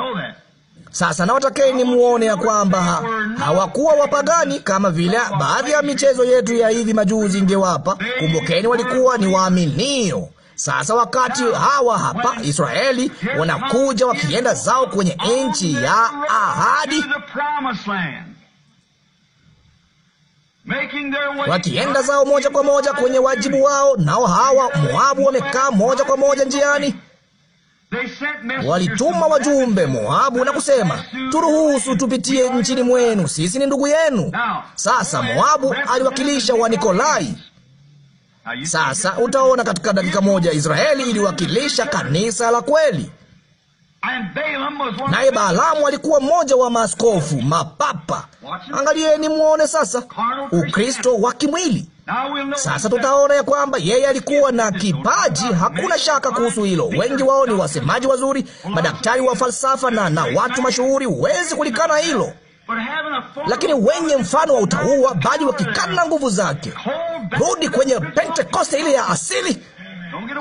Sasa nawatakeni muone ya kwamba ha, hawakuwa wapagani kama vile baadhi ya michezo yetu ya hivi majuzi ingewapa. Kumbukeni, walikuwa ni waaminio. Sasa wakati hawa hapa Israeli wanakuja wakienda zao kwenye nchi ya ahadi wakienda zao moja kwa moja kwenye wajibu wao, nao hawa Moabu wamekaa moja kwa moja njiani. Walituma wajumbe Moabu na kusema, turuhusu tupitie nchini mwenu, sisi ni ndugu yenu. Sasa Moabu aliwakilisha wa Nikolai. Sasa utaona katika dakika moja, Israeli iliwakilisha kanisa la kweli. Naye Balaamu alikuwa mmoja wa maaskofu mapapa. Angalieni muone sasa Ukristo wa kimwili. Sasa tutaona ya kwamba yeye alikuwa na kipaji, hakuna shaka kuhusu hilo. Wengi wao ni wasemaji wazuri, madaktari wa falsafa na, na watu mashuhuri, huwezi kulikana hilo, lakini wenye mfano wa utauwa, bali wakikana nguvu zake. Rudi kwenye Pentekoste ile ya asili.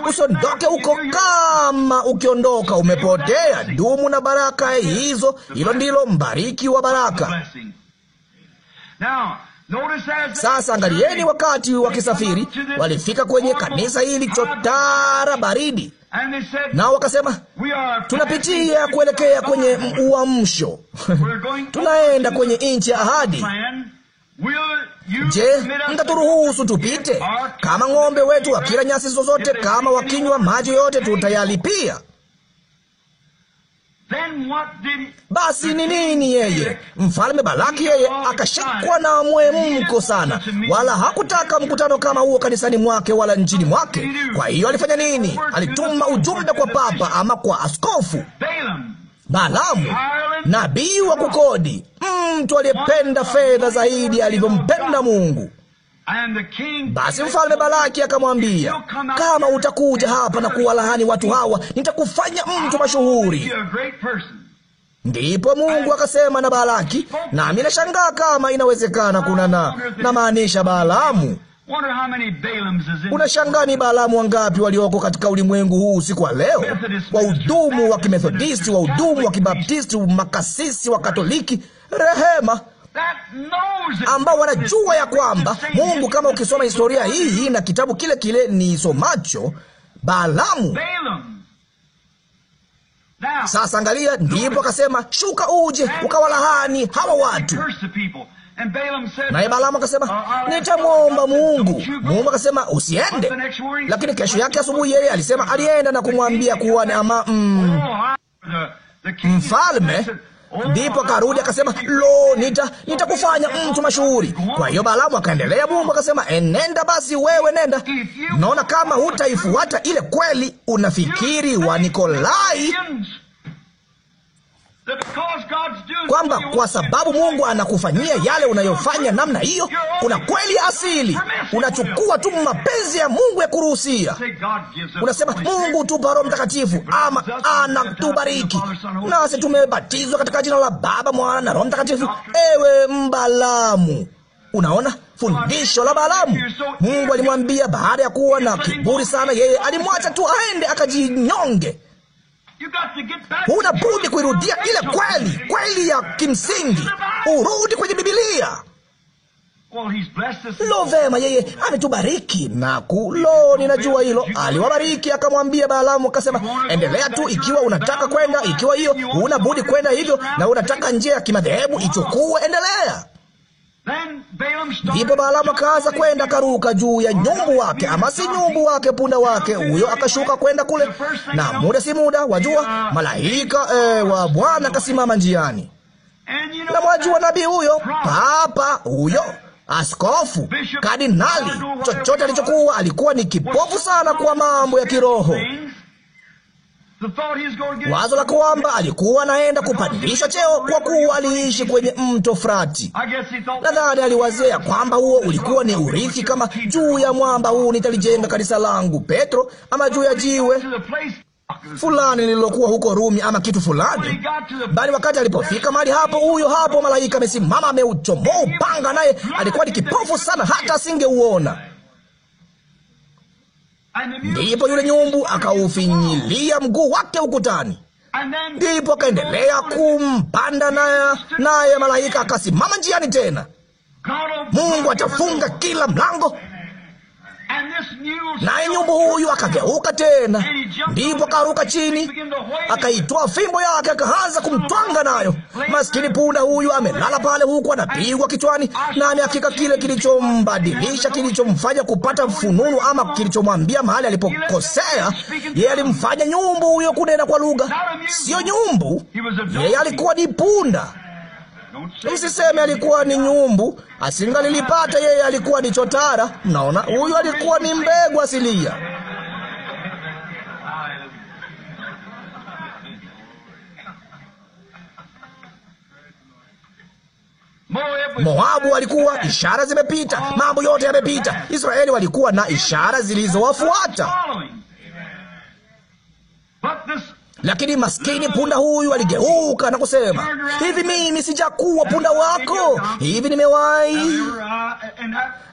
Usiondoke huko. Kama ukiondoka umepotea. Dumu na baraka hizo. Hilo ndilo mbariki wa baraka. Sasa angalieni, wakati wakisafiri walifika kwenye kanisa hili chotara baridi, nao wakasema tunapitia kuelekea kwenye uamsho [LAUGHS] tunaenda kwenye nchi ya ahadi. Je, mtaturuhusu tupite? Kama ng'ombe wetu wakila nyasi zozote, kama wakinywa maji yote, tutayalipia. Basi ni nini yeye? Mfalme Balaki yeye akashikwa na mwemko sana, wala hakutaka mkutano kama huo kanisani mwake wala nchini mwake. Kwa hiyo alifanya nini? Alituma ujumbe kwa papa ama kwa askofu Balamu, nabii wa kukodi, mtu aliyependa fedha zaidi alivyompenda Mungu. Basi mfalme Balaki akamwambia, kama utakuja hapa na kuwalahani watu hawa, nitakufanya mtu mashuhuri. Ndipo Mungu akasema na Balaki, nami nashangaa kama inawezekana kuna na namaanisha Balaamu. Unashangaa ni Balaamu wangapi walioko katika ulimwengu huu usiku wa leo? Wahudumu wa Kimethodisti, wahudumu wa Kibaptisti, makasisi wa Katoliki. Rehema, ambao wanajua ya kwamba Mungu, kama ukisoma historia hii na kitabu kile kile nisomacho, Balamu. sasa angalia, ndipo akasema shuka uje ukawalahani hawa watu. Naye Balaamu akasema uh, uh, uh, nitamwomba Mungu. Mungu akasema usiende, lakini kesho yake asubuhi yeye alisema alienda na kumwambia kuwa ama mm, oh, mfalme Ndipo karudi akasema, lo, nita nitakufanya mtu mashuhuri. Kwa hiyo Balaamu akaendelea. Mungu akasema, enenda eh, basi wewe, nenda. Naona kama hutaifuata ile kweli. Unafikiri wa Nikolai kwamba kwa sababu Mungu anakufanyia yale unayofanya namna hiyo, kuna kweli asili. Unachukua tu mapenzi ya Mungu ya kuruhusia, unasema Mungu tupa Roho Mtakatifu ama anatubariki nasi tumebatizwa katika jina la Baba, Mwana na Roho Mtakatifu. Ewe Mbalamu, unaona fundisho la Balaamu. Mungu alimwambia baada ya kuwa na kiburi sana, yeye alimwacha tu aende akajinyonge huna budi kuirudia ile kweli kweli ya kimsingi, urudi kwenye Bibilia. Lo, vema, yeye ametubariki na kulo, ninajua hilo. Aliwabariki, akamwambia Balaamu, akasema endelea tu, ikiwa unataka kwenda, ikiwa hiyo unabudi budi kwenda hivyo, na unataka njia ya kimadhehebu, ichukue, endelea Ndipo Balaamu akaanza kwenda, akaruka juu ya nyumbu wake, ama si nyumbu wake, punda wake huyo, akashuka kwenda kule, na muda si muda, wajua malaika e, wa Bwana akasimama njiani, na mwajua nabii huyo, papa huyo askofu, kardinali, chochote alichokuwa, alikuwa ni kipofu sana kwa mambo ya kiroho wazo la kwamba alikuwa anaenda kupandishwa cheo kwa kuwa aliishi kwenye mto Frati. Nadhani aliwazia kwamba huo ulikuwa ni urithi, kama juu ya mwamba huu nitalijenga kanisa langu Petro, ama juu ya jiwe fulani lililokuwa huko Rumi ama kitu fulani. Bali wakati alipofika mahali hapo, huyo hapo malaika amesimama, ameuchomoa upanga, naye alikuwa ni kipofu sana, hata asingeuona. Ndipo yule nyumbu akaufinyilia mguu wake ukutani. Ndipo akaendelea kumpanda naye, naye malaika akasimama njiani tena. Mungu atafunga kila mlango naye nyumbu huyu akageuka tena, ndipo akaruka chini, akaitoa fimbo yake, akaanza kumtwanga nayo. Maskini punda huyu amelala pale, huku anapigwa kichwani, na ni hakika kile kilichombadilisha, kilichomfanya kupata fununu, ama kilichomwambia mahali alipokosea. Yeye alimfanya nyumbu huyo kunena kwa lugha. Siyo nyumbu, yeye alikuwa ni punda. Usiseme alikuwa ni nyumbu, asingalilipata yeye, alikuwa ni chotara. Mnaona, huyu alikuwa ni mbegu asilia. Moabu walikuwa ishara zimepita, mambo yote yamepita. Israeli walikuwa na ishara zilizowafuata. Lakini maskini punda huyu aligeuka na kusema, hivi mimi sijakuwa punda wako? Hivi nimewahi?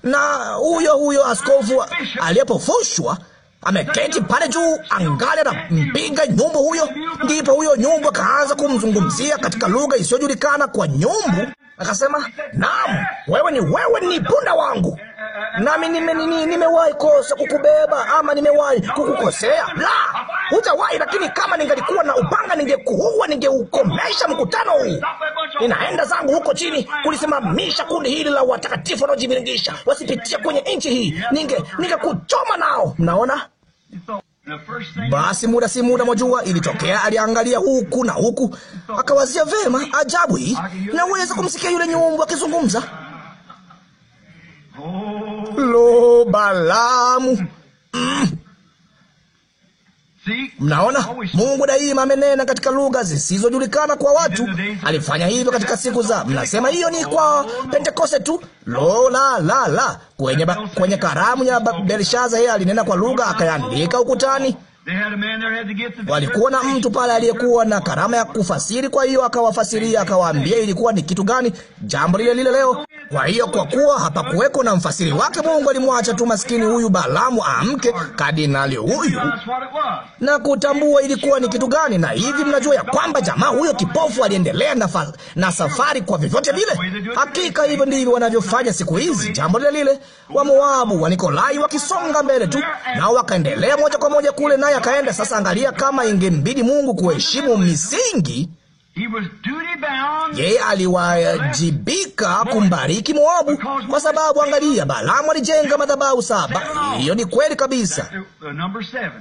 Na huyo huyo askofu aliyepofushwa ameketi pale juu, angali anampiga nyumbu huyo. Ndipo huyo nyumbu akaanza kumzungumzia katika lugha isiyojulikana kwa nyumbu, akasema, naam, wewe ni wewe ni punda wangu nami nimewahi nime kosa kukubeba ama nimewahi kukukosea? La, Hujawahi, lakini kama ningalikuwa na upanga ningekuua, ningeukomesha mkutano huu. Ninaenda zangu huko chini kulisimamisha kundi hili la watakatifu wanaojiviringisha wasipitie kwenye nchi hii, ninge ningekuchoma nao. Mnaona? Basi muda si muda, mwajua, ilitokea aliangalia huku na huku, akawazia vema, ajabu hii, naweza kumsikia yule nyumbu akizungumza. Lo, Balamu! Mm. Mnaona, Mungu daima amenena katika lugha zisizojulikana kwa watu. Alifanya hivyo katika siku za, mnasema hiyo ni kwa Pentekoste tu. Lo, la, la, la. Kwenye, ba, kwenye karamu ya Belshaza yeye alinena kwa lugha akaandika ukutani. Walikuwa na mtu pale aliyekuwa na karama ya kufasiri, kwa hiyo akawafasiria, akawaambia ilikuwa ni kitu gani. Jambo lile lile leo kwa hiyo kwa kuwa hapakuweko na mfasiri wake, Mungu alimwacha tu maskini huyu balamu amke, kadinali huyu, na kutambua ilikuwa ni kitu gani. Na hivi mnajua ya kwamba jamaa huyo kipofu aliendelea na, fa, na safari kwa vyovyote vile. Hakika hivyo ndivyo wanavyofanya siku hizi, jambo lile lile. Wamoabu wa Nikolai wakisonga mbele tu, nao wakaendelea moja kwa moja kule, naye akaenda. Sasa angalia, kama ingembidi Mungu kuheshimu misingi yeye aliwajibika kumbariki Moabu kwa sababu, angalia, Balaamu alijenga madhabahu saba. Hiyo ni kweli kabisa.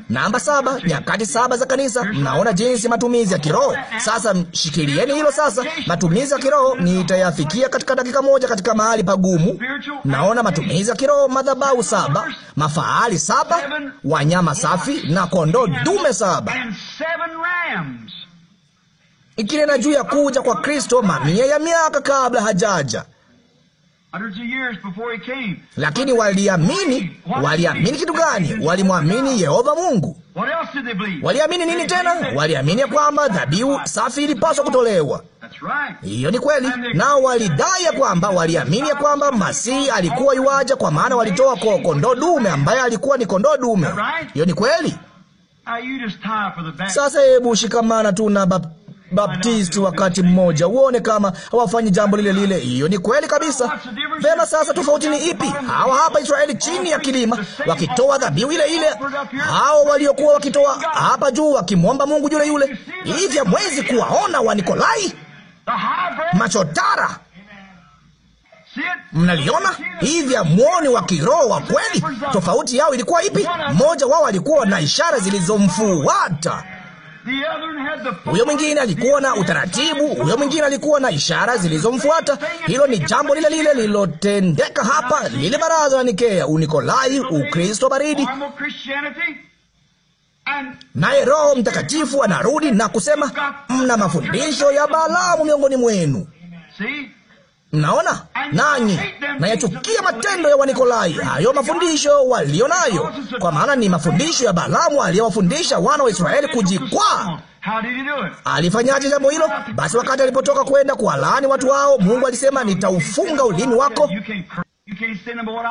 Namba saba, nyakati saba za kanisa. Mnaona jinsi matumizi ya kiroho sasa. Shikilieni hilo sasa, matumizi ya kiroho nitayafikia katika dakika moja, katika mahali pagumu. Naona matumizi ya kiroho, madhabahu saba, mafahali saba, wanyama safi na kondoo dume saba ikinena juu ya kuja kwa Kristo mamia ya miaka kabla hajaja. Lakini waliamini, waliamini kitu gani? Walimwamini Yehova Mungu. Waliamini nini tena? Waliamini ya kwamba dhabihu safi ilipaswa kutolewa. Hiyo ni kweli. Nao walidai ya kwamba, waliamini ya kwamba Masihi alikuwa yuaja, kwa maana walitoa kwa kondoo dume ambaye alikuwa ni kondoo dume. Hiyo ni kweli. Sasa hebu shikamana tu na Baptisti wakati mmoja, uone kama hawafanyi jambo lile lile. Hiyo ni kweli kabisa. Vema, sasa tofauti ni ipi? Hawa hapa Israeli chini ya kilima wakitoa dhabihu ile ile, hao waliokuwa wakitoa hapa juu wakimwomba Mungu yule yule. Hivyo mwezi kuwaona wa Nikolai machotara Mnaliona hivi mwoni wa kiroho wa kweli. Tofauti yao ilikuwa ipi? Mmoja wao alikuwa na ishara zilizomfuata. Huyo mwingine alikuwa na utaratibu, huyo mwingine alikuwa na ishara zilizomfuata. Hilo ni jambo lile lile lilotendeka hapa, lile baraza la Nikea, Unikolai, Ukristo baridi. Naye Roho Mtakatifu anarudi na kusema, mna mafundisho ya Balaamu miongoni mwenu. Mnaona, nanyi nayachukia matendo ya Wanikolai, hayo mafundisho walio nayo, kwa maana ni mafundisho ya Balaamu aliyowafundisha wana wa Israeli kujikwaa. Alifanyaje jambo hilo? Basi wakati alipotoka kwenda kuwalaani watu wao, Mungu alisema, nitaufunga ulimi wako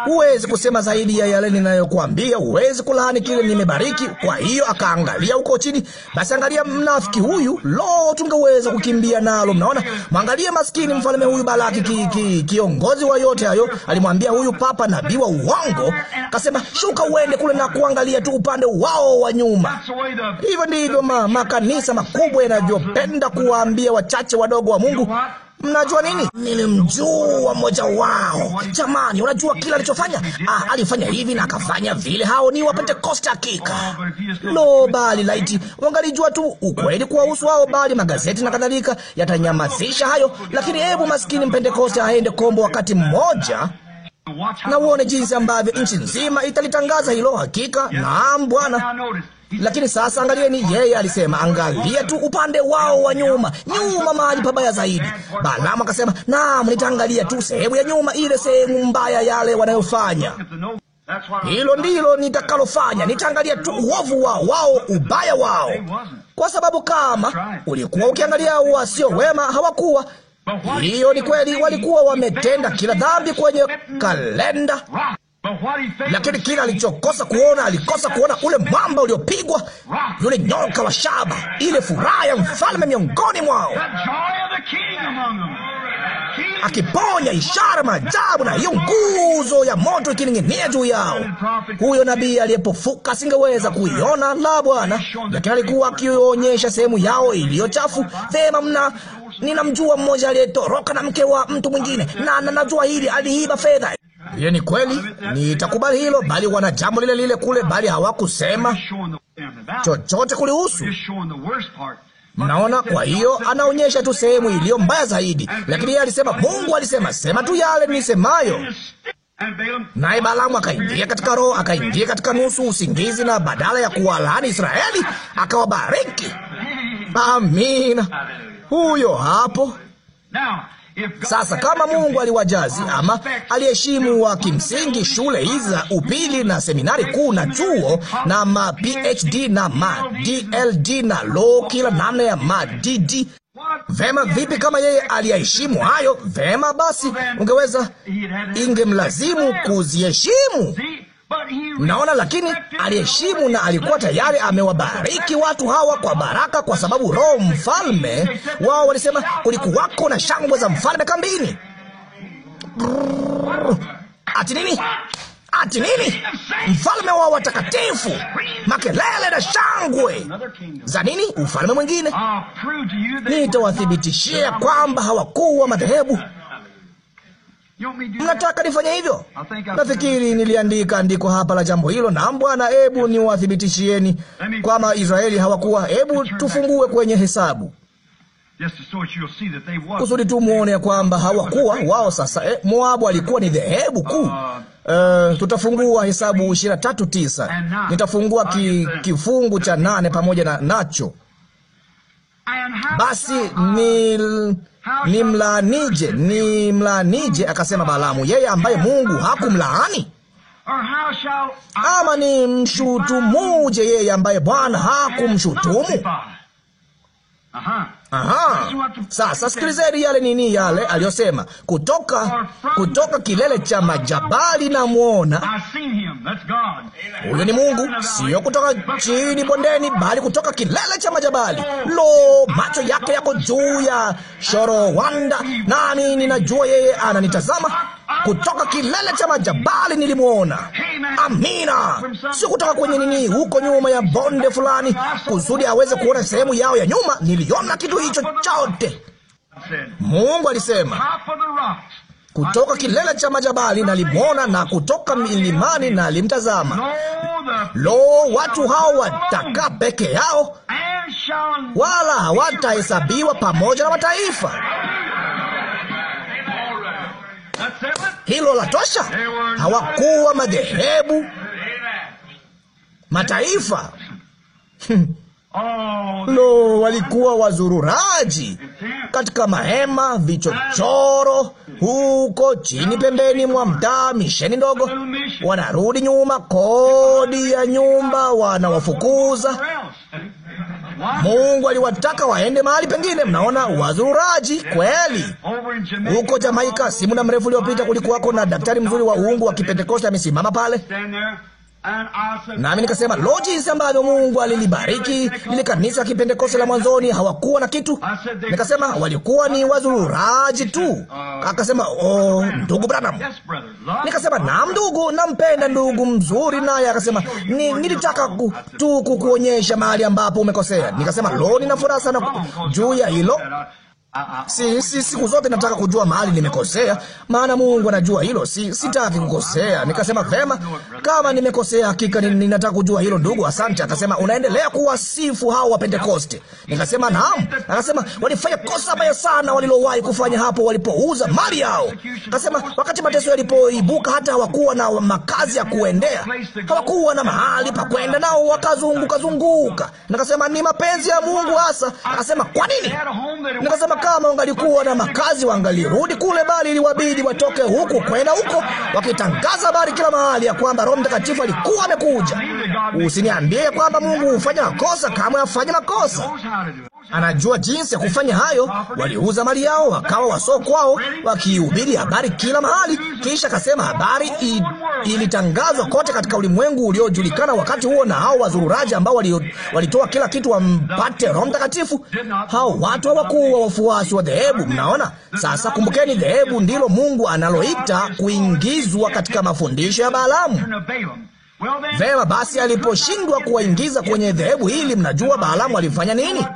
Huwezi kusema zaidi ya yale ninayokuambia, huwezi kulaani kile nimebariki. Kwa hiyo akaangalia huko chini. Basi angalia mnafiki huyu, lo, tungeweza kukimbia nalo. Mnaona, mwangalie maskini mfalme huyu Balaki, ki, ki, kiongozi wa yote hayo. Alimwambia huyu papa nabii wa uongo, kasema shuka uende kule na kuangalia tu upande wao wa nyuma. Hivyo ndivyo ma, makanisa makubwa yanavyopenda kuwaambia wachache wadogo wa Mungu. Mnajua nini? Nilimjua mmoja wao. Jamani, unajua kile alichofanya? Ah, alifanya hivi na akafanya vile. Hao ni Wapentekoste hakika. Lo, bali laiti wangalijua tu ukweli kuwahusu hao, bali magazeti na kadhalika yatanyamazisha hayo. Lakini hebu maskini Mpentekoste aende kombo wakati mmoja na uone jinsi ambavyo nchi nzima italitangaza hilo. Hakika naam, Bwana. Lakini sasa angalieni, yeye alisema, angalia tu upande wao wa nyuma, nyuma mahali pabaya zaidi. Balaamu akasema, naam, nitaangalia tu sehemu ya nyuma, ile sehemu mbaya, yale wanayofanya hilo ndilo nitakalofanya. Nitaangalia tu uovu wao, wao ubaya wao, kwa sababu kama ulikuwa ukiangalia wasio wema, hawakuwa hiyo. Ni kweli, walikuwa wametenda kila dhambi kwenye kalenda lakini kile alichokosa kuona, alikosa kuona ule mwamba uliopigwa, yule nyoka wa shaba, ile furaha ya mfalme miongoni mwao, akiponya ishara, maajabu, na hiyo nguzo ya moto ikining'inia juu yao. Huyo nabii aliyepofuka asingeweza kuiona la Bwana, lakini alikuwa akionyesha sehemu yao iliyochafu Vema, mna ninamjua mmoja aliyetoroka na mke wa mtu mwingine, na nanajua hili aliiba fedha hiyo ni kweli, nitakubali hilo, bali wana jambo lile lile kule, bali hawakusema chochote kulihusu. Mnaona? Kwa hiyo anaonyesha tu sehemu iliyo mbaya zaidi, lakini yeye alisema, Mungu alisema, sema tu yale nisemayo. Naye Balaamu akaingia katika roho, akaingia katika nusu usingizi, na badala ya kuwalaani Israeli akawabariki. Amina, huyo hapo. Sasa kama Mungu aliwajazi ama aliheshimu wa kimsingi shule hizi za upili na seminari kuu na chuo na ma PhD na ma DLD na law kila namna ya ma DD Vema vipi kama yeye aliyaheshimu hayo? Vema basi, ungeweza ingemlazimu kuziheshimu naona lakini aliheshimu na alikuwa tayari amewabariki watu hawa kwa baraka, kwa sababu roho mfalme wao walisema, kulikuwako na shangwe za mfalme kambini. Brrr, ati nini? Ati nini? Mfalme wa watakatifu, makelele na shangwe za nini? Ufalme mwingine. Nitawathibitishia kwamba hawakuwa madhehebu mnataka nifanye hivyo. Nafikiri niliandika andiko hapa la jambo hilo. Na Bwana, hebu niwathibitishieni kwamba Israeli hawakuwa. Hebu tufungue kwenye Hesabu kusudi tu muone ya kwamba hawakuwa wao. Sasa eh, Moabu alikuwa ni dhehebu kuu. Uh, tutafungua Hesabu ishirini na tatu Nitafungua ki, kifungu cha nane pamoja na nacho basi ni Ni mlaanije? Akasema Balaamu, yeye ambaye Mungu hakumlaani ama ni mshutumuje yeye ambaye Bwana hakumshutumu? Aha. Aha. Sasa sikilizeni yale nini yale aliyosema kutoka kutoka kilele cha majabali na muona Huyo ni Mungu, sio kutoka chini bondeni, bali kutoka kilele cha majabali. Lo, macho yake yako juu ya Shorowanda, nami ninajua yeye ananitazama kutoka kilele cha majabali nilimwona. Amina, sio kutoka kwenye nini huko nyuma ya bonde fulani, kusudi aweze kuona sehemu yao ya nyuma. Niliona kitu hicho chote. Mungu alisema kutoka kilele cha majabali nalimwona, na kutoka milimani nalimtazama. Lo, watu hao watakaa peke yao, wala hawatahesabiwa pamoja na mataifa. Hilo la tosha. Hawakuwa madhehebu, mataifa Lo, [LAUGHS] walikuwa wazururaji katika mahema, vichochoro, huko chini pembeni mwa mtaa, misheni ndogo. Wanarudi nyuma, kodi ya nyumba wanawafukuza. Mungu aliwataka waende mahali pengine. Mnaona wazururaji kweli. Huko Jamaika si muda mrefu uliopita kulikuwako na daktari mzuri wa uungu wa Kipentekoste amesimama pale Nami nikasema lo, jinsi ambavyo Mungu alilibariki lile kanisa kipentekoste la mwanzoni, hawakuwa na kitu. Nikasema walikuwa ni wazururaji tu. Uh, akasema oh, ndugu Branham. Nikasema naam, ndugu, nampenda ndugu mzuri. Naye akasema ni, nilitaka ku, tu kukuonyesha mahali ambapo umekosea. Nikasema lo, nina furaha sana juu ya hilo. Si, si, siku zote nataka kujua mahali nimekosea, maana Mungu anajua hilo. Si, sitaki kukosea. Nikasema vema, kama nimekosea, hakika ninataka kujua hilo, ndugu. Asante. Akasema unaendelea kuwasifu hao wa Pentekoste. Nikasema naam. Akasema walifanya kosa baya sana walilowahi kufanya hapo walipouza mali yao. Akasema wakati mateso yalipoibuka, hata hawakuwa na makazi ya kuendea, hawakuwa na mahali pa kwenda, nao wakazunguka zunguka. Nikasema ni mapenzi ya Mungu hasa. Akasema kwa nini? Nikasema kama wangalikuwa na makazi wangalirudi kule, bali iliwabidi watoke huku kwenda huko, wakitangaza habari kila mahali ya kwamba Roho Mtakatifu alikuwa amekuja. Usiniambie kwamba Mungu hufanya makosa, kama afanye makosa. Anajua jinsi ya kufanya hayo. Waliuza mali yao wakawa wasokwao, wakiihubiri habari kila mahali. Kisha akasema habari ilitangazwa kote katika ulimwengu uliojulikana wakati huo, na hao wazururaji ambao walitoa kila kitu wampate Roho Mtakatifu, hao watu hawakuwa wafu wafuasi wa dhehebu. Mnaona sasa, kumbukeni, dhehebu ndilo Mungu analoita kuingizwa katika mafundisho ya Balaamu. Vema basi, aliposhindwa kuwaingiza kwenye dhehebu hili, mnajua Balaamu alifanya nini?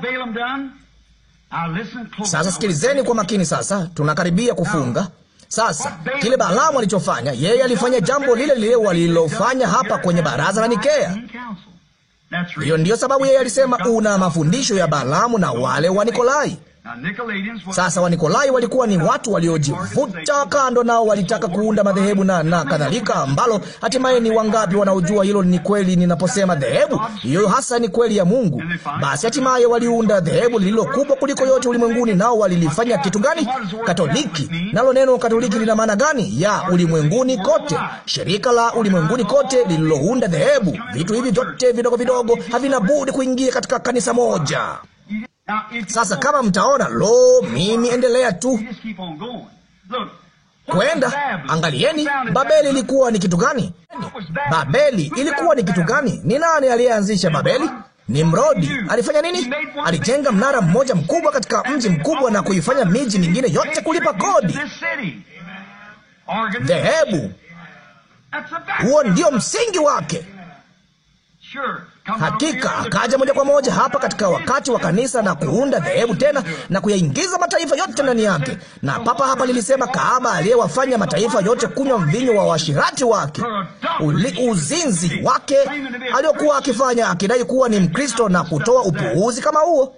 Sasa sikilizeni kwa makini. Sasa tunakaribia kufunga. Sasa kile Balaamu alichofanya, yeye alifanya jambo lile lile walilofanya hapa kwenye baraza la Nikea. Hiyo ndiyo sababu yeye alisema una mafundisho ya Balaamu na wale wa Nikolai. Sasa Wanikolai walikuwa ni watu waliojivuta kando, nao walitaka kuunda madhehebu na, na kadhalika, ambalo hatimaye ni wangapi wanaojua hilo ni kweli? Ninaposema dhehebu, hiyo hasa ni kweli ya Mungu. Basi hatimaye waliunda dhehebu lililo kubwa kuliko yote ulimwenguni, nao walilifanya kitu gani? Katoliki. Nalo neno Katoliki lina maana gani? Ya ulimwenguni kote, shirika la ulimwenguni kote lililounda dhehebu. Vitu hivi vyote vidogo vidogo havina budi kuingia katika kanisa moja. Sasa kama mtaona, lo, mimi endelea tu kwenda. Angalieni, Babeli ilikuwa ni kitu gani? Babeli ilikuwa ni kitu gani? Ni nani aliyeanzisha Babeli? Nimrodi alifanya nini? Alijenga mnara mmoja mkubwa katika mji mkubwa na kuifanya miji mingine yote kulipa kodi. Dhehebu huo ndio msingi wake. Hakika akaja moja kwa moja hapa katika wakati wa kanisa na kuunda dhehebu tena na kuyaingiza mataifa yote ndani yake, na papa hapa lilisema kahaba aliyewafanya mataifa yote kunywa mvinyo wa washirati wake, uli, uzinzi wake aliyokuwa akifanya, akidai kuwa ni Mkristo na kutoa upuuzi kama huo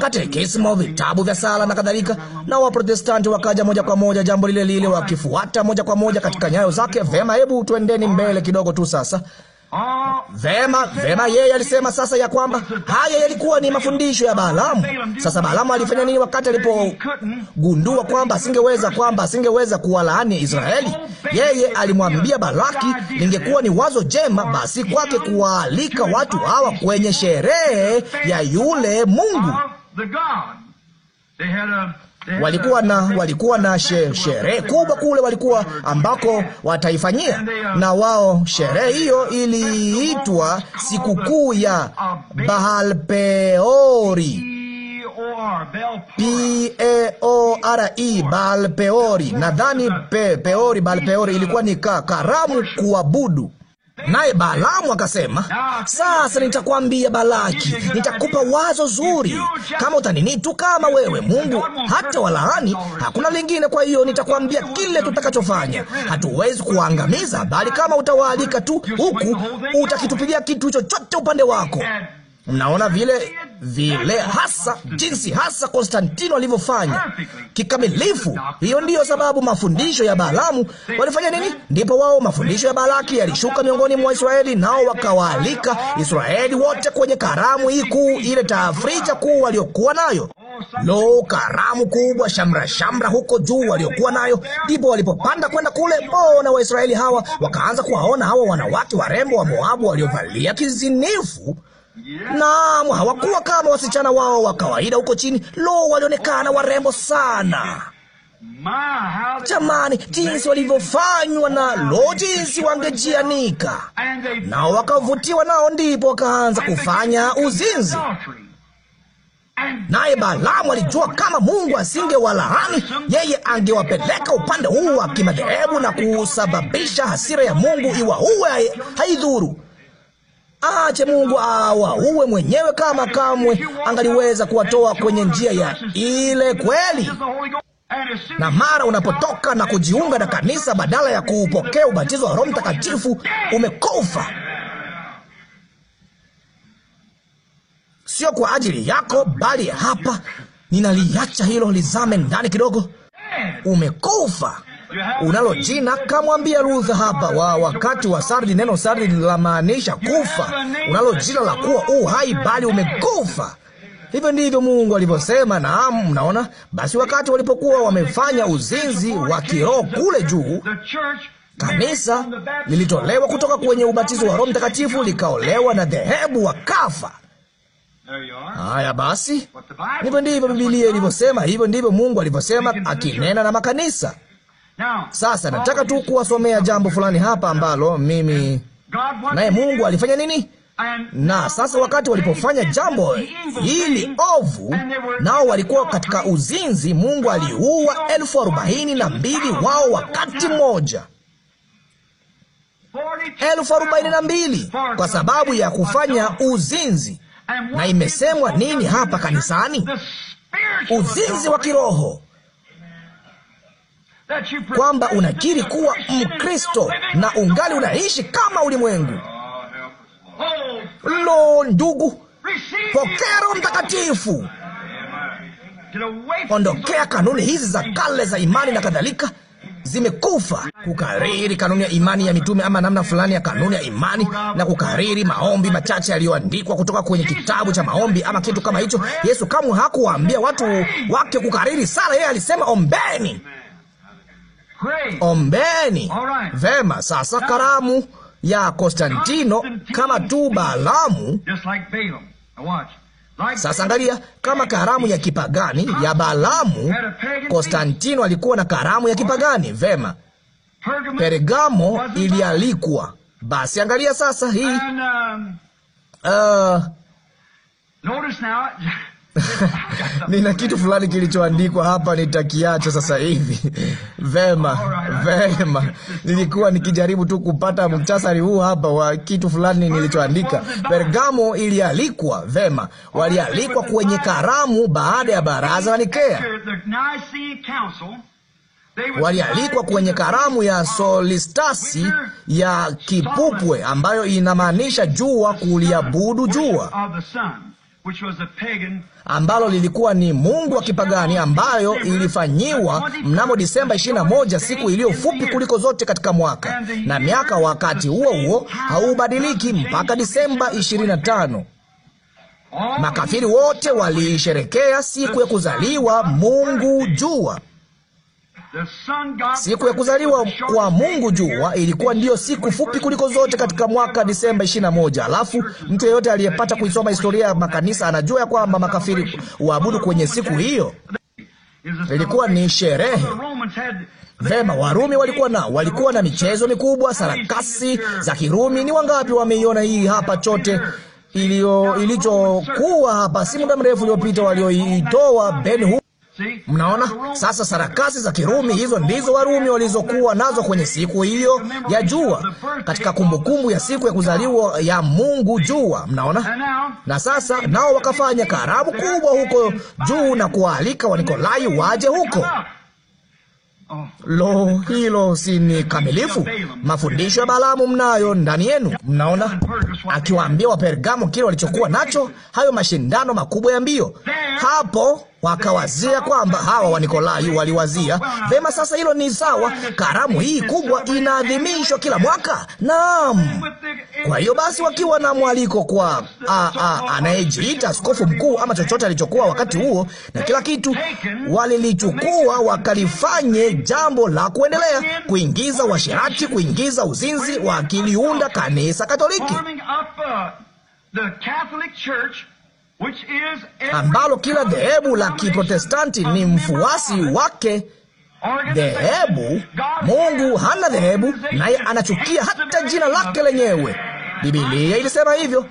katekismo, vitabu vya sala na kadhalika. Na Waprotestanti wakaja moja kwa moja jambo lile lile, wakifuata moja kwa moja katika nyayo zake. Vema, hebu twendeni mbele kidogo tu sasa. Vema, vema, yeye alisema sasa ya kwamba haya yalikuwa ni mafundisho ya Balaamu. Sasa Balaamu alifanya nini wakati alipogundua kwamba asingeweza kwamba asingeweza kuwalaani Israeli? Yeye alimwambia Balaki, lingekuwa ni wazo jema basi kwake kuwaalika watu hawa kwenye sherehe ya yule Mungu walikuwa na walikuwa na sherehe kubwa kule walikuwa ambako wataifanyia, na wao sherehe hiyo iliitwa sikukuu ya Bahalpeori. P-E-O-R-I Peori. nadhani pe, peori Peori ilikuwa ni ka, karamu kuabudu Naye Balaamu akasema, sasa nitakwambia Balaki, nitakupa wazo zuri kama utanini tu. Kama wewe Mungu hata walaani, hakuna lingine. Kwa hiyo nitakwambia kile tutakachofanya. Hatuwezi kuangamiza, bali kama utawaalika tu huku, utakitupilia kitu chochote upande wako. Mnaona vile vile hasa jinsi hasa Konstantino alivyofanya kikamilifu. Hiyo ndiyo sababu mafundisho ya Balaamu walifanya nini? Ndipo wao mafundisho ya Balaki yalishuka miongoni mwa Israeli, nao wakawaalika Israeli wote kwenye karamu hii kuu, ile taafrija kuu waliokuwa nayo. Lo, karamu kubwa, shamra shamra huko juu waliokuwa nayo. Ndipo walipopanda kwenda kule, mbona Waisraeli hawa wakaanza kuwaona hawa wanawake warembo wa Moabu waliovalia kizinifu Naam, hawakuwa kama wasichana wao wa kawaida huko chini. Lo, walionekana warembo sana. Jamani, jinsi walivyofanywa na lo, jinsi wangejianika nao, wakavutiwa nao, ndipo wakaanza kufanya uzinzi. Naye Balaamu alijua kama Mungu asingewalaani yeye angewapeleka upande huu wa kimadhehebu na kusababisha hasira ya Mungu iwaue, haidhuru aache Mungu uwe mwenyewe, kama kamwe angaliweza kuwatoa kwenye njia ya ile kweli. Na mara unapotoka na kujiunga na kanisa, badala ya kuupokea ubatizo wa Roho Mtakatifu, umekufa sio kwa ajili yako, bali hapa ninaliacha hilo lizame ndani kidogo. Umekufa unalo jina? Kamwambia Lutha hapa wa wakati wa Sardi, neno Sardi linamaanisha kufa. Unalo jina la kuwa u hai, bali umekufa. Hivyo ndivyo Mungu alivyosema. Naam, mnaona. Basi wakati walipokuwa wamefanya uzinzi wa kiroho kule juu, kanisa lilitolewa kutoka kwenye ubatizo wa Roho Mtakatifu, likaolewa na dhehebu, wakafa. Haya basi, hivyo ndivyo Bibilia ilivyosema, hivyo ndivyo Mungu alivyosema akinena na makanisa. Sasa nataka tu kuwasomea jambo fulani hapa ambalo mimi naye Mungu alifanya nini? Na sasa wakati walipofanya jambo hili ovu, nao walikuwa katika uzinzi, Mungu aliua elfu arobaini na mbili wao wakati mmoja, elfu arobaini na mbili kwa sababu ya kufanya uzinzi. Na imesemwa nini hapa kanisani? Uzinzi wa kiroho kwamba unakiri kuwa Mkristo na ungali unaishi kama ulimwengu. Lo, ndugu, pokea Roho Mtakatifu. Ondokea kanuni hizi za kale za imani na kadhalika, zimekufa. Kukariri kanuni ya imani ya mitume ama namna fulani ya kanuni ya imani, na kukariri maombi machache yaliyoandikwa kutoka kwenye kitabu cha maombi ama kitu kama hicho. Yesu kamwe hakuwaambia watu wake kukariri sala, yeye alisema ombeni. Ombeni. Vema, sasa karamu ya Konstantino kama tu balamu Sasa angalia, kama karamu ya kipagani ya balamu Konstantino alikuwa na karamu ya kipagani. Vema, Pergamo ilialikwa. Basi angalia sasa hii um, uh, [LAUGHS] [LAUGHS] nina kitu fulani kilichoandikwa hapa, nitakiacha sasa hivi. Vema, vema, nilikuwa nikijaribu tu kupata mtasari huu hapa wa kitu fulani nilichoandika. Pergamo ilialikwa, vema, walialikwa kwenye karamu baada ya baraza la Nikea walialikwa kwenye karamu ya solistasi ya kipupwe ambayo inamaanisha jua, kuliabudu jua ambalo lilikuwa ni mungu wa kipagani, ambayo ilifanyiwa mnamo Disemba 21, siku iliyo fupi kuliko zote katika mwaka, na miaka wakati huo huo haubadiliki mpaka Disemba 25. Makafiri wote waliisherekea siku ya kuzaliwa mungu jua. Siku ya kuzaliwa kwa Mungu jua ilikuwa ndiyo siku fupi kuliko zote katika mwaka Disemba 21. Alafu mtu yeyote aliyepata kuisoma historia ya makanisa anajua ya kwamba makafiri waabudu kwenye siku hiyo. Ilikuwa ni sherehe. Vema, Warumi walikuwa na walikuwa na michezo mikubwa, sarakasi za Kirumi. Ni wangapi wameiona hii hapa chote ilio ilichokuwa hapa si muda mrefu uliopita walioitoa Ben Hur Mnaona sasa, sarakasi za Kirumi hizo ndizo Warumi walizokuwa nazo kwenye siku hiyo ya jua, katika kumbukumbu ya siku ya kuzaliwa ya Mungu jua. Mnaona, na sasa nao wakafanya karamu kubwa huko juu na kuwaalika Wanikolai waje huko. Lo, hilo si ni kamilifu? Mafundisho ya Balaamu mnayo ndani yenu. Mnaona, akiwaambia Wapergamo kile walichokuwa nacho, hayo mashindano makubwa ya mbio hapo wakawazia kwamba hawa Wanikolai waliwazia vema. Sasa hilo ni sawa, karamu hii kubwa inaadhimishwa kila mwaka. Naam. Kwa hiyo basi, wakiwa na mwaliko kwa anayejiita askofu mkuu ama chochote alichokuwa wakati huo, na kila kitu walilichukua wakalifanye jambo la kuendelea, kuingiza washirati, kuingiza uzinzi, wakiliunda kanisa Katoliki ambalo kila dhehebu la Kiprotestanti ni mfuasi wake dhehebu. Mungu hana dhehebu, naye anachukia hata jina lake lenyewe. Bibilia ilisema hivyo.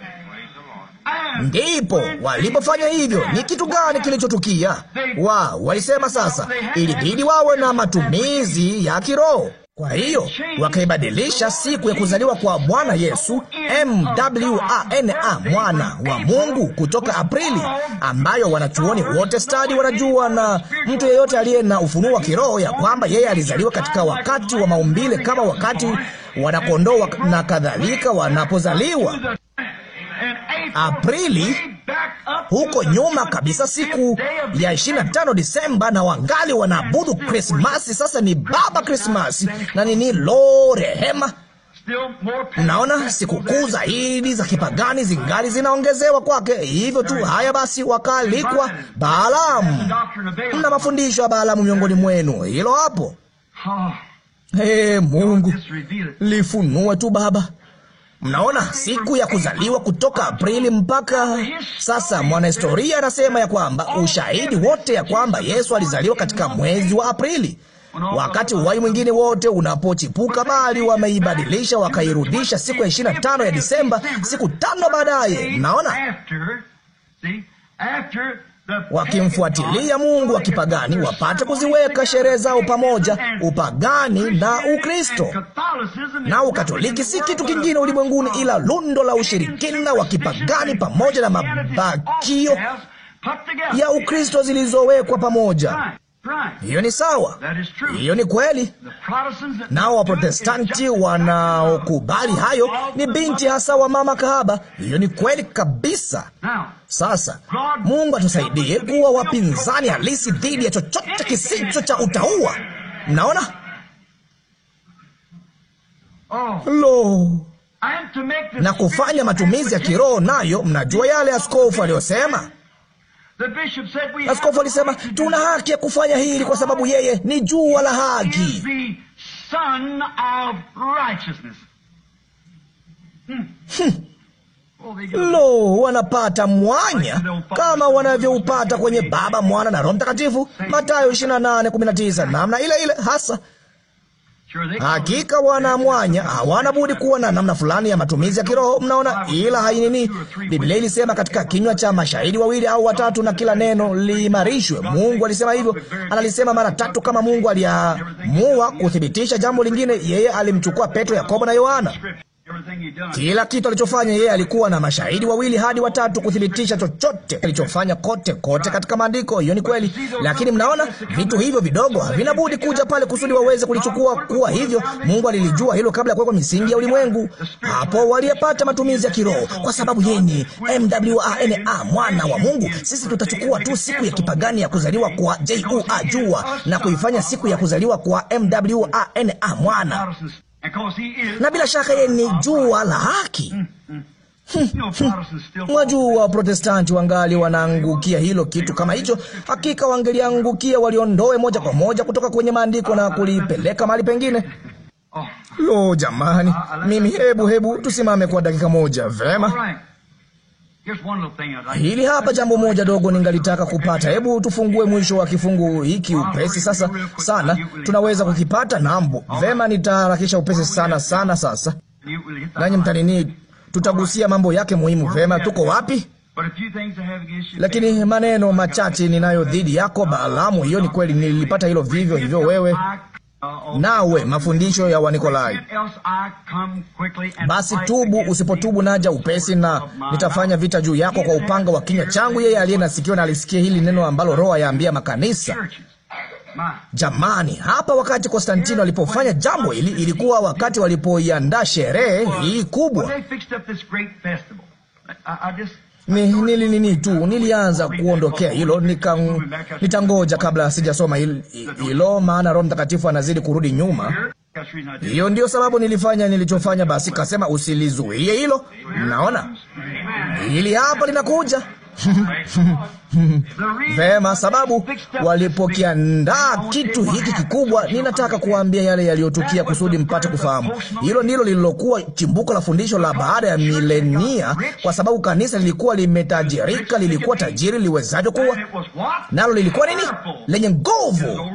Ndipo walipofanya hivyo, ni kitu gani kilichotukia? Wa walisema sasa ilibidi wawe na matumizi ya kiroho. Kwa hiyo wakaibadilisha siku ya kuzaliwa kwa Bwana Yesu MWANA, mwana wa Mungu, kutoka Aprili, ambayo wanachuoni wote stadi wanajua na mtu yeyote aliye na ufunuo wa kiroho ya kwamba yeye alizaliwa katika wakati wa maumbile kama wakati wanakondoo na kadhalika wanapozaliwa Aprili huko nyuma kabisa, siku ya 25 Disemba, na wangali wanaabudu Krismasi. Sasa ni Baba Krismasi na nini, lo, rehema Mnaona, sikukuu zaidi za kipagani zingali zinaongezewa kwake. Hivyo tu. Haya basi, wakaalikwa Balaamu. Mna mafundisho ya Balaamu miongoni mwenu, hilo hapo. Hey, Mungu lifunue tu Baba Mnaona, siku ya kuzaliwa kutoka Aprili mpaka sasa. Mwanahistoria anasema ya kwamba ushahidi wote ya kwamba Yesu alizaliwa katika mwezi wa Aprili, wakati uwai mwingine wote unapochipuka, bali wameibadilisha wakairudisha siku ya 25 ya Disemba, siku tano baadaye. Mnaona wakimfuatilia Mungu wa kipagani wapate kuziweka sherehe zao pamoja, upagani na Ukristo. Na Ukatoliki si kitu kingine ulimwenguni ila lundo la ushirikina wa kipagani pamoja na mabakio ya Ukristo zilizowekwa pamoja. Hiyo ni sawa, hiyo ni kweli. Nao Waprotestanti wanaokubali hayo ni binti hasa wa mama kahaba. Hiyo ni kweli kabisa. Sasa Mungu atusaidie kuwa wapinzani halisi dhidi ya chochote kisicho cha utauwa. Mnaona? Oh. Lo, na kufanya matumizi ya kiroho nayo. Mnajua yale askofu aliyosema. Askofu alisema tuna haki ya kufanya hili kwa sababu yeye ni jua la haki. Hmm. Hmm. Oh, Lo, wanapata mwanya kama wanavyoupata kwenye Baba, Mwana na Roho Mtakatifu, Matayo 28:19 namna ile ile hasa. Hakika wana mwanya hawana budi kuwa na namna fulani ya matumizi ya kiroho, mnaona. Ila hainini, Biblia ilisema katika kinywa cha mashahidi wawili au watatu na kila neno liimarishwe. Mungu alisema hivyo, analisema mara tatu. Kama Mungu aliamua kuthibitisha jambo lingine, yeye alimchukua Petro, Yakobo na Yohana. Kila kitu alichofanya yeye, alikuwa na mashahidi wawili hadi watatu kuthibitisha chochote alichofanya, kote kote katika maandiko. Hiyo ni kweli, lakini mnaona vitu hivyo vidogo havina budi kuja pale kusudi waweze kulichukua kuwa hivyo. Mungu alilijua hilo kabla ya kuwekwa misingi ya ulimwengu. Hapo waliyepata matumizi ya kiroho, kwa sababu yeye ni MWANA, mwana wa Mungu. Sisi tutachukua tu siku ya kipagani ya kuzaliwa kwa JUA, jua, na kuifanya siku ya kuzaliwa kwa MWANA, mwana na bila shaka yeye ni jua la haki. Wajuu wa Protestanti wangali wanaangukia hilo kitu kama hicho. Hakika wangeliangukia waliondoe moja kwa moja kutoka kwenye maandiko na kulipeleka mahali pengine. Oh. Lo, jamani, ah, ah, mimi hebu hebu tusimame kwa dakika moja, vema. Hili hapa jambo moja dogo ningalitaka kupata. Hebu tufungue mwisho wa kifungu hiki upesi sasa sana. Tunaweza kukipata nambo? Vema, nitaharakisha upesi sana sana sasa, nanyi mtanini, tutagusia mambo yake muhimu. Vema, tuko wapi? Lakini maneno machache ninayo dhidi yako Balaamu, hiyo ni kweli, nilipata hilo vivyo hivyo. Wewe nawe mafundisho ya Wanikolai. Basi tubu, usipotubu naja upesi, na nitafanya vita juu yako kwa upanga wa kinywa changu. Yeye aliye na sikio na alisikia hili neno ambalo Roho ayaambia makanisa. Jamani, hapa wakati Konstantino alipofanya jambo hili, ilikuwa wakati walipoiandaa sherehe hii kubwa nili nini tu, nilianza kuondokea hilo, nitangoja kabla sijasoma hilo, maana Roho Mtakatifu anazidi kurudi nyuma. Hiyo ndio sababu nilifanya nilichofanya. Basi kasema usilizuie hilo. naona hili hapa linakuja [LAUGHS] Vema, sababu walipokiandaa kitu hiki kikubwa, ninataka kuambia yale yaliyotukia kusudi mpate kufahamu. Hilo ndilo lililokuwa chimbuko la fundisho la baada ya milenia, kwa sababu kanisa lilikuwa limetajirika, lilikuwa tajiri liwezaje kuwa nalo, lilikuwa nini lenye nguvu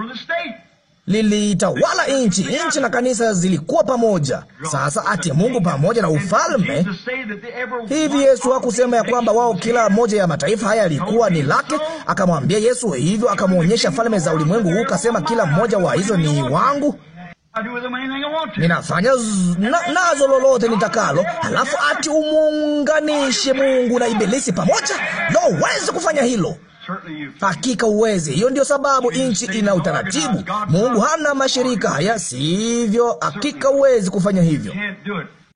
liliitawala nchi. Nchi na kanisa zilikuwa pamoja. Sasa ati Mungu pamoja na ufalme hivi. Yesu hakusema ya kwamba wao kila moja ya mataifa haya yalikuwa ni lake. Akamwambia Yesu hivyo, akamwonyesha falme za ulimwengu huu, kasema kila mmoja wa hizo ni wangu ninafanya na, nazo lolote nitakalo. Halafu ati umuunganishe Mungu na Ibilisi pamoja? Lo, huwezi kufanya hilo. Hakika uwezi. Hiyo ndio sababu nchi ina utaratibu. Mungu hana mashirika haya, sivyo? Hakika uwezi kufanya hivyo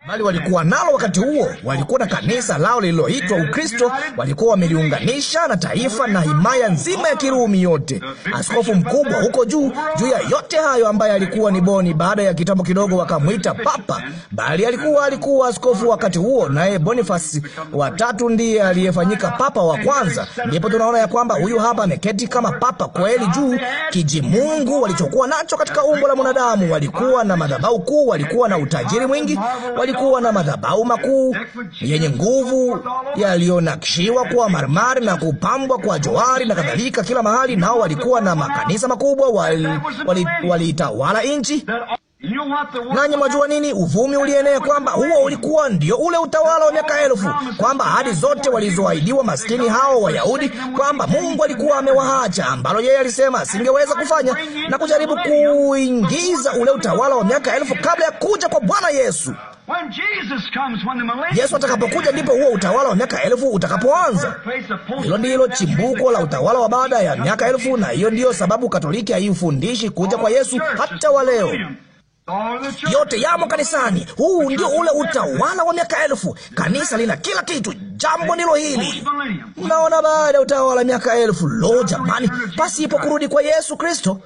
bali walikuwa nalo wakati huo. Walikuwa na kanisa lao lililoitwa Ukristo, walikuwa wameliunganisha na taifa na himaya nzima ya Kirumi yote. Askofu mkubwa huko juu juu ya yote hayo, ambaye alikuwa ni Boni, baada ya kitambo kidogo wakamwita Papa, bali alikuwa alikuwa askofu wakati huo, naye Bonifasi tatu ndiye aliyefanyika papa wa kwanza. Ndipo tunaona ya kwamba huyu hapa ameketi kama papa kweli juu kijimungu walichokuwa nacho katika umbo la mwanadamu. Walikuwa na madhabahu kuu, walikuwa na utajiri mwingi, walikuwa kulikuwa na madhabahu makuu yenye nguvu yaliyonakshiwa kwa marmari na kupambwa kwa johari na kadhalika kila mahali, nao walikuwa na makanisa makubwa waliitawala wali, wali nchi. Nanyi mwajua nini? Uvumi ulienea kwamba huo ulikuwa ndio ule utawala wa miaka elfu, kwamba ahadi zote walizoahidiwa maskini hao Wayahudi, kwamba Mungu alikuwa amewaacha, ambalo yeye alisema asingeweza kufanya, na kujaribu kuingiza ule utawala wa miaka elfu kabla ya kuja kwa Bwana Yesu. Yesu atakapokuja ndipo huo utawala wa miaka elfu utakapoanza. Hilo ndilo chimbuko la utawala wa baada ya miaka elfu, na hiyo ndiyo sababu Katoliki haifundishi kuja kwa Yesu hata wa leo. Yote yamo kanisani. Huu ndio ule utawala wa miaka elfu. Kanisa lina kila kitu. Jambo ndilo hili, mnaona, baada ya utawala wa miaka elfu. Lo jamani, pasipo kurudi kwa Yesu Kristo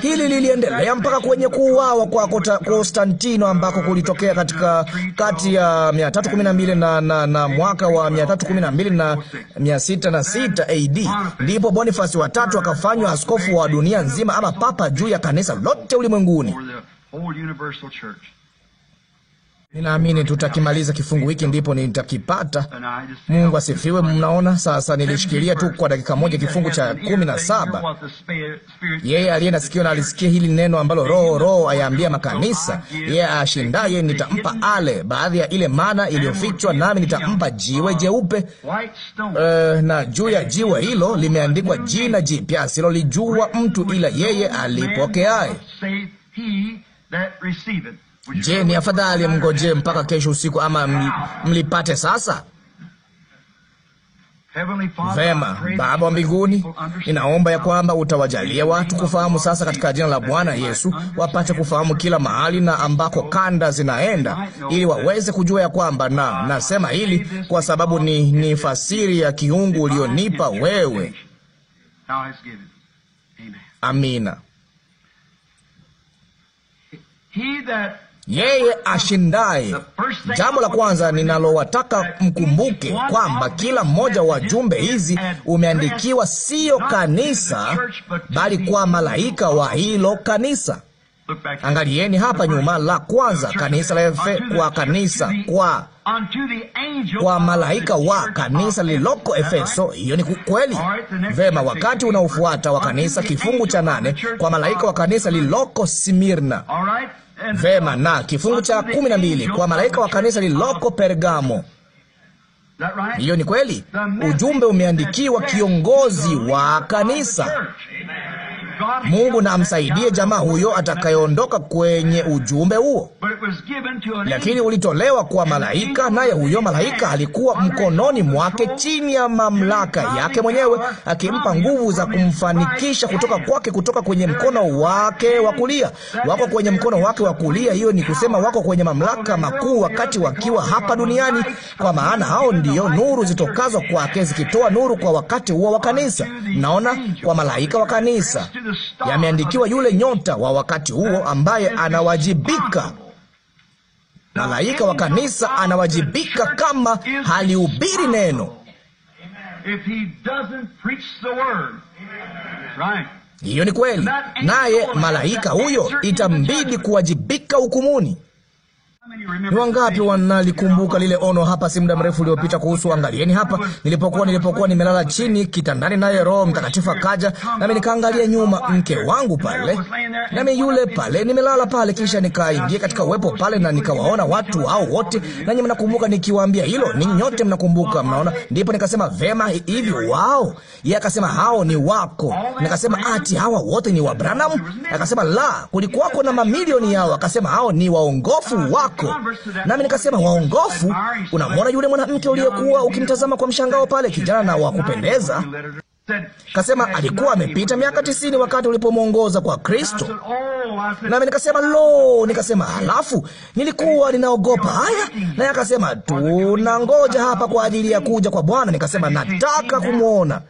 Hili liliendelea mpaka kwenye kuuawa kwa Konstantino ambako kulitokea katika kati ya 312 na, na, na mwaka wa 312 na 606 AD. Ndipo Bonifasi watatu akafanywa askofu wa dunia nzima ama papa juu ya kanisa lote ulimwenguni. Ninaamini tutakimaliza kifungu hiki ndipo nitakipata. Mungu asifiwe. Mnaona, sasa nilishikilia tu kwa dakika moja kifungu cha kumi na saba. Yeye aliye na sikio na alisikia hili neno ambalo Roho Roho ayaambia makanisa, yeye ashindaye nitampa ale baadhi ya ile mana iliyofichwa, nami nitampa jiwe jeupe, uh, na juu ya jiwe hilo limeandikwa jina jipya asilolijua mtu ila yeye alipokeaye Je, ni afadhali mngojee mpaka kesho usiku ama mlipate sasa? Vema, Baba wa mbinguni, ninaomba ya kwamba utawajalia watu kufahamu sasa, katika jina la Bwana Yesu, wapate kufahamu kila mahali na ambako kanda zinaenda, ili waweze kujua ya kwamba, na nasema hili kwa sababu ni, ni fasiri ya kiungu ulionipa wewe. Amina yeye ashindaye. Jambo la kwanza ninalowataka mkumbuke kwamba kila mmoja wa jumbe hizi umeandikiwa siyo kanisa, bali kwa malaika wa hilo kanisa. Angalieni hapa nyuma, la kwanza kanisa la Efe, kwa kanisa kwa kwa malaika wa kanisa liloko Efeso. Hiyo ni kweli vema. Wakati unaofuata wa kanisa, kifungu cha nane, kwa malaika wa kanisa lililoko Smirna. Vema, na kifungu cha kumi na mbili kwa malaika wa kanisa liloko Pergamo. Hiyo ni kweli. Ujumbe umeandikiwa kiongozi wa kanisa. Mungu na amsaidie jamaa huyo atakayeondoka kwenye ujumbe huo, lakini ulitolewa kwa malaika, naye huyo malaika alikuwa mkononi mwake, chini ya mamlaka yake mwenyewe, akimpa nguvu za kumfanikisha kutoka kwake, kutoka kwenye mkono wake wa kulia. Wako kwenye mkono wake wa kulia, hiyo ni kusema wako kwenye mamlaka makuu wakati wakiwa hapa duniani, kwa maana hao ndiyo nuru zitokazo kwake, zikitoa nuru kwa wakati huo wa kanisa. Naona kwa malaika wa kanisa yameandikiwa yule nyota wa wakati huo ambaye anawajibika. Malaika wa kanisa anawajibika kama halihubiri neno. Hiyo ni kweli, naye malaika huyo itambidi kuwajibika hukumuni. Ni wangapi wanalikumbuka lile ono hapa si muda mrefu uliopita kuhusu angalieni hapa, nilipokuwa nilipokuwa nimelala chini kitandani, naye Roho Mtakatifu akaja nami, nikaangalia nyuma, mke wangu pale nami yule pale, nimelala pale, kisha nikaingia katika uwepo pale na nikawaona watu hao wote. Nanyi mnakumbuka nikiwaambia hilo, ni nyote mnakumbuka, mnaona. Ndipo nikasema vema, hivi wao. Yeye akasema hao ni wako. Nikasema ati hawa wote ni wa Branham? Akasema la, kulikuwako na mamilioni yao. Akasema hao ni waongofu wako yako. Nami nikasema, waongofu. Unamwona yule mwanamke uliyekuwa ukimtazama kwa mshangao pale, kijana na wa kupendeza? Kasema alikuwa amepita miaka tisini wakati ulipomwongoza kwa Kristo. Nami nikasema lo, nikasema halafu nilikuwa ninaogopa haya. Naye akasema tunangoja hapa kwa ajili ya kuja kwa Bwana. Nikasema nataka kumwona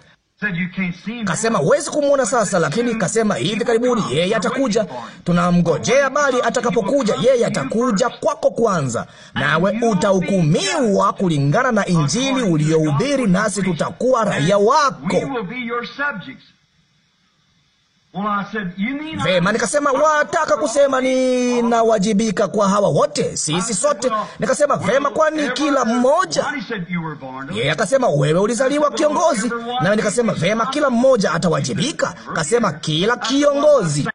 Kasema huwezi kumwona sasa, lakini kasema hivi karibuni yeye atakuja. Tunamgojea, bali atakapokuja yeye atakuja kwako kwanza, nawe utahukumiwa kulingana na Injili uliyohubiri, nasi tutakuwa raia wako. Vema, nikasema wataka kusema ninawajibika kwa hawa wote, sisi sote. Nikasema vema, kwani kila mmoja yeye? Yeah, akasema wewe ulizaliwa kiongozi. Nawe nikasema vema, kila mmoja atawajibika. Kasema kila kiongozi.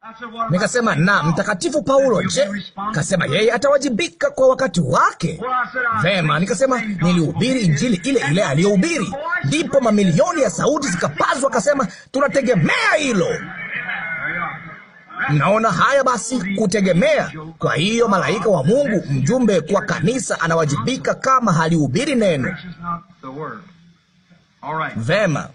Nikasema na mtakatifu Paulo, je? Kasema yeye atawajibika kwa wakati wake. Vema, nikasema nilihubiri injili ile ile aliyohubiri, ndipo mamilioni ya sauti zikapazwa. Kasema tunategemea hilo. Mnaona haya basi, kutegemea. Kwa hiyo malaika wa Mungu, mjumbe kwa kanisa, anawajibika kama halihubiri neno. Vema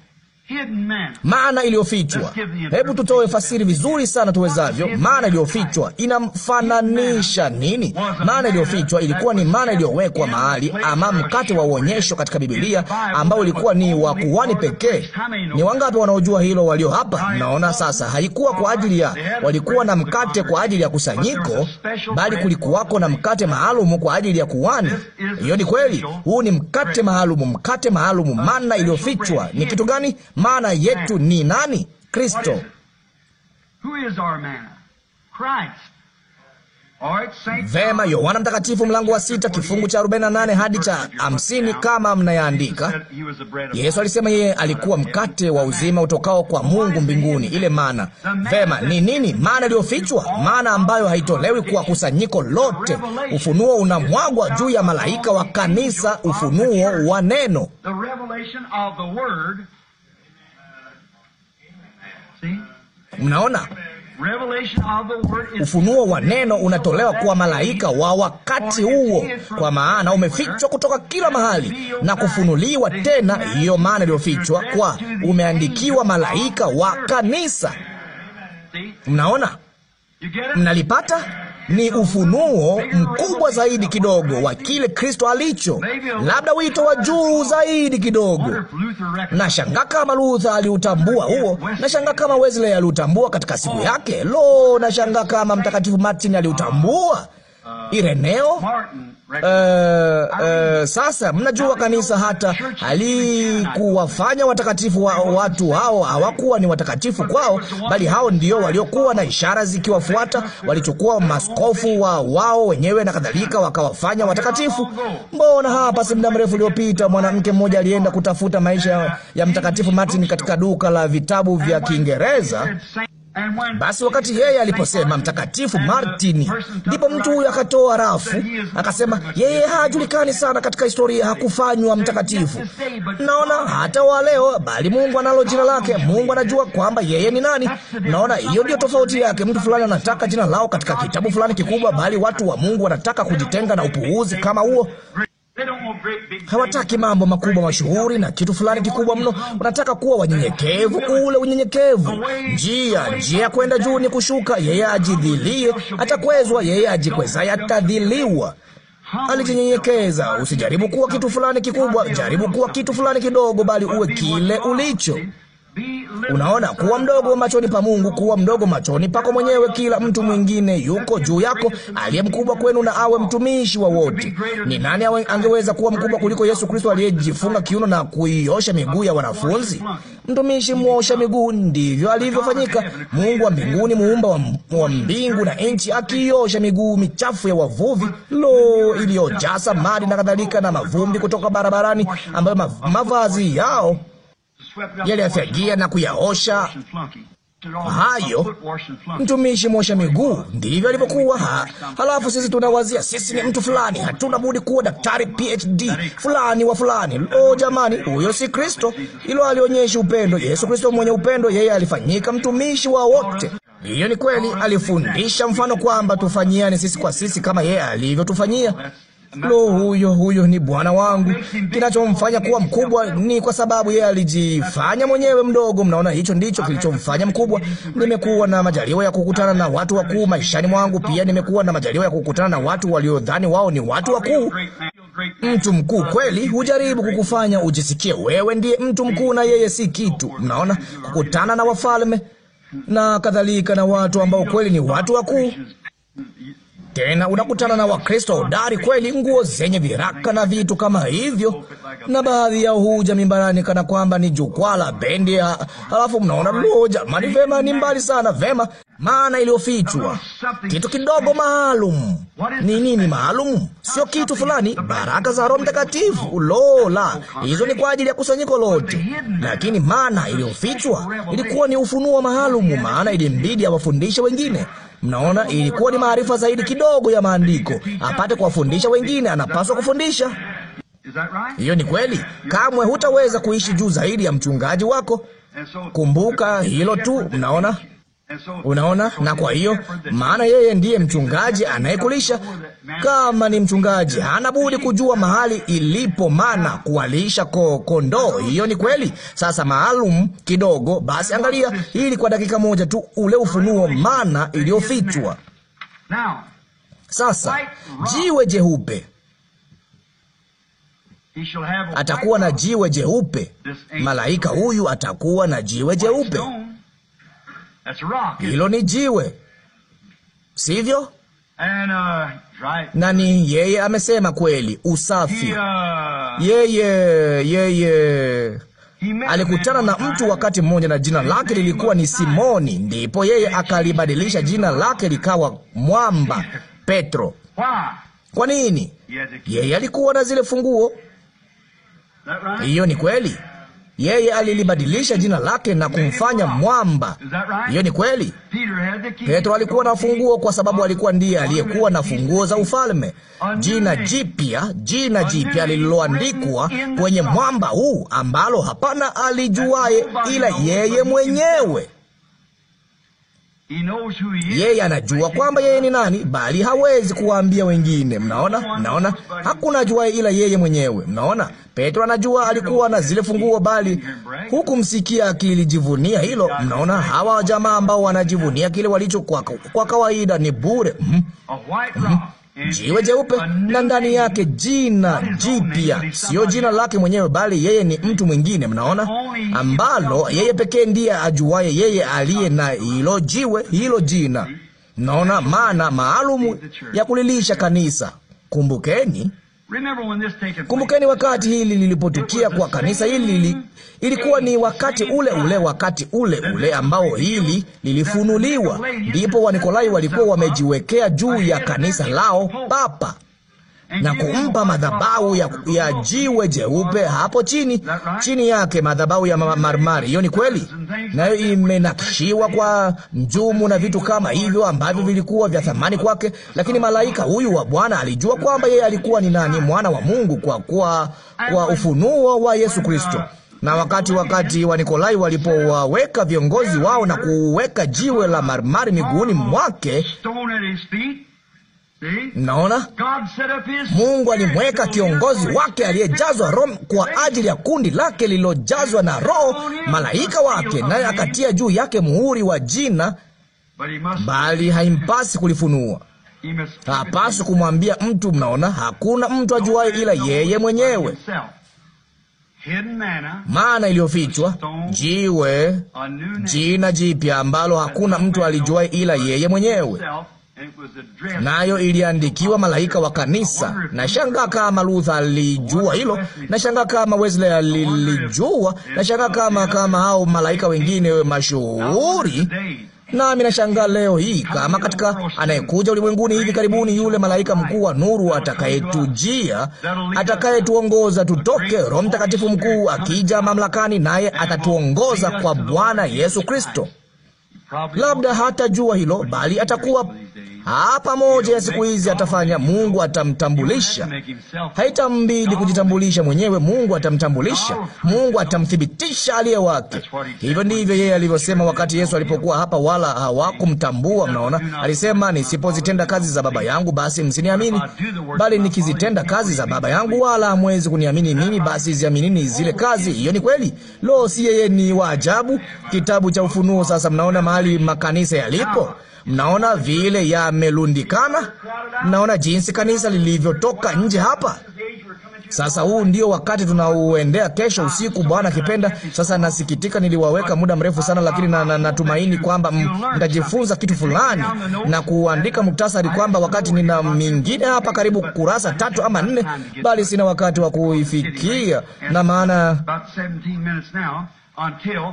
maana iliyofichwa. Hebu tutoe fasiri vizuri sana tuwezavyo. Maana iliyofichwa inamfananisha nini? Maana iliyofichwa ilikuwa ni maana iliyowekwa mahali, ama mkate wa uonyesho katika Bibilia ambao ulikuwa ni wa kuhani pekee. Ni wangapi wanaojua hilo walio hapa? Naona sasa, haikuwa kwa ajili ya walikuwa na mkate kwa ajili ya kusanyiko, bali kulikuwako na mkate maalumu kwa ajili ya kuhani. Hiyo ni kweli. Huu ni mkate maalumu, mkate maalumu, maana iliyofichwa. Ni kitu gani? Maana yetu ni nani? Kristo. Vema, Yohana Mtakatifu mlango wa sita kifungu cha 48 hadi cha 50, kama mnayaandika. Yesu alisema yeye alikuwa mkate wa uzima utokao kwa Mungu mbinguni, ile mana. Vema, ni nini mana iliyofichwa? Mana ambayo haitolewi kwa kusanyiko lote. Ufunuo unamwagwa juu ya malaika wa kanisa, ufunuo wa neno Mnaona, ufunuo wa neno unatolewa kwa malaika wa wakati huo, kwa maana umefichwa kutoka kila mahali na kufunuliwa tena. Hiyo maana iliyofichwa kwa umeandikiwa malaika wa kanisa. Mnaona, mnalipata ni ufunuo mkubwa zaidi kidogo wa kile Kristo alicho, labda wito wa juu zaidi kidogo. na shanga kama Luther aliutambua huo, nashangaa kama Wesley aliutambua katika siku yake. Lo, nashangaa kama mtakatifu Martin aliutambua. Ireneo. Uh, uh, sasa mnajua kanisa hata halikuwafanya watakatifu wa watu hao, hawakuwa ni watakatifu kwao, bali hao ndio waliokuwa na ishara zikiwafuata. Walichukua maskofu wa wao wenyewe na kadhalika, wakawafanya watakatifu. Mbona hapa si muda mrefu uliopita mwanamke mmoja alienda kutafuta maisha ya mtakatifu Martin katika duka la vitabu vya Kiingereza. Basi wakati yeye aliposema Mtakatifu Martini, ndipo mtu huyo akatoa rafu akasema, yeye hajulikani sana katika historia, hakufanywa mtakatifu. Naona hata wa leo, bali Mungu analo jina lake. Mungu anajua kwamba yeye ni nani. Naona hiyo ndio tofauti yake. Mtu fulani anataka jina lao katika kitabu fulani kikubwa, bali watu wa Mungu wanataka kujitenga na upuuzi kama huo. Hawataki mambo makubwa mashuhuri na kitu fulani kikubwa mno. Wanataka kuwa wanyenyekevu, ule unyenyekevu. Njia njia ya kwenda juu ni kushuka. Yeye ajidhilie atakwezwa, yeye ajikwezaye atadhiliwa. Alijinyenyekeza. Usijaribu kuwa kitu fulani kikubwa, jaribu kuwa kitu fulani kidogo, bali uwe kile ulicho. Unaona, kuwa mdogo machoni pa Mungu, kuwa mdogo machoni pako mwenyewe. Kila mtu mwingine yuko juu yako, aliye mkubwa kwenu na awe mtumishi wa wote. Ni nani angeweza kuwa mkubwa kuliko Yesu Kristo aliyejifunga kiuno na kuiosha miguu ya wanafunzi? Mtumishi mwosha miguu, ndivyo alivyofanyika Mungu wa mbinguni, muumba wa mbingu na nchi, akiosha miguu michafu ya wavuvi, lo, iliyojaa samadi na kadhalika na mavumbi kutoka barabarani, ambayo mavazi yao yaliyafyagia na kuyaosha hayo mtumishi mwosha miguu, ndivyo alivyokuwa. Ha, halafu sisi tunawazia sisi ni mtu fulani, hatuna budi kuwa daktari PhD fulani wa fulani. Lo, jamani, huyo si Kristo. Ilo alionyesha upendo. Yesu Kristo mwenye upendo, yeye alifanyika mtumishi wa wote. Hiyo ni kweli. Alifundisha mfano kwamba tufanyiane sisi kwa sisi kama yeye alivyotufanyia. Lo, huyo huyo ni bwana wangu. Kinachomfanya kuwa mkubwa ni kwa sababu yeye alijifanya mwenyewe mdogo. Mnaona, hicho ndicho kilichomfanya mkubwa. Nimekuwa na majaliwa ya kukutana na watu wakuu maishani mwangu, pia nimekuwa na majaliwa ya kukutana na watu waliodhani wao ni watu wakuu. Mtu mkuu kweli hujaribu kukufanya ujisikie wewe ndiye mtu mkuu na yeye si kitu. Mnaona, kukutana na wafalme na kadhalika na watu ambao kweli ni watu wakuu tena unakutana na Wakristo hodari kweli, nguo zenye viraka na vitu kama hivyo, na baadhi ya huja mimbarani kana kwamba ni jukwaa la bendi ya, alafu mnaona lo, mani vema, ni mbali sana. Vema, maana iliyofichwa, kitu kidogo maalum. Ni nini maalum? Sio kitu fulani. Baraka za Roho Mtakatifu, lola hizo ni kwa ajili ya kusanyiko lote, lakini maana iliyofichwa ilikuwa ni ufunuo maalumu, maana ilimbidi awafundishe wengine Mnaona, ilikuwa ni maarifa zaidi kidogo ya maandiko, apate kuwafundisha wengine. Anapaswa kufundisha. Hiyo ni kweli. Kamwe hutaweza kuishi juu zaidi ya mchungaji wako. Kumbuka hilo tu. Mnaona. Unaona, na kwa hiyo maana yeye ndiye mchungaji anayekulisha. Kama ni mchungaji, hana budi kujua mahali ilipo mana kuwalisha kondoo. Hiyo ni kweli. Sasa maalum kidogo, basi angalia ili kwa dakika moja tu, ule ufunuo mana iliyofichwa. Sasa jiwe jeupe atakuwa na jiwe jeupe, malaika huyu atakuwa na jiwe jeupe hilo ni jiwe, sivyo? And, uh, right. Nani yeye amesema kweli, usafi. Uh, yeye yeye alikutana na mtu wakati mmoja na jina lake lilikuwa ni Simoni, ndipo yeye akalibadilisha jina lake likawa mwamba [LAUGHS] Petro. Kwa nini? Yeye alikuwa na zile funguo. Hiyo ni kweli. Yeye alilibadilisha jina lake na kumfanya mwamba. Hiyo ni kweli. Petro alikuwa na funguo, kwa sababu alikuwa ndiye aliyekuwa na funguo za ufalme. Jina jipya, jina jipya lililoandikwa kwenye mwamba huu, ambalo hapana alijuaye ila yeye mwenyewe. Yeye anajua kwamba yeye ni nani, bali hawezi kuwaambia wengine. Mnaona, mnaona, hakuna jua ila yeye mwenyewe. Mnaona, Petro anajua, alikuwa na zile funguo, bali hukumsikia akilijivunia hilo. Mnaona, hawa jamaa ambao wanajivunia kile walicho kwa, kwa kawaida ni bure. mm -hmm. mm -hmm. Mm. jiwe jeupe, na ndani yake jina jipya, siyo jina lake mwenyewe, bali yeye ni mtu mwingine, mnaona, ambalo yeye pekee ndiye ajuaye, yeye aliye na hilo jiwe, hilo jina. Mnaona maana maalumu ya kulilisha kanisa. Kumbukeni Kumbukeni wakati hili lilipotukia kwa kanisa hili, ilikuwa ni wakati ule ule, wakati ule ule ambao hili lilifunuliwa. Ndipo Wanikolai walikuwa wamejiwekea juu ya kanisa lao papa na kumpa madhabahu ya, ya jiwe jeupe hapo chini, chini yake madhabahu ya marmari. Hiyo ni kweli, nayo imenakishiwa kwa njumu na vitu kama hivyo ambavyo vilikuwa vya thamani kwake. Lakini malaika huyu wa Bwana alijua kwamba yeye alikuwa ni nani, mwana wa Mungu, kwa, kwa, kwa ufunuo wa Yesu Kristo na wakati wakati wa Nikolai walipowaweka viongozi wao na kuweka jiwe la marmari miguuni mwake, Mnaona, hmm? Mungu alimweka kiongozi wake aliyejazwa Roho kwa ajili ya kundi lake lililojazwa na Roho, malaika wake, naye akatia juu yake muhuri wa jina, bali haimpasi kulifunua hapaswi kumwambia mtu. Mnaona, hakuna mtu ajuaye ila yeye mwenyewe. Maana iliyofichwa, jiwe, jina jipya ambalo hakuna mtu alijuaye ila yeye mwenyewe nayo iliandikiwa malaika wa kanisa. Nashangaa kama Luther alijua hilo, nashangaa kama Wesley alilijua, nashangaa kama kama hao malaika wengine mashuhuri nami nashangaa leo hii kama katika anayekuja ulimwenguni hivi karibuni, yule malaika mkuu wa nuru atakayetujia, atakayetuongoza tutoke, Roho Mtakatifu mkuu akija mamlakani, naye atatuongoza kwa Bwana Yesu Kristo. Labda hatajua hilo, bali atakuwa hapa moja ya siku hizi atafanya, Mungu atamtambulisha. Haitambidi kujitambulisha mwenyewe, Mungu atamtambulisha, Mungu atamthibitisha aliye wake. Hivyo ndivyo yeye alivyosema wakati Yesu alipokuwa hapa, wala hawakumtambua. Mnaona, alisema nisipozitenda kazi za Baba yangu basi msiniamini, bali nikizitenda kazi za Baba yangu wala hamwezi kuniamini mimi, basi ziaminini zile kazi. Hiyo ni kweli. Lo, si yeye ni wa ajabu! Kitabu cha Ufunuo. Sasa mnaona mahali makanisa yalipo. Mnaona vile yamelundikana, mnaona jinsi kanisa lilivyotoka nje hapa. Sasa huu ndio wakati tunauendea, kesho usiku, Bwana akipenda. Sasa nasikitika niliwaweka muda mrefu sana, lakini na, na, natumaini kwamba mtajifunza kitu fulani na kuandika muktasari, kwamba wakati nina mingine hapa karibu kurasa tatu ama nne, bali sina wakati wa kuifikia na maana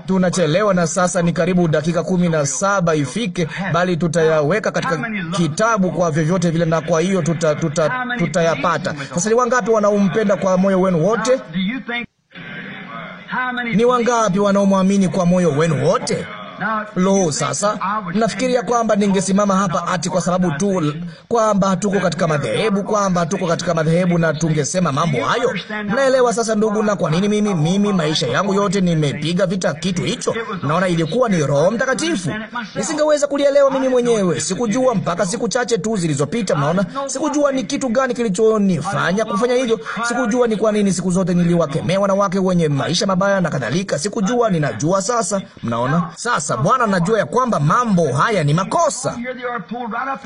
tunachelewa, na sasa ni karibu dakika kumi na saba ifike, bali tutayaweka katika kitabu kwa vyovyote vile, na kwa hiyo tutayapata, tuta, tuta. Sasa ni wangapi wanaompenda kwa moyo wenu wote? Ni wangapi wanaomwamini kwa moyo wenu wote? Lo, sasa nafikiria kwamba ningesimama hapa ati kwa sababu tu kwamba hatuko katika madhehebu, kwamba hatuko katika madhehebu na tungesema mambo hayo. Naelewa sasa, ndugu, na kwa nini mimi mimi maisha yangu yote nimepiga vita kitu hicho. Naona ilikuwa ni Roho Mtakatifu. Nisingeweza kulielewa mimi mwenyewe, sikujua mpaka siku chache tu zilizopita. Naona sikujua ni kitu gani kilichonifanya kufanya hivyo. Sikujua ni kwa nini siku zote niliwakemewa na wake wenye maisha mabaya na kadhalika. Sikujua, ninajua sasa. Mnaona sasa sasa Bwana anajua ya kwamba mambo haya ni makosa.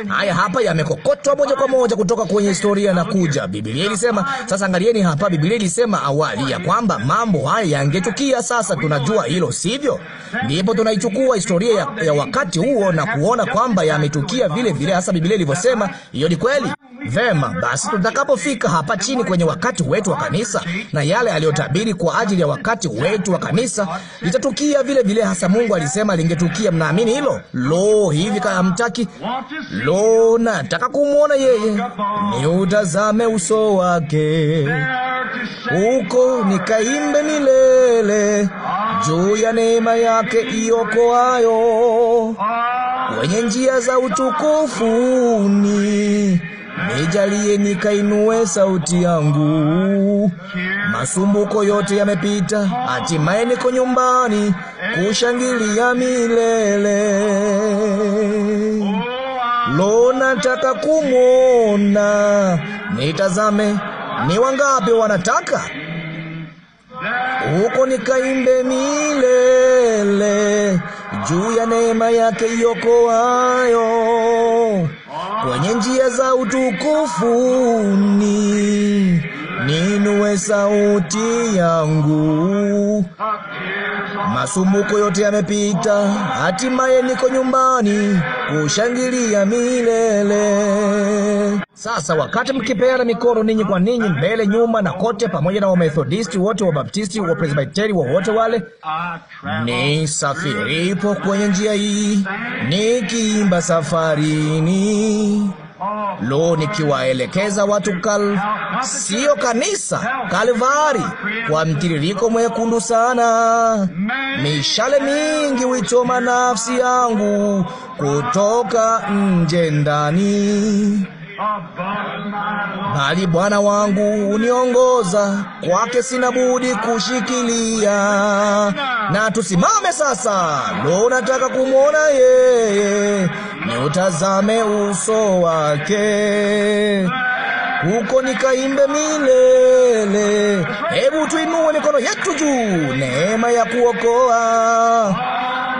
Haya hapa yamekokotwa moja kwa moja kutoka kwenye historia na kuja. Biblia ilisema, sasa angalieni hapa, Biblia ilisema awali ya kwamba mambo haya yangetukia. Sasa tunajua hilo, sivyo? Ndipo tunaichukua historia ya, ya wakati huo na kuona kwamba yametukia vile vile hasa Biblia ilivyosema. Hiyo ni kweli. Vema, basi tutakapofika hapa chini kwenye wakati wetu wa kanisa na yale aliyotabiri kwa ajili ya wakati wetu wa kanisa itatukia vile vile hasa. Mungu alisema kama lingetukia. Mnaamini hilo? Lo, hivi kamtaki. Lo, nataka kumwona yeye, ni utazame uso wake, huko nikaimbe milele juu ya neema yake iokoayo, kwenye njia za utukufuni nijalie nikainue sauti yangu. Masumbuko yote yamepita, hatimaye niko nyumbani kushangilia milele. Lo, nataka kumwona, nitazame ni wangapi wanataka huko nikaimbe milele juu ya neema yake iokoayo kwenye njia za utukufuni niinue sauti yangu. Masumbuko yote yamepita, hatimaye niko nyumbani kushangilia milele. Sasa wakati mkipeana mikono ninyi kwa ninyi, mbele nyuma na kote, pamoja na Wamethodisti wote, Wabaptisti, Wapresbiteri, wowote wale, ni safiripo kwenye njia hii nikiimba safarini Lo, nikiwaelekeza watu kal... sio kanisa Kalvari, kwa mtiririko mwekundu sana, mishale mingi witoma nafsi yangu kutoka nje ndani bali Bwana wangu uniongoza, kwake sina budi kushikilia. Na tusimame sasa, lo, nataka kumwona yeye, niutazame uso wake huko nikaimbe milele. Hebu tuinue mikono yetu juu, neema ya kuokoa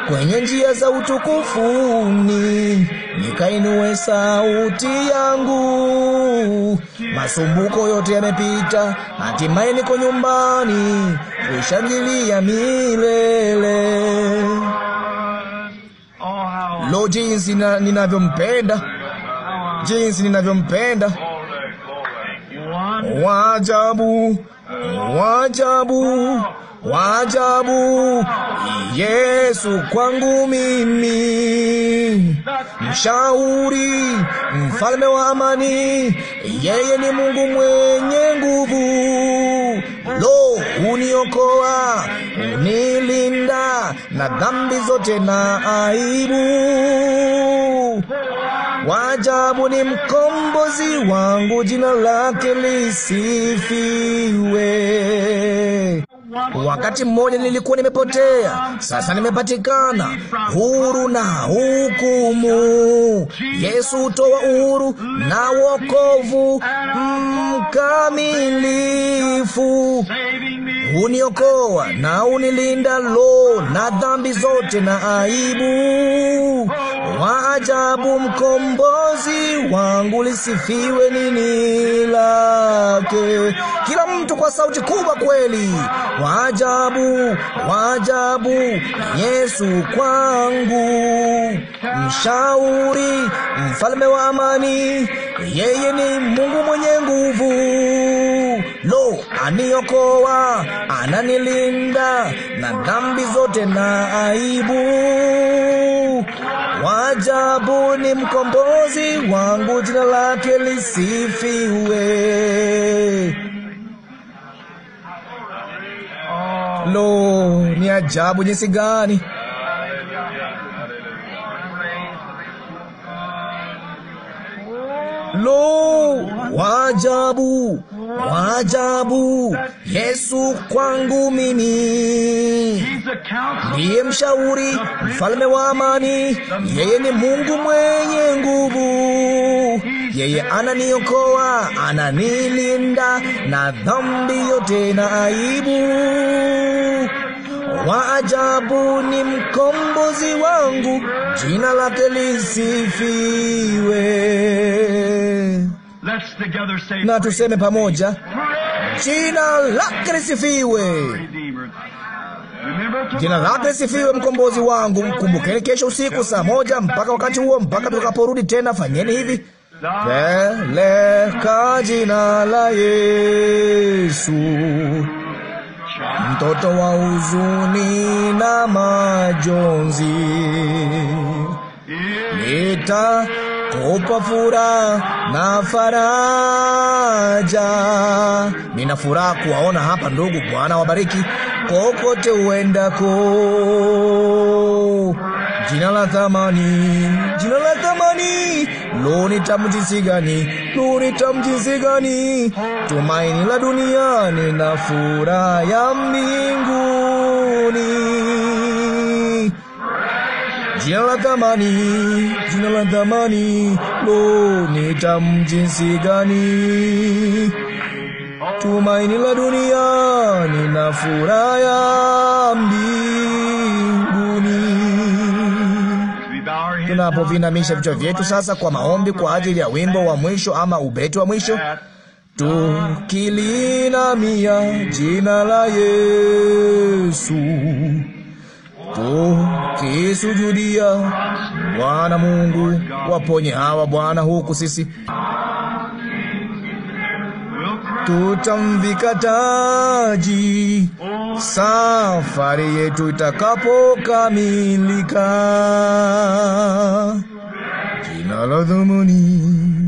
kwenye njia za utukufuni, nikainue sauti yangu. Masumbuko yote yamepita, hatimaye niko nyumbani kushangilia milele. Lo, jinsi ninavyompenda, jinsi ninavyompenda! Wajabu, wajabu! wajabu Yesu kwangu mimi, mshauri, mfalme wa amani, yeye ni Mungu mwenye nguvu. Lo, uniokoa, unilinda na dhambi zote na aibu. Wajabu ni mkombozi wangu, jina lake lisifiwe. Wakati mmoja nilikuwa nimepotea, sasa nimepatikana huru na hukumu. Yesu hutoa uhuru na wokovu mkamilifu, uniokoa na unilinda lo na dhambi zote na aibu. Wa ajabu mkombozi wangu, lisifiwe nini lake kila mtu kwa sauti kubwa kweli wajabu wajabu Yesu kwangu, mshauri, mfalme wa amani, yeye ni Mungu mwenye nguvu. Lo, aniokoa, ananilinda na dhambi zote na aibu. wajabu ni mkombozi wangu, jina lake lisifiwe. Lo, ni ajabu jinsi gani! Lo, wajabu, wajabu! Yesu kwangu mimi ndiye mshauri, mfalme wa amani. Yeye ni Mungu mwenye nguvu. Yeye ananiokoa, ananilinda na dhambi yote na aibu wa ajabu ni mkombozi wangu, jina lake lisifiwe. Na tuseme pamoja, jina lake lisifiwe. Jina lake sifiwe, mkombozi wangu. Mkumbukeni kesho usiku saa moja. Mpaka wakati huo, mpaka tukaporudi tena, fanyeni hivi: peleka jina la Yesu mtoto wa huzuni na majonzi kupa furaha na faraja. Nina furaha kuwaona hapa ndugu. Bwana wabariki kokote uendako. Jina la thamani, jina la thamani, Luni ni tamu gani, gani! Tumaini la duniani na furaha ya mbinguni. Jina la thamani, jina la thamani, lo, ni tamu jinsi gani! Tumaini la dunia ni na furaha ya mbinguni. Tunapovinamisha vichwa vyetu sasa kwa maombi kwa ajili ya wimbo wa mwisho ama ubeti wa mwisho, tukilinamia jina la Yesu tukisujudia. Bwana Mungu, waponye hawa Bwana, huku sisi tutamvika taji safari yetu itakapokamilika. Jina la dhumuni